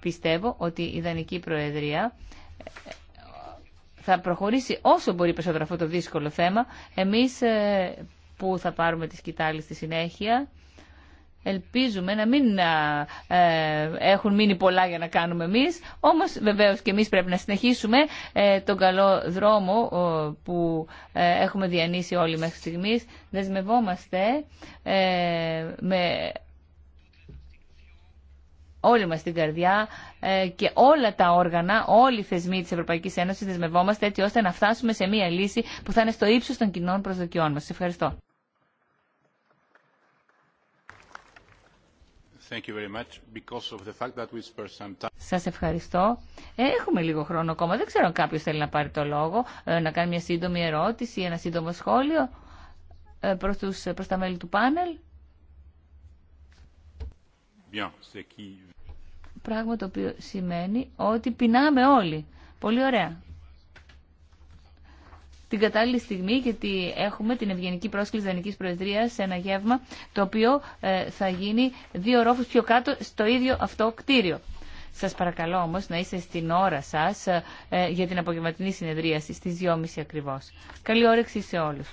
Πιστεύω ότι η Ιδανική Προεδρία θα προχωρήσει όσο μπορεί περισσότερο αυτό το δύσκολο θέμα. Εμείς που θα πάρουμε τις σκητάλη στη συνέχεια Ελπίζουμε να μην ε, έχουν μείνει πολλά για να κάνουμε εμείς, όμως βεβαίως και εμείς πρέπει να συνεχίσουμε ε, τον καλό δρόμο που ε, έχουμε διανύσει όλοι μέχρι στιγμής. Δεσμευόμαστε με όλη μας την καρδιά και όλα τα όργανα, όλοι οι θεσμοί της Ευρωπαϊκής Ένωσης δεσμευόμαστε έτσι ώστε να φτάσουμε σε μια λύση που θα είναι στο ύψος των κοινών προσδοκιών μας. Σας ευχαριστώ. Σα Σας ευχαριστώ. Έχουμε λίγο χρόνο ακόμα. Δεν ξέρω αν κάποιος θέλει να πάρει το λόγο, ε, να κάνει μια σύντομη ερώτηση ένα σύντομο σχόλιο ε, προς, τα μέλη του πάνελ. Πράγμα το οποίο σημαίνει ότι πεινάμε όλοι. Πολύ ωραία την κατάλληλη στιγμή, γιατί έχουμε την ευγενική πρόσκληση Δανική Προεδρία σε ένα γεύμα, το οποίο ε, θα γίνει δύο ρόφου πιο κάτω στο ίδιο αυτό κτίριο. Σας παρακαλώ όμως να είστε στην ώρα σας ε, ε, για την απογευματινή συνεδρίαση στις 2.30 ακριβώς. Καλή όρεξη σε όλους.